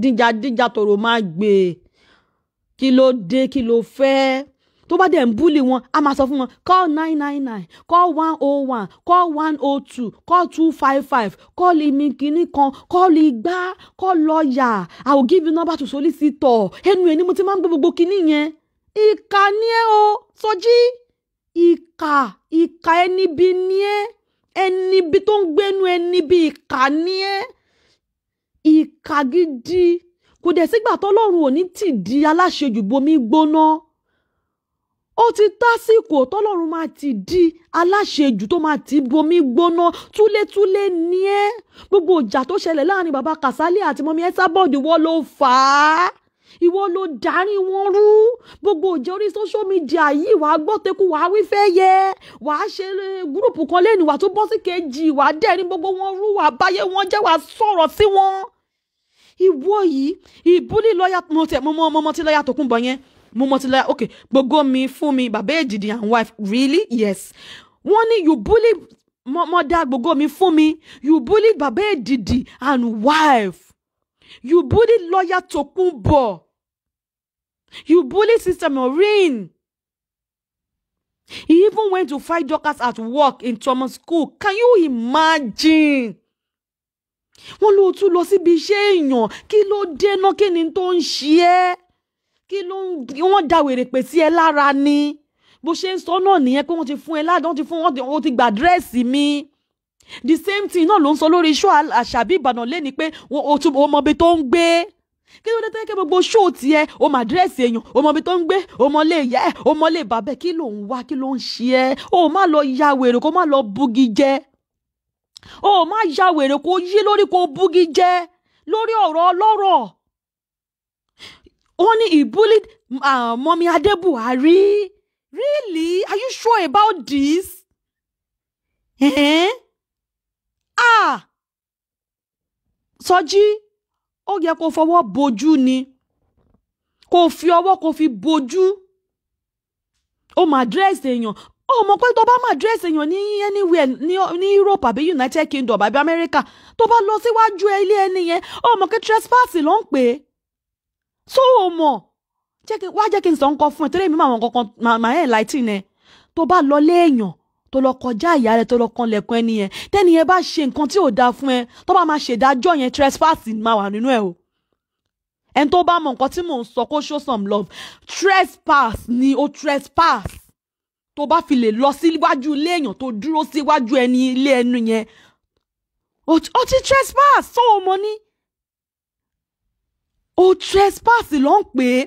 díjàdíjà tòrò máa gbé kí ló dé kí ló fẹ́ tó bá dẹ̀ ń búlì wọn a máa sọ fún wọn call nine nine nine call one o oh one call one o oh two call two five five call imi kìíní kan call Igba. call lọ́ọ̀yà I will give you number to solicitor ẹnu ẹ̀ ni mo ti máa ń gbé gbogbo kìíní yẹn ìkà ni ẹ o sọjí ìkà ìkà ẹni bí ni ẹ ẹni bí tó ń gbénu ẹni bí ìkà ni ẹ́ ìkà gidi kò dẹ̀ sígbà tọ́lọ́run ò ní tì di aláṣejù bomi gbóná ó ti tásìkò tọ́lọ́run máa ti di aláṣejù tó máa ti bomi gbóná túlétúlé ni ẹ́ gbogbo ìjà tó ṣẹlẹ̀ láàrin bàbá Kàsálí àti mọ́mí ẹ́ sábọ̀dì wọ́n ló fà á ìwọ ló darí wọn rú gbogbo òjò orí social media yìí wàá gbọ́ teku wàá wí fẹ́ yẹ wàá ṣe e, gúrùpù kan lẹ́nu wàá tún bọ́ sí kejì wàá dẹ́rìn gbogbo wọn rú wàá báyé wọn jẹ́ wàá sọ̀rọ̀ sí wọn. ìwọ yìí ìbúlí lọ́yà mo tẹ̀ mo mọ ọmọ tí lọ́yà tó kún bọ̀ yẹn mo mọ ti lọ́yà okay gbogbo mi fún mi bàbá èjìdì and wife really yes wọ́n ní you bully mọ́dá gbogbo mi fún mi you bully bàbá èjìdì and wife You bullied lawyer Tokunbo. You bullied Sister Maureen. He even went to fight doctors at work in Thomas School. Can you imagine? Wọ́n ló tún lọ síbi iṣẹ́ èèyàn kí ló dẹ́nà kí ni tó ń ṣe ẹ́ kí ló da wèrè pè sí ẹ lára ni bó ṣe ń sọ náà nìyẹn pé wọ́n ti fún ẹ ládùn wọ́n ti fún wọ́n ti gba dírẹ́sì mi the same thing náà ló ń sọ lórí show Àṣàbí Ìbàdàn lẹ́ni pé o tún o mọ ibi tó ń gbé kí ló dé tẹ́ kí gbogbo show tiẹ̀ o mọ àdírẹ́sì èèyàn o mọ ibi tó ń gbé o mọ lè yẹ o mọ lè bàbẹ́ kí ló ń wá kí ló ń ṣe ẹ́ o má lọ ya wèrè kó má lọ bugi jẹ o má ya wèrè kó yí lórí kó bugi jẹ lórí ọ̀rọ̀ ọlọ́rọ̀ wọ́n ní ìbúlí ah, mọ́mí adé Buhari really are you sure about this? Eh? ah Sọjí ó yẹ kó fọwọ́ bojú ni kó fi ọwọ́ kó fi bojú ó máa dírẹ́sì èèyàn ó mọ̀ pé tó bá máa dírẹ́sì èèyàn ní anywhere ní ní Europe àbí United Kingdom àbí America tó bá lọ síwájú ilé ẹni yẹn ó mọ̀ pé trespass ló ń pè é so ó mọ̀ wá jẹ́ kí n sọ nǹkan fún ẹ torí èmi máa mọ̀ nǹkan kan ẹ̀ láìtì nẹ tó bá lọ lé èèyàn tó lọ kọjá àyà rẹ tó lọ kan lẹ̀kùn ẹni yẹn tẹ́ni yẹn bá ṣe nǹkan tí ò dáa fún ẹ tó bá máa ṣèdájọ́ yẹn trespassing máa wà nínú ẹ o ẹni tó bá mọ nǹkan tí mò ń sọ kó show some love trespass ni o trespass tó bá fi lè lọ síwájú ilé èèyàn tó dúró síwájú ẹni ilé ẹnu yẹn o ti trespass sọ́wọ́ mọ́ ní o trespass ló ń pè é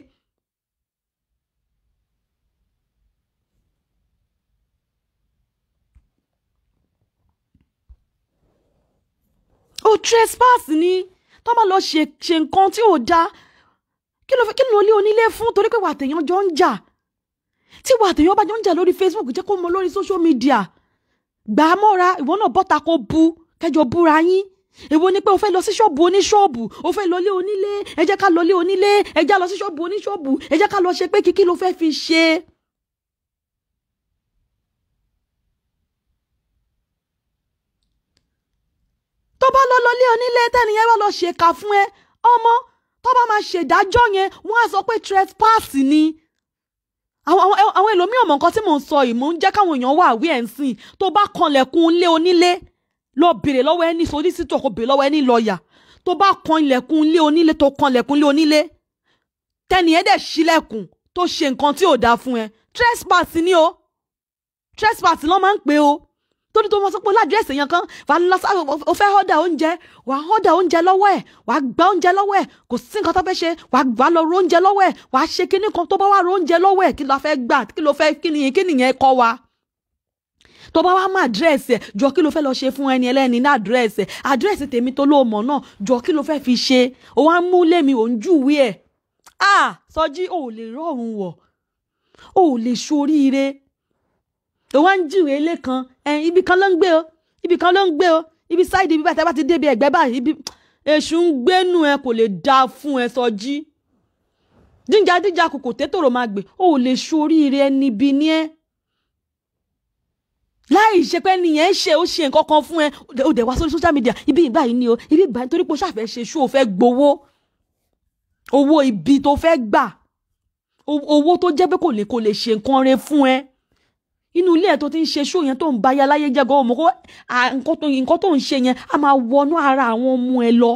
ó trespass ni tó bá lọ ṣe ṣe nǹkan tí ò dáa kí ló fẹ́ kí ló lé onílé fún torí pé wàtẹ̀yàn jọ ń jà tí wàtẹ̀yàn bá jọ ń jà lórí Facebook jẹ́ kó mọ lórí social media gbà á mọ́ra ìwọ náà bọ́ta kó bu kẹjọ búra yín èwo ni pé o fẹ́ lọ sí ṣọ́ọ̀bù oníṣọ́ọ̀bù o fẹ́ lọ lé onílé ẹ jẹ́ ká lọ lé onílé ẹ jẹ́ lọ sí ṣọ́ọ̀bù oníṣọ́ọ̀bù ẹ jẹ́ ká lọ ṣe pé kíkí ló fẹ́ fi ṣe tó bá lọ lọlé onílé tẹ́niyẹn bá lọ ṣèkà fún ẹ ọmọ tó bá máa ṣèdájọ́ yẹn wọ́n á sọ pé trespass ni àwọn ẹlòmíì ọmọ nǹkan tí mò ń sọ yìí mò ń jẹ́ káwọn èèyàn wà wí ẹ̀ ń sìn tó bá kanlẹ̀kùn ilé onílé lọ bèrè lọ́wọ́ ẹni solicitor kò bèrè lọ́wọ́ ẹni lọ́ọ̀yà tó bá kan ilẹ̀kùn ilé onílé tó kan ilẹ̀kùn ilé onílé tẹ́niyẹn dẹ̀ ṣílẹ̀kùn tó ṣe nǹkan tí ò dáa fún ẹ trespass ni o trespass ló máa ń pè o torí tó mọ sọ pé ládírẹ́sì yẹn kan wàá lọ sá o fẹ́ ọ́dà oúnjẹ wàá ọ́dà oúnjẹ lọ́wọ́ ẹ̀ wàá gba oúnjẹ lọ́wọ́ ẹ̀ kò sí nǹkan tó fẹ́ ṣe wàá lọ ro oúnjẹ lọ́wọ́ ẹ̀ wàá ṣe kíní kan tó bá wà ro oúnjẹ lọ́wọ́ ẹ̀ kí ló fẹ́ gbà kí ló fẹ́ kí nìyẹn kí nìyẹn kọ́ wa tó bá wá mọ àdírẹ́sì ẹ̀ jọ kí ló fẹ́ lọ ṣe fún ẹni ẹlẹ́ni ní àdírẹ́sì ẹ̀ àdírẹ́sì tèmi tó ló mọ̀ náà jọ kí ló fẹ́ fi ṣe ó wá mú lémi òun júwèé ẹ̀ ah Sọjí ò lè rọrùn wọ̀ ò lè ṣoríire ó wá ń jìwèé lẹ́kan ibì kan ló ń gbé o ibì kan ló ń gbé o ibi sáìdì ibi bàtà bá ti débi ẹ̀gbẹ́ báyìí ibi èṣù ń gbénu ẹ kò lè dáa fún ẹ Sọjí jíjà jíjà kòkò tẹ́tòrò máa gbè ó lè ṣu oríire ẹni bí ní ẹ láì ṣe pé nìyẹn ṣe ó ṣe nǹkan kan fún ẹ ó dẹ̀ wá sórí social media ibi ìgbà ni o ibi ìgbà yìí torí pé o ṣàfẹ́ ṣe ṣú o fẹ́ gbowó owó ibi tó fẹ́ gbà owó tó jẹ́ pé kò lè kò lè ṣe nǹkan re fún ẹ inú ilé ẹ̀ tó ti ń ṣe ṣó yẹn tó ń ba ya láyé jẹ́gọ́ ọmọ kó nǹkan tó ń ṣe yẹn a máa wọnú ara àwọn ọmọ ẹ lọ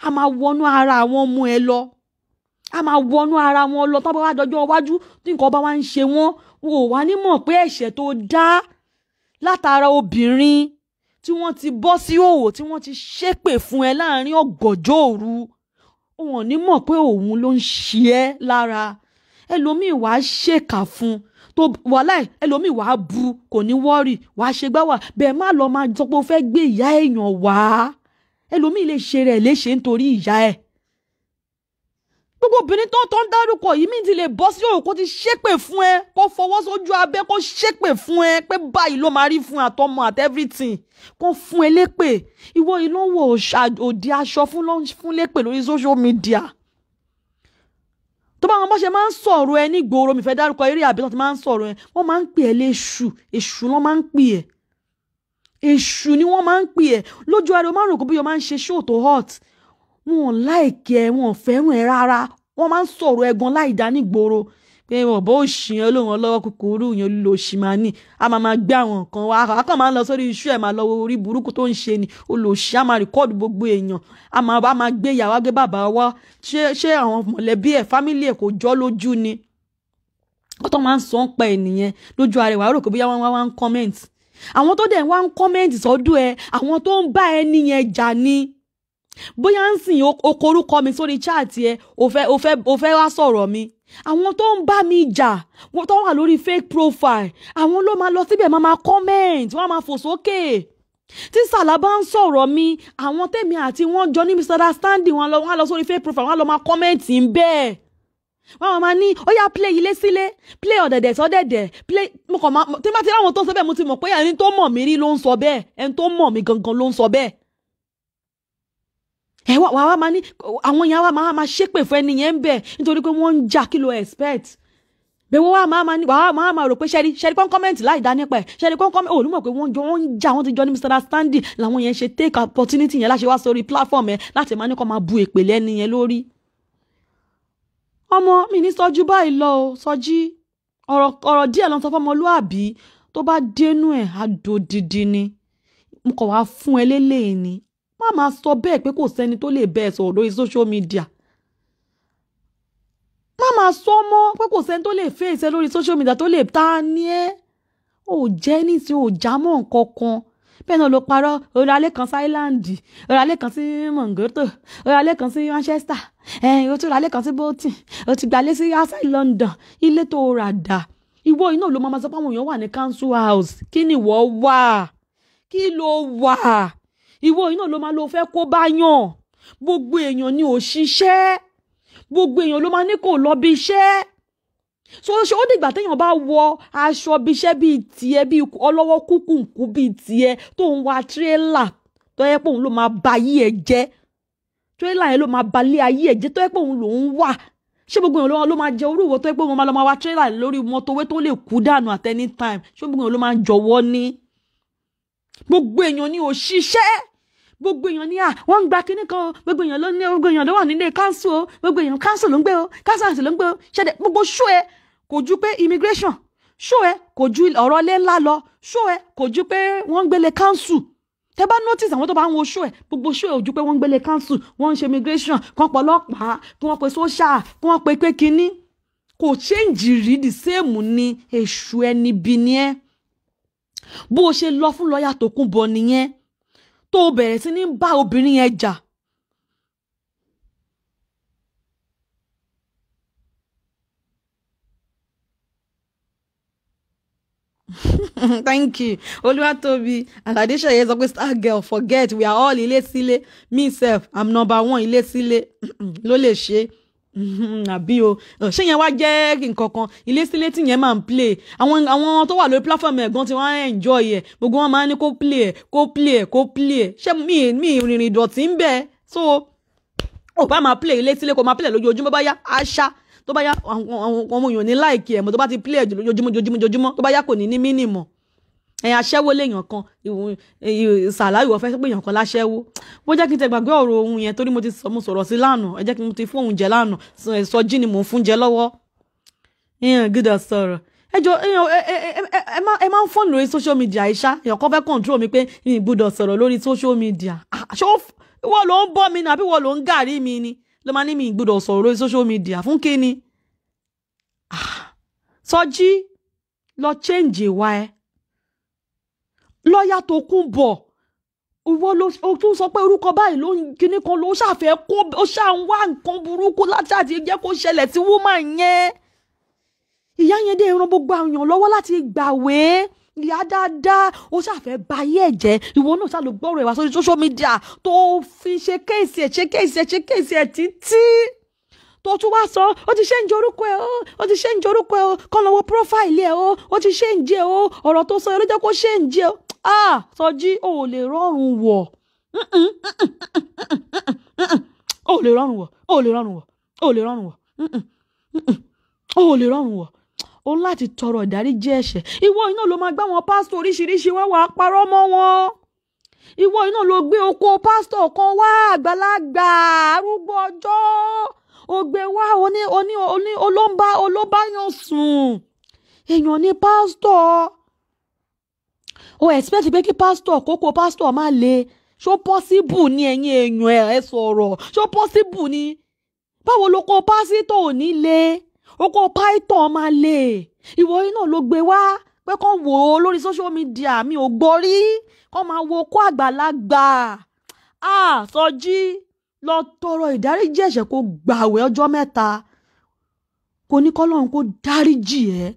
a máa wọnú ara àwọn ọmọ ẹ lọ a máa wọnú ara wọn lọ tọ́ba wá dọjọ́ iwájú tí nǹkan bá wá ń ṣe wọ́n wò wá nímọ̀ pé ẹ̀ṣẹ̀ tó dá látara obìnrin tí wọ́n ti bọ́ sí òwò tí wọ́n ti ṣépè fún ẹ láàrin ọ̀gànjọ́ òru wọn ò pé òun ló ń ṣe ẹ́ lára ẹlòmíì wàá ṣèkà fún un tó wàláì ẹlòmíì wàá bu kò ní wọ́ọ̀rì wàá ṣe gbáwà bẹ́ẹ̀ má lọ máa sọ o fẹ́ gbé ìyá èèyàn wá ẹlòmíì lè ṣe rẹ̀ léṣe nítorí ìyá ẹ̀ gbogbo obìnrin tó tó ń dárúkọ yìí mí ti lè bọ́ sí òòrùn kó ti ṣépè fún ẹ kó fọwọ́ sójú abẹ́ kó ṣépè fún ẹ pé báyìí ló máa rí fún àtọmọ àti everything kó fún ẹ lépè ìwọ ìlú wo òde aṣọ fún lépè lórí social media tó bá wọn bọ́ ṣe máa ń sọ̀rọ̀ ẹ nígboro mi fẹ́ dárúkọ eré àbí tó máa ń sọ̀rọ̀ ẹ wọ́n máa ń pè ẹ́ léṣù èṣù ló máa ń pè ẹ́ èṣù ni wọ́n máa ń pè ẹ́ lójú ariwo márùn kò bí wọ́n máa ń ṣe show tó hot wọn ò láìkẹ́ wọn ò fẹ́ràn ẹ rárá wọ́n máa ń sọ̀rọ̀ ẹ̀gbọ́n láìdá nígboro pé bọ̀bọ̀ òṣì yẹn olóhùn ọlọ́wọ́ kúkúrú yẹn olóṣì máa a máa máa gbé àwọn nǹkan wa a máa ń lọ sórí iṣu ẹ̀ máa lọ orí burúkú tó ń ṣe ni olóṣì a máa rìkọ́ọ̀dù gbogbo èèyàn a máa gbé ìyàwó gbé bàbá wa ṣé àwọn mọ̀lẹ́bí ẹ̀ fámìlì ẹ̀ kò jọ́ lójú ni ọtọ́ máa ń sọ ń pa ènìyàn lójú arẹwà rò pé bóyá wọ́n wá ń kọ́mẹ́ǹtì àwọn tó dẹ̀ wá ń kọ́mẹ́ǹtì sọ́dún ẹ àwọn tó ń bá ẹni yẹn jà ni bóyá ń sìn o korúkọ mi sórí chaàtì ẹ o fẹ́ o fẹ́ o fẹ́ wá sọ̀rọ̀ mi àwọn tó ń bá mi jà wọn tó wà lórí fake profile àwọn ló máa lọ síbẹ̀ máa máa comment wọ́n máa fò sókè tí sàlá bá ń sọ̀rọ̀ mi àwọn tèmi àti wọn jọ ní misunderstanding wọn lọ wọn lọ sórí fake profile wọn lọ máa comment ń bẹ́ẹ̀ wọn máa ní ó yá play ilé sílé play ọ̀dẹ̀dẹ̀ sọ́dẹ̀dẹ̀ play mo kàn máa tí n bá ti ráwọn tó ń sọ bẹ́ẹ̀ mo ti mọ̀ pé ẹni tó mọ̀ mí rí ló ń sọ bẹ́ẹ̀ ẹni tó mọ̀ mí gangan ló ń sọ bẹ́ẹ̀ ẹ wà wà máa ní àwọn yẹn wà máa máa ṣépè fún ẹni yẹn ń bẹ nítorí pé wọ́n ń jà kí ló expect bẹ́ẹ̀ wọ́n wà máa máa ní wàá máa máa rò pé ṣẹ́ni ṣẹ́ni kọ́ ń kọ́mẹ́ǹtì láì dá nípa ẹ̀ ṣẹ́ni kọ́ ń kọ́mẹ́ǹtì òun mọ̀ pé wọ́n jọ wọ́n ń jà wọ́n ti jọ ní misunderstanding làwọn yẹn ṣe take opportunity yẹn láṣẹ wá sórí platform yẹn láti máa ní kọ́ máa bu èpè lẹ́ni yẹn lórí. ọmọ mi ní sọjú báyìí lọ o sọjí ọ̀rọ̀ díẹ̀ ló ń sọ fọ́mọlúàbí tó bá dénú ẹ̀ àdòdìdì ni mo kọ̀ wá fún ẹ lélẹ́yìn ni má máa sọ bẹ́ẹ̀ pé kò sẹ́ni tó lè bẹ́ẹ̀ sọ̀rọ̀ lórí social media má máa sọ mọ́ pé kò sẹ́ni tó lè fèsì lórí social media tó lè ta ni ẹ́ ò jẹ́ nísìnyí ò já mọ́ nǹkan kan bẹ́ẹ̀ náà ló parọ́ oralé kan sí Ireland oralé kan sí Mongoto oralé kan sí Manchester ẹ̀yìn o tún oralé kan sí Bolton o ti gbalé sí outside London ilé tó rà dà ìwọ iná ló máa sọ pé àwọn èèyàn wà ní council house kí ni ìwọ wà kí ló wà ìwọ iná ló máa lọ fẹ́ kó bá yàn gbogbo èèyàn ni ò ṣiṣẹ́ gbogbo èèyàn ló máa ní kò lọ bí iṣẹ́ so ṣe ó dìgbà téèyàn bá wọ aṣọ bí iṣẹ́ bíi tiẹ̀ bíi ọlọ́wọ́ kúkúǹkú bíi tiẹ̀ tó ń wa tírélà tó yẹ pé òun ló máa ba ayé ẹ̀ jẹ́ tírélà yẹn ló máa ba lé ayé ẹ̀ jẹ́ tó yẹ pé òun lòún wà ṣé gbogbo èèyàn ló máa jẹ orú tó yẹ pé òun máa wá tírélà lórí mọ́tòwé tó lè kú dànù at any time ṣé gbogbo èèyàn ló máa jọ̀wọ́ ní gbogbo èèyàn ni ò ṣiṣẹ́ gbogbo èèyàn ní à wọ́n ń gba kinní kan o gbogbo èèyàn ló ní gbogbo èèyàn ló wà nílé káńsù o gbogbo èèyàn káńsù ló ń gbé o káńsù àti ló ń gbé o ṣẹ̀dẹ̀ gbogbo ṣó ẹ kò ju pé immigration ṣó ẹ kò ju ọ̀rọ̀ ilé ńlá lọ ṣó ẹ kò ju pé wọ́n ń gbélé káńsù tẹ bá notice àwọn tó bá ń wo show ẹ gbogbo show ẹ ojú pé wọ́n ń gbélé council wọ́n ń ṣe immigration kan pọ̀ ọlọ́pàá kí wọ́n pe social kí wọ́n pe pé kínní kò change rí the same ni èṣù ẹni bí ni ẹ bó o ṣe lọ fún lọ́ọ̀yà tó kún bọ nìyẹn tó o bẹ̀rẹ̀ sí ní bá obìnrin yẹn jà. thank you olúwatóbi aládéṣeyẹ sọ pé star girl forget we are all ilé sílé me sef i'm number one ilé sílé ló lè ṣe é. àbí o ṣé yẹn wá jẹ́ nǹkan kan ilé sílé tí yẹn máa ń play àwọn àwọn tó wà lórí platform ẹ̀gbọ́n tí wọ́n á enjoy ẹ̀ gbogbo wọn máa ń ní kó play ẹ̀ kó play ẹ̀ kó play ẹ̀ ṣé mi mi ìrìnrìn ìdọ̀tí ń bẹ so ò bá máa play ilé sílé kó máa play lójoojúmọ́ bá yá àṣà tó bá yá àwọn ọmọ èèyàn ní láìkì ẹ̀ mọ́ tó bá ti play ẹ̀ lójoojúmọ́ lójoojúmọ́ tó bá yá kò ní ní mínìmọ̀ ẹ̀yin aṣẹ́wó léèyàn kan ìsàlá ìwọ fẹ́ pé èèyàn kan láṣẹ́wó bó jẹ́ kí n tẹ gbàgbé ọ̀rọ̀ ohun yẹn torí mo ti mo sọ̀rọ̀ sí lánàá ẹ jẹ́ kí n ti fún òun jẹ lánàá ìsọjí ni mò ń fún jẹ lọ́wọ́ ìyẹn gídà sọ̀rọ̀ ẹ jọ ẹ máa ń fọ́ọ̀nù lórí social media ìṣá èèyàn kan fẹ́ control mi pé mi gbọ́dọ̀ sọ̀rọ̀ lórí social media ah, ṣé wọ́n ló ń bọ́ mi ni àbí wọ́n ló ń gàrí mi ni ló máa ní mi gbọ́dọ̀ sọ̀rọ̀ lórí social media fún kíni ah, sọjí lọ change ìwà ẹ lọ́ọ̀yà tó kún bọ̀ ìwọ ló tún sọ pé orúkọ báyìí ló ń kinní kan ló ṣàfẹ́ kó ó ṣáà ń wá nǹkan burúkú láti àti jẹ́ kó ṣẹlẹ̀ tí woman yẹn ìyá yẹn dé ran gbogbo àyàn lọ́wọ́ láti gbàwé ìyá dáadáa ó ṣàfẹ́ bayé ẹ̀jẹ̀ ìwọ náà ṣàlù gbọ́rọ̀ ìwà sórí social media tó fi ṣe kéèsì ẹ̀ ṣe kéèsì ẹ̀ ṣe kéèsì ẹ̀ títí tó tún wá sọ ó ti change orúkọ ẹ o ó ti change orúkọ ẹ o kàn lọ́wọ́ profile ẹ o ó ti change ẹ o ọ̀rọ̀ tó sọ ẹ ló jẹ́ kó change ẹ o ah Sọjí o ò lè rọrùn wọ̀ o ò lè rọrùn wọ̀ o ò lè rọrùn wọ̀ o ò lè rọrùn wọ̀ o ò lè rọrùn wọ̀ o láti tọrọ ìdáríjì ẹ̀ṣẹ̀ ìwọ iná ló máa gbá wọn pásítọ̀ oríṣiríṣi wá wàá parọ́ mọ́ wọn ìwọ iná ló gbé oko pásítọ̀ kan wá àgbàlagbà arúgbó ọjọ́ ó gbé wá oní oní oní olóńbá olóbáyàn sùn èèyàn ní pásítọ̀ o expect pé kí pásítọ̀ kókó pásítọ̀ má le ṣó pọ́síbù ni ẹ̀yin èèyàn ẹ̀ sọ̀rọ̀ ṣó pọ́síbù ni báwo ló kó pásítọ̀ ò ní le oko python máa le ìwọ yìí náà ló gbé wá pé kàn wò ó lórí social media mi ò gbọ́ rí kàn máa wo okó àgbàlagbà ah Sọjí. So lọ tọrọ ìdáríjì ẹ̀ṣẹ̀ kó gbààwẹ̀ ọjọ́ mẹ́ta kò ní kọ́lọ́run kó dáríjì ẹ́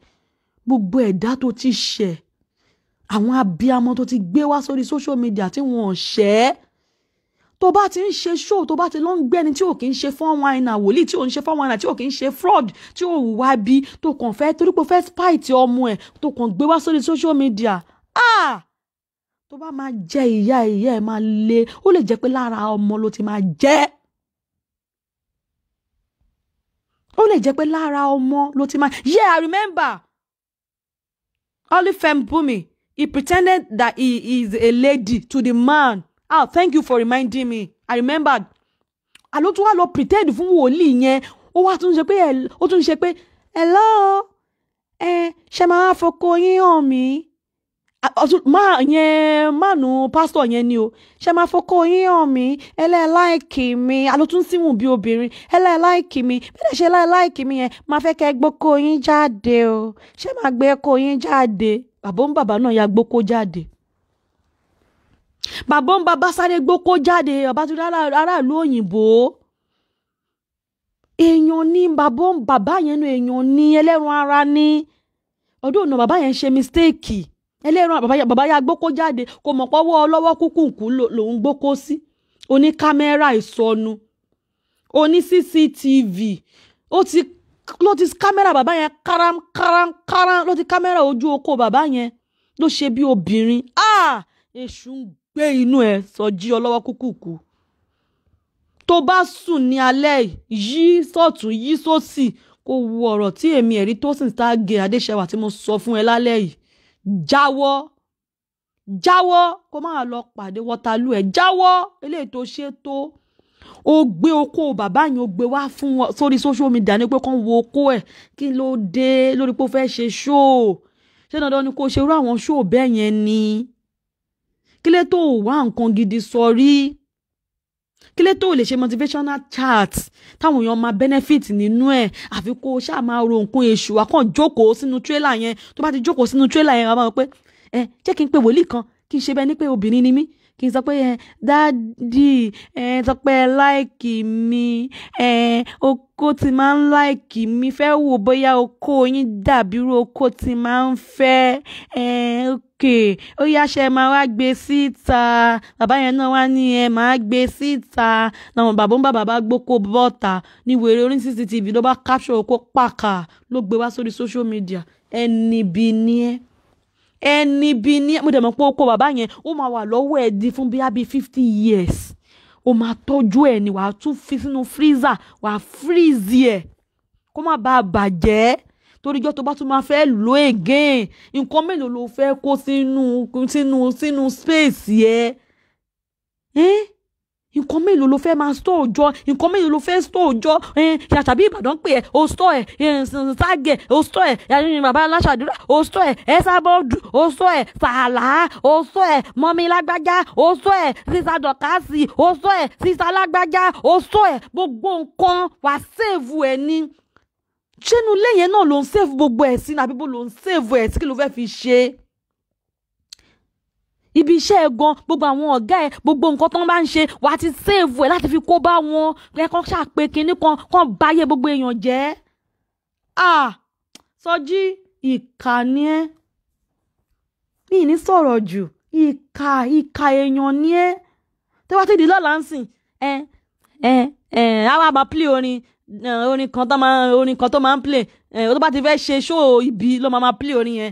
gbogbo ẹ̀dá tó ti ṣẹ̀ àwọn abiyamọ tó ti gbé wá sórí social media tí wọ́n ṣẹ̀ ẹ́ tó bá ti ń ṣe show tó bá ti lọ ń gbẹ́ni tí ò kì í ṣe four wine wòlíì tí ò ń ṣe four wine tí ò kì í ṣe fraud tí ò wá bí tó kàn fẹ́ torí pé ó fẹ́ spite ọmọ ẹ̀ tó kàn gbé wá sórí social media ah tó bá máa jẹ ìyá ìyá ẹ máa le ó lè jẹ pé lára ọmọ ló ti máa jẹ ó lè jẹ pé lára ọmọ ló ti máa yeah I remember Olifem Bumi he pretended that he is a lady to the man ah oh, thank you for reminding me I remembered àló lo wá lọ pretend fún wòlíì yẹn ó wá tún ṣe pé ó tún ṣe pé hello ẹ eh, ṣe máa fọkọ yín hàn mí máa yẹn mánu pásítọ̀ yẹn ni o ṣe máa fọkọ yín hàn mí ẹlẹ́ẹ̀láìkì mi alótún síwùn bí obìnrin ẹlẹ́ẹ̀láìkì mi bẹ́ẹ̀ ṣe ẹlẹ́ẹ̀láìkì mi yẹn máa fẹ́ kẹ́ gbóko yín jáde o ṣe máa gbé ẹkọ yín jáde bàbá ń bàbá náà ya gbóko jáde bàbá ń bàbá sáré gbóko jáde ọba tó dá aráàlú òyìnbó èèyàn ní bàbá ń bàbá yẹn nu èèyàn ní ẹlẹ́run ara ní ọdún ọ̀nà bàbá yẹn ṣe mistéèkì ẹlẹ́ran bàbá ya gbókó jáde kò mọ̀ pọ́wọ́ ọlọ́wọ́ kúkúǹkú lòún gbókó sí oní kámẹ́rà ìsọnù oní cctv ó ti ló ti kámẹ́rà bàbá yẹn káram káram káram ló ti kámẹ́rà ojú oko bàbá yẹn ló ṣe bí obìnrin ah èṣù ń gbé inú ẹ sọjí ọlọ́wọ́ kúkúǹkú tó bá sùn ní alẹ́ yí sọ̀tún yí sósì kó wo ọ̀rọ̀ tí èmi ẹ̀rí tó sì ń ta gé adéṣẹ́wà tí mo sọ fún ẹ lálẹ́ yìí jáwọ́ jáwọ́ kó má lọ pàdé wọ́tálù ẹ̀ jáwọ́ eléyìí tó ṣe tó ó gbé okó bàbá yẹn ó gbé wá fún wọn sórí social media ní pé kán wo okó ẹ̀ kí ló dé lórí pé ó fẹ́ ṣe ṣóò ṣé dandan ni kó ṣe irú àwọn ṣóò bẹ́ẹ̀ yẹn ni kílé tó wá nǹkan gidi sọ rí kílẹ̀ tó lè ṣe motivational chat táwọn èèyàn máa benefit nínú ẹ̀ àfi kó o ṣáà máa ro nǹkan èṣù akàn jókòó sínú tírélà yẹn tó bá ti jókòó sínú tírélà yẹn wàá máa pé ẹ jẹ́ kí n pe wòlíì kan kí n ṣe bẹ́ẹ̀ ni pé obìnrin ni mí kí n sọ pé dáàdì sọ pé ẹ láìkì mi oko tí máa ń láìkì mi fẹ́ wò bóyá oko yín dàbí irú oko tí máa ń fẹ́ òkè ó yá ṣe máa wá gbé síta bàbá yẹn náà wá ní ẹ máa gbé síta làwọn bàbá ń bá bàbá gbóko bọ́ta ní wèrè orí CCTV ló bá capture oko pàkà ló gbé wá sórí social media ẹni bí ni ẹ́ ẹni bí ní mo dẹ̀ mọ̀ pé ó kó bàbá yẹn ó máa wà lọ́wọ́ ẹ̀ di fún bíi fifty years ó máa tọ́jú ẹ̀ ni wàá tún fi sínú freezer wàá freeze ẹ̀ kó má bàa bàjẹ́ torí jọ́ tó bá tún máa fẹ́ lò again nǹkan mélòó ló fẹ́ kó sínú sínú sínú space yẹ. Eh? nǹkan mélòó ló fẹ́ máa store òjọ́ nǹkan mélòó ló fẹ́ store òjọ́ ṣàṣàbí ìbàdàn pé ẹ o store ẹ ṣàgẹ̀ o store ẹ yàrá bàbá aláṣàdúrà o store ẹ ẹsàbọ̀dù o store ẹ sàlá o store ẹ mọ́milágbájá o store ẹ sísá dọ̀kásì o store ẹ sísá lágbájá o store ẹ gbogbo nǹkan wà sèvù ẹ ní ṣẹ́nu lẹ́yìn náà ló ń sèvù gbogbo ẹ̀ sí ní àbíbó ló ń sèvù ẹ̀ sí kí ló fẹ́ fi ṣe é ibi iṣẹ́ ẹ gan gbogbo àwọn ọ̀gá ẹ gbogbo nǹkan tó ń bá ń ṣe wà á ti sèèvù ẹ láti fi kó bá wọn kẹ́kọ́ ṣàpè kinní kan kàn báyé gbogbo èèyàn jẹ́ ah Sọjí ìkànnì ẹ mi ní sọ̀rọ̀ jù ìkà ìkà èèyàn ni ẹ tí wàá ti di lọ́la ń sìn ẹ ẹ ẹ àwa máa play orin orin kan tó máa orin kan tó máa ń play ó tó bá ti fẹ́ ṣe ṣóò ibi ló máa máa play orin yẹn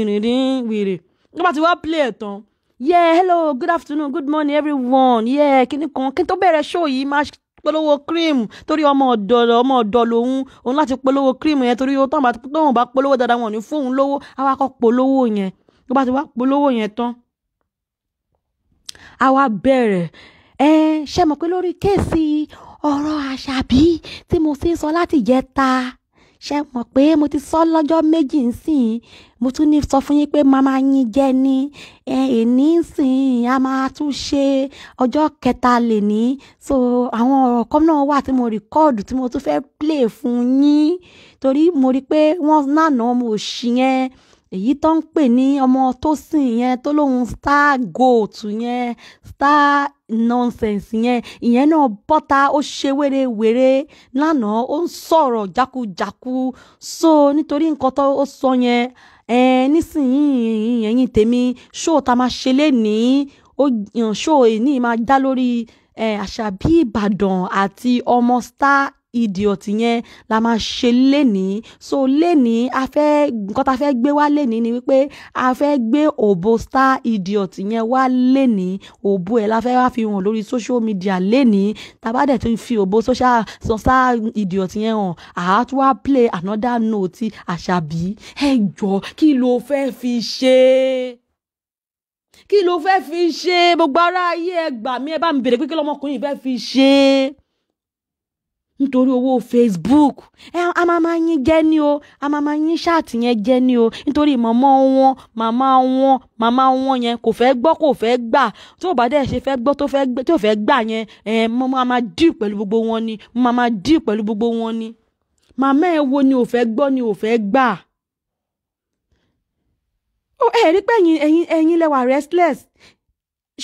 dín wèrè tó bá play ẹ̀ tán yeah hello good afternoon good morning everyone yeah kíní kan kí n tó bẹ̀rẹ̀ show yìí máa polówó cream torí ọmọ ọ̀dọ̀ ọmọ ọ̀dọ̀ lòun òun láti polówó cream yẹn torí tóun bá polówó dáadáa wọn ò ní fóun lówó àwa kọ́ polówó yẹn tó bá ti polówó yẹn tán àwa bẹ̀rẹ̀ ẹ ṣe mọ̀ pé lórí kéèsì ọ̀rọ̀ àṣàbí tí mo ti ń sọ láti jẹta ṣé mọ̀ pé mo ti sọ lọ́jọ́ méjì nsìn mo tún ní sọ fún yín pé màmá yín jẹ́ ní ẹ̀ẹ́nì nsìn a máa tún ṣe ọjọ́ kẹta lè ní so àwọn ọ̀rọ̀ kan náà wà tí mo rìkọ́ọ̀dù tí mo tún fẹ́ play fún yín torí mo rí i pé wọ́n náà mo ṣì èyí tó ń pè ní ọmọ Tósìn yẹn tó lóun star goat yẹn star nonsense yẹn ìyẹn náà bọ́ta ó ṣe wérewère lánàá ó ń sọ̀rọ̀ jákujàku so nítorí nǹkan tó ó sọ yẹn ẹ nísìnyìí ẹ̀yin tèmi ṣó ta máa ṣe lé ní ṣó èyí máa dá lórí Àṣàbí Ìbàdàn àti ọmọ star idiot yẹn la máa ṣe lénìí so lénìí a fẹ́ nǹkan tá a fẹ́ gbé wá lénìí ni wípé a fẹ́ gbé òbò star idiot yẹn wá lénìí òbò ẹ̀ la fẹ́ wá fi hàn lórí social media lénìí tàbá dẹ̀ tún fi òbò social so star idiot yẹn hàn àá tún wá play another note àṣàbí ẹ jọ kí ló fẹ́ fi ṣe é kí ló fẹ́ fi ṣe gbogbo ara ayé ẹ gbà mí ẹ bá mi bèrè pé kí lọmọkùnrin yìí fẹ́ fi ṣe nítorí owó Facebook ẹ a máa máa yín jẹ́ ní o a máa máa yín ṣáàtì yẹn jẹ́ ní o nítorí màmá wọn màmá wọn màmá wọn yẹn kò fẹ́ gbọ́ kò fẹ́ gbà tó o bá dẹ̀ ṣe fẹ́ gbọ́ tó fẹ́ gbà yẹn ẹ mo máa dì pẹ̀lú gbogbo wọn ni mo máa dì pẹ̀lú gbogbo wọn ni màmá ẹ wo ni ò fẹ́ gbọ́ ni ò fẹ́ gbà ó ẹ rí pé ẹ̀yin ẹ̀yin ẹ̀yin lẹ wà restless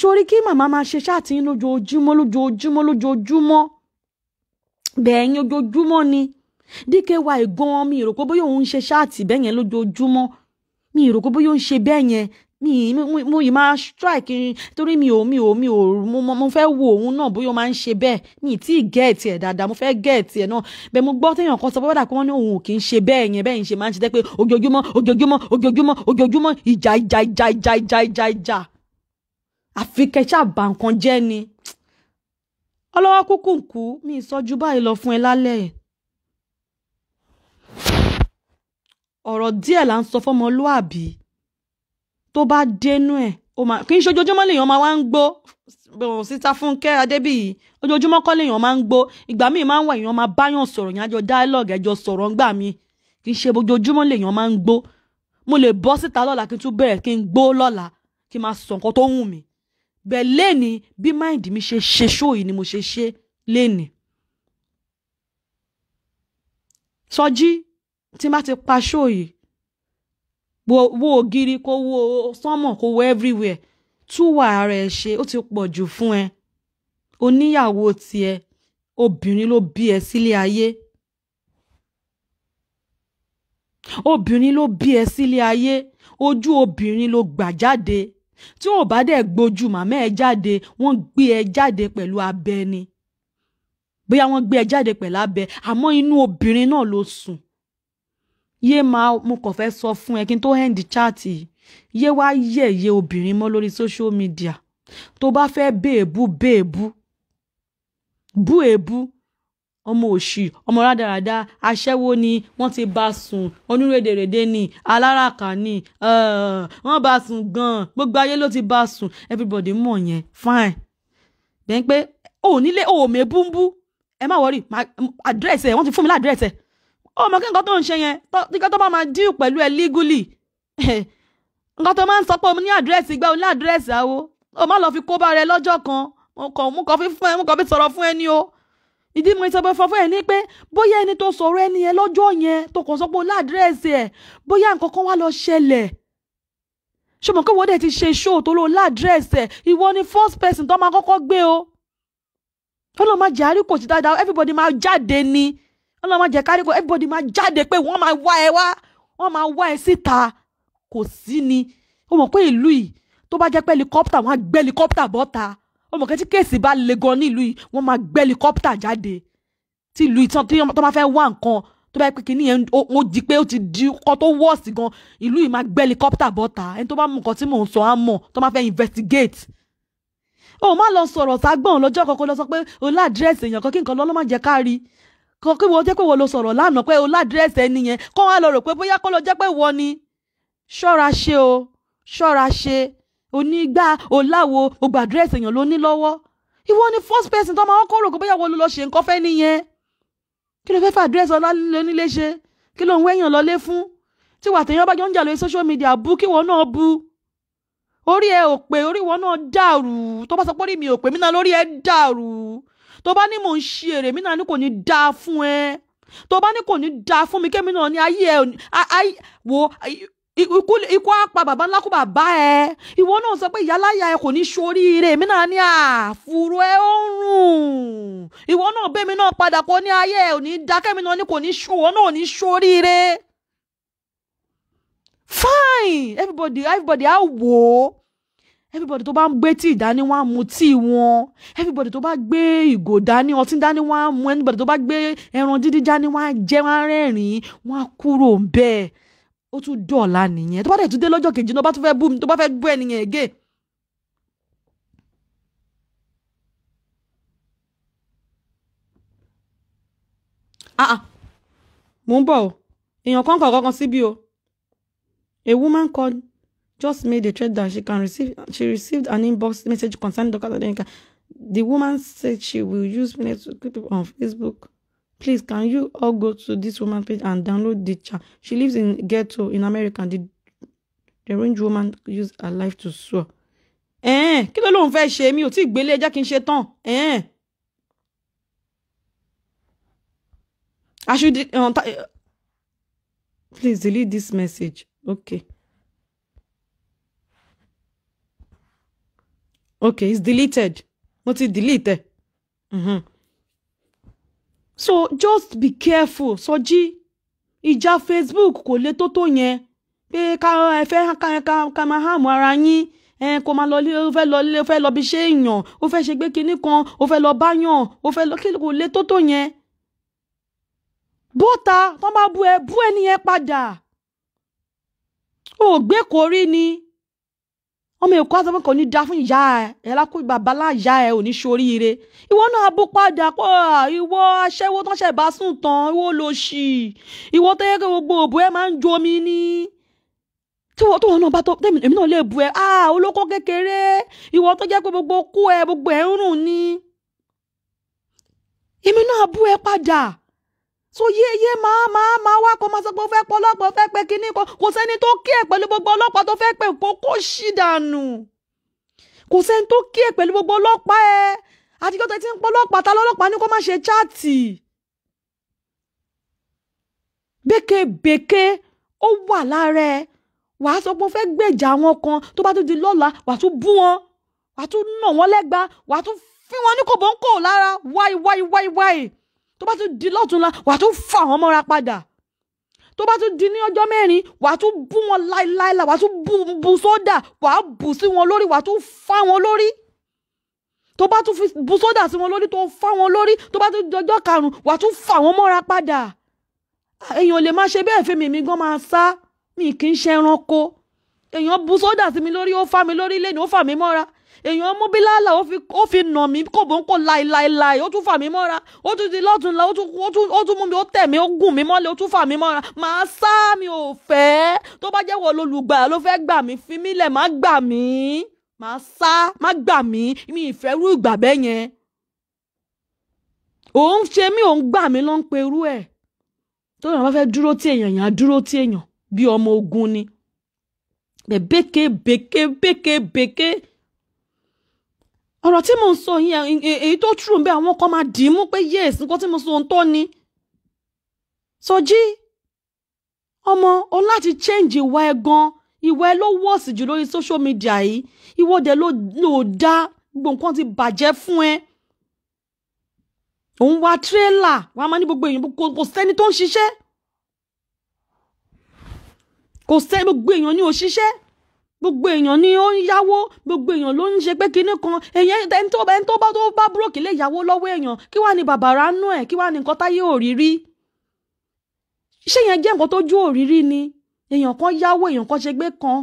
sórí kí màmá máa ṣe ṣáàtì yín lójoojúmọ́ lójoojúmọ́ lójoojúmọ́ bẹ́ẹ̀yìn ojoojúmọ́ ni DKY gan mi ìrò pé bóyá òun ń ṣe ṣáàtì bẹ́ẹ̀ yẹn lójoojúmọ́ mi ìrò pé bóyá ó ń ṣe bẹ́ẹ̀ yẹn mi mo yìí máa strike torí mi ò mi ò mi ò mo fẹ́ wo òun náà bóyá ó máa ń ṣe bẹ́ẹ̀ mi tí ì gẹ́ẹ̀tì ẹ̀ dáadáa mo fẹ́ gẹ́ẹ̀tì ẹ̀ náà bẹ́ẹ̀ mo gbọ́ téèyàn kan sọ pé bọ́dà kan ní òun ò kì í ṣe bẹ́ẹ̀ yẹn bẹ́ẹ̀ ń ṣe máa ń ṣe pé ojoojúmọ́ ojoojúmọ́ ojoojúmọ́ ojoojúmọ́ ìjà ìjà ìjà ìjà ìjà ìjà ìjà àfikẹ́ṣà bà nǹkan jẹ́ ni ọlọ́wọ́ kúkú ń kú mi ìsọjú báyìí lọ fún ẹ lálẹ́ ọ̀rọ̀ díẹ̀ là ń sọ fọmọlúàbí tó bá dénú ẹ̀ ó máa kì í ṣe ojoojúmọ́ lèèyàn máa wá ń gbó síta fúnkẹ́ adébíyì ojoojúmọ́ kọ́ lèèyàn máa ń gbó ìgbà míì máa ń wà èèyàn máa báyàn sọ̀rọ̀ yẹn àjọ dialogue ẹjọ sọ̀rọ̀ ńgbà mi kì í ṣe ojoojúmọ́ lèèyàn máa ń gbó mo lè bọ́ síta lọ́la kí n tún bẹ̀rẹ̀ kí n gbó lọ́la kí n máa sọ tó wù mí bẹ́ẹ̀ lẹ́ni bí mind mi ṣe ṣe ṣó ni mo ṣe ṣe lẹ́ni. sọjí tí má ti pa ṣó wo ògiri kó wo sánmọ̀ kó wo everywhere túwà ara ẹ ṣe ó ti pọ̀ jù fún ẹ oníyàwó tiẹ̀ obìnrin ló bí ẹ sílé ayé obìnrin ló bí ẹ sílé ayé ojú obìnrin ló gbà jáde tí wọn ò bá dẹ̀ gbójú màmá ẹ jáde wọ́n gbé ẹ jáde pẹ̀lú abẹ ni bóyá wọ́n gbé ẹ jáde pẹ̀lú abẹ àmọ́ inú obìnrin náà ló sùn yé máa mo kàn fẹ́ sọ fún ẹ kí n tó end chat yìí yé wá yẹ̀yẹ́ obìnrin mọ́ lórí social media tó bá fẹ́ bèèbú bèèbú bú èébú ọmọ òṣì ọmọ rádaràda aṣẹ́wó ni wọ́n ti bá sùn onírèdèrèdè ni aláràkà ni eh, wọ́n bá sùn gan-an gbogbo ayé ló ti bá sùn everybody mọ̀ yẹn fine bẹ́ẹ̀ pé o ò nílé o ò mẹ́ búńbú ẹ má wọrí àdírẹ́sì ẹ̀ wọ́n ti fún mi ládírẹ́sì ẹ̀ o mọ̀ kí nǹkan tó ń ṣe yẹn nǹkan tó bá máa díù pẹ̀lú ẹ legally nǹkan tó máa ń sọ pé o ní àdírẹ́sì gbẹ́ o ní àdírẹ́sì àwo o má lọ fi kó bá rẹ lọ́jọ́ kan mo kàn fi sọ̀rọ̀ fún ẹ ní o ìdí mo ìsọ̀bẹ̀ fọ́ fún ẹ ní pé bóyá ẹni tó sọ̀rọ̀ ẹni yẹn lọ́jọ́ yẹn tó kàn sọ pé ládírẹ́sì ẹ̀ bóyá nǹkan kan wá lọ ṣẹlẹ̀ ṣé mo kí wo dẹ̀ ti ṣe ṣóò tó lò ládírẹ́sì ẹ̀ ìwọ ni first person tó máa kọ́kọ́ gbé o ọlọ́run máa jẹ́ àríkò sí dáadáa everybody máa jáde ni ọlọ́run máa jẹ́ káríkò everybody máa jáde pé wọ́n máa wá ẹ wá wọ́n máa wá ẹ síta kò sí ni ó mọ̀ pé ìlú yìí tó bá jẹ́ pé helicopter wọ́n á gbé helicopter bọ́ta ọmọkẹ́ tí kéèsì bá le gan nílùú yìí wọ́n máa gbé helicopter jáde tí ìlú ìtàn tí wọ́n bá fẹ́ wá nǹkan tó bá yẹ pé kìíní yẹn ó di pé ó ti di ọkọ tó wọ́ọ̀sì gan ìlú yìí máa gbé helicopter bọ́ta ẹni tó bá mú nǹkan tí mò ń sọ á mọ̀ tó bá fẹ́ investigate o má lọ sọ̀rọ̀ ságbọ̀n lọ́jọ́ kọ́kọ́ lọ sọ pé o ládírẹ́sì èèyàn kan kí nǹkan lọ́lọ́ má jẹ́ ká rí kọ́ kí wọ́n jẹ́ pé wọ́n ṣe o ṣọ́ra ṣe onígbà oláwo gbogbo àdírẹ́sì èèyàn ló ní lọ́wọ́ ìwọ ni first person tó máa ń kóró kó bóyá wo ló lọ ṣe nǹkan fẹ́ nìyẹn kí ló fẹ́ fà àdírẹ́sì ọlọ́nílé ṣe kí ló ń wẹ́yàn lọlé fún tí wàá tẹ̀yìn ọbàjọ́ ń jà lórí social media bú kí wọn náà bú orí ẹ ò pé orí wọn náà dàrú tó bá sọ pé mi ò pé mí náà lórí ẹ dàrú tó bá ní mò ń ṣe èrè mí náà ni kò ní dáa fún ẹ tó bá ní kò ní dáa fún mi kémi náà ní ayé ẹ wò ikú apá bàbá ńlá kó bàbá ẹ ìwọ náà sọ pé ìyáláyà ẹ kò ní ṣoríire èmi náà ní àfúrò ẹ ó ń rùn ìwọ náà bẹ́mi náà padà kó ní ayé ẹ ò ní dákẹ́mi náà ní kò ní ṣòwò náà ò ní ṣoríire fine everybody everybody á wò ó everybody tó bá ń gbé tíì dání wọn á mu tíì wọn everybody tó bá gbé ìgò dání ọtí dání wọn á mu anybody tó bá gbé ẹran dídí dání wọn á jẹ wọn á rẹ́rìn-ín wọn á kúrò bẹ́ẹ̀ ó tún dọ̀la nìyẹn tó bá dẹ̀ tún dé lọ́jọ́ kejì náà bá tún fẹ́ bú mi tó bá fẹ́ bú ẹ nìyẹn ah, ah. mò ń bọ̀ o èèyàn kan kọ̀ kankan síbi o a woman called just made a threat that she can receive she received an inbox message concerning Dr. Adenka the woman said she will use minutes to keep on Facebook. Please, can you all go to this woman page and download the chat? She lives in ghetto in America. The deranged woman used her life to swear. Eh? kí ló lóun fẹ́ ṣe mí ò tí ì gbélé ẹjá kí n ṣe tán. Ẹ̀ẹ́n. I should uh, uh, please delete this message. Okay. Okay, it's deleted. Mo ti delete ẹ̀. mm so just be careful Sọjí ìjà Facebook kò le tó tó yẹn pé ká ẹ fẹ́ ká ká ká máa hàmù ara yín ẹ kó máa lọ lé ó fẹ́ lọ lé ó fẹ́ lọ bí ṣe èèyàn ó fẹ́ ṣe gbé kinní kan ó fẹ́ lọ báyàn ó fẹ́ lọ kí kò le tó tó yẹn bọ́ta tó bá bú ẹ bú ẹnìyẹn padà ò gbé kórí ni ọmọ èkó àtọ́fún kò ní da fún ìyá ẹ ẹ lákú bàbá láyà ẹ ò ní ṣoríire ìwọ náà bó padà pọ ìwọ aṣẹ́wó tó ń ṣẹ̀bá sùn tán ìwọ ló ṣì ìwọ tó yẹ kí gbogbo òbú ẹ máa ń jomi ní tíwọ tó wọn náà bá tó tẹmí èmi náà lè bu ẹ ah olóko kékeré ìwọ tó jẹ́ pé gbogbo kú ẹ gbogbo ẹ ń rùn ni èmi náà bú ẹ padà so yé yé máa máa máa wá kó máa sọ pé ó fẹ́ pọ̀ ọlọ́pàá ó fẹ́ pé kinní kan kò sẹ́ni tó kí ẹ̀ pẹ̀lú gbogbo ọlọ́pàá tó fẹ́ pé kó kó ṣì dànù kò sẹ́ni tó kí ẹ̀ pẹ̀lú gbogbo ọlọ́pàá ẹ̀ àtijọ́ tẹ ti ń pọ̀ ọlọ́pàá ta lọ́lọ́pàá ní kó má ṣe chaàtì békebèke ó wà lára ẹ wàá sọ pé ó fẹ́ gbèjà àwọn kan tó bá tún di lọ́la wàá tún bú wọn wàá tún nà wọ́n lẹ́gba wàá tún fi wọn ní kòbóńkò lára wáì wáì wáì wáì tó bá tún di lọ́túnla wà á tún fà wọ́n mọ́ra padà tó bá tún di ní ọjọ́ mẹ́rin wà á tún bú wọn láìláìlà wà á tún bú bu sódà wà á bù sí wọn lórí wà á tún fà wọn lórí tó bu sódà sí wọn lórí tó fà wọn lórí tó bá tún dọjọ́ karùn-ún wà á tún fà wọn mọ́ra padà èèyàn lè má ṣe mi mi gan máa sá mi kì í ṣe ẹranko bu sódà sí mi lórí ó fà mí lórí lẹ́nu ó fà mí mọ́ra èèyàn mú bílálà ó fi nà mí kò bó ń kò láìláìláì ó tún fà mí mọ́ra ó tún di lọ́tún la ó tún mú mi ó tẹ̀ mí ó gùn mí mọ́lẹ̀ ó tún fà mí mọ́ra màá sá mi ò fẹ́ tó bá jẹ́ wọ lolùgbà ló fẹ́ gbà mí fi mí lẹ̀ má gbà mí màá sá má gbà mí mi ìfẹ́ rú ìgbà bẹ́ẹ̀ yẹn òun ṣe mí òun gbà mí ló ń pe irú ẹ̀ tó yàn bá fẹ́ dúró tí èèyàn yàn dúró tí èèyàn bí ọmọ ogun ni bẹ́ẹ̀ bẹ́kẹ́ bẹ́kẹ́ bẹ́kẹ́ bẹ́kẹ́ ọ̀rọ̀ tí mò ń sọ yìí èyí tó true ń bẹ àwọn kan máa dì í mú pé yes nǹkan tí mo sọ òótọ́ ni Sọjí ọmọ o láti change ìwà ẹ gan ìwà ẹ ló wọ̀sì jù lórí social media yìí ìwọ dẹ̀ ló lò dá gbogbo nǹkan ti bàjẹ́ fún ẹ òun wa tírélà wàá máa ní gbogbo èèyàn kò sẹ́ni tó ń ṣiṣẹ́ kò sẹ́ni gbogbo èèyàn ní òṣìṣẹ́ gbogbo èèyàn ni ó ń yáwó gbogbo èèyàn ló ń ṣe pé kinní kan èèyàn ẹni tó ẹni tó bá tó bá búròkì lè yáwó lọ́wọ́ èèyàn kí wàá ní bàbàrà nú ẹ̀ kí wàá ní nǹkan táyé òrírí ṣé yẹn jẹ́ nǹkan tó òrírí ni èèyàn kan yáwó èèyàn kan ṣe gbé kan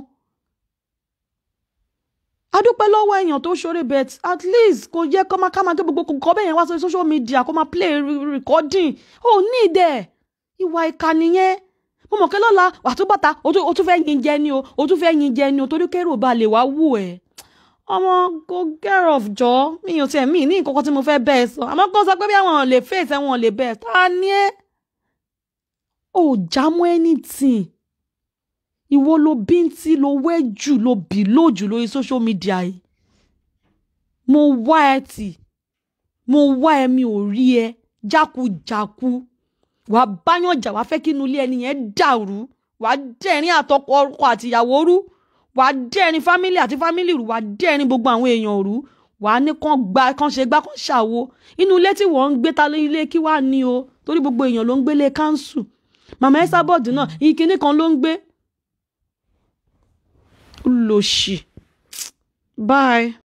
adúpẹ́ lọ́wọ́ èèyàn tó ṣoore bet at least kò yẹ kó máa ká máa gbé gbogbo kòkó bẹ́ẹ̀ yẹn wá sórí social media kó máa play recording oh ní ìdẹ̀ ìwà ìkànnì mo mọ̀ pé lọ́la wà tó bàtà o tún fẹ́ yin jẹ ni o o tún fẹ́ yin jẹ ni o torí kẹ́rù ba lè wá wù ẹ̀ ọmọ go get off jọ mi ò tiẹ̀ mí ní nǹkan tí mo fẹ́ bẹ́ẹ̀ sọ àmọ́ kó sọ pé bí àwọn lè fèsì àwọn lè bẹ́ẹ̀ ta ni ẹ́ ò já mọ́ anything ìwọ lo bíntí lo wẹ́ jù lo bì lójú lórí social media yìí mo wá ẹ tì mo wá ẹ mi ò rí ẹ jákujàku. Jaku, jaku wà á báyànjà wà á fẹ́ kí inú ilé ẹni yẹn dàrú wà á dẹ́rìn àtọkọ ọkọ àti ìyàwó rú wà á dẹ́rìn fámílì àti fámílì rú wà á gbogbo àwọn èèyàn rú wà ní kàn gba kàn ṣe gbá kàn ṣàwo inú ilé tí wọ́n ń gbé ta ilé kí wàá ní o torí gbogbo èèyàn ló ń gbélé káńsù màmá ẹ sábọ̀dù náà ìkíní kan ló ń gbé lòṣì bye.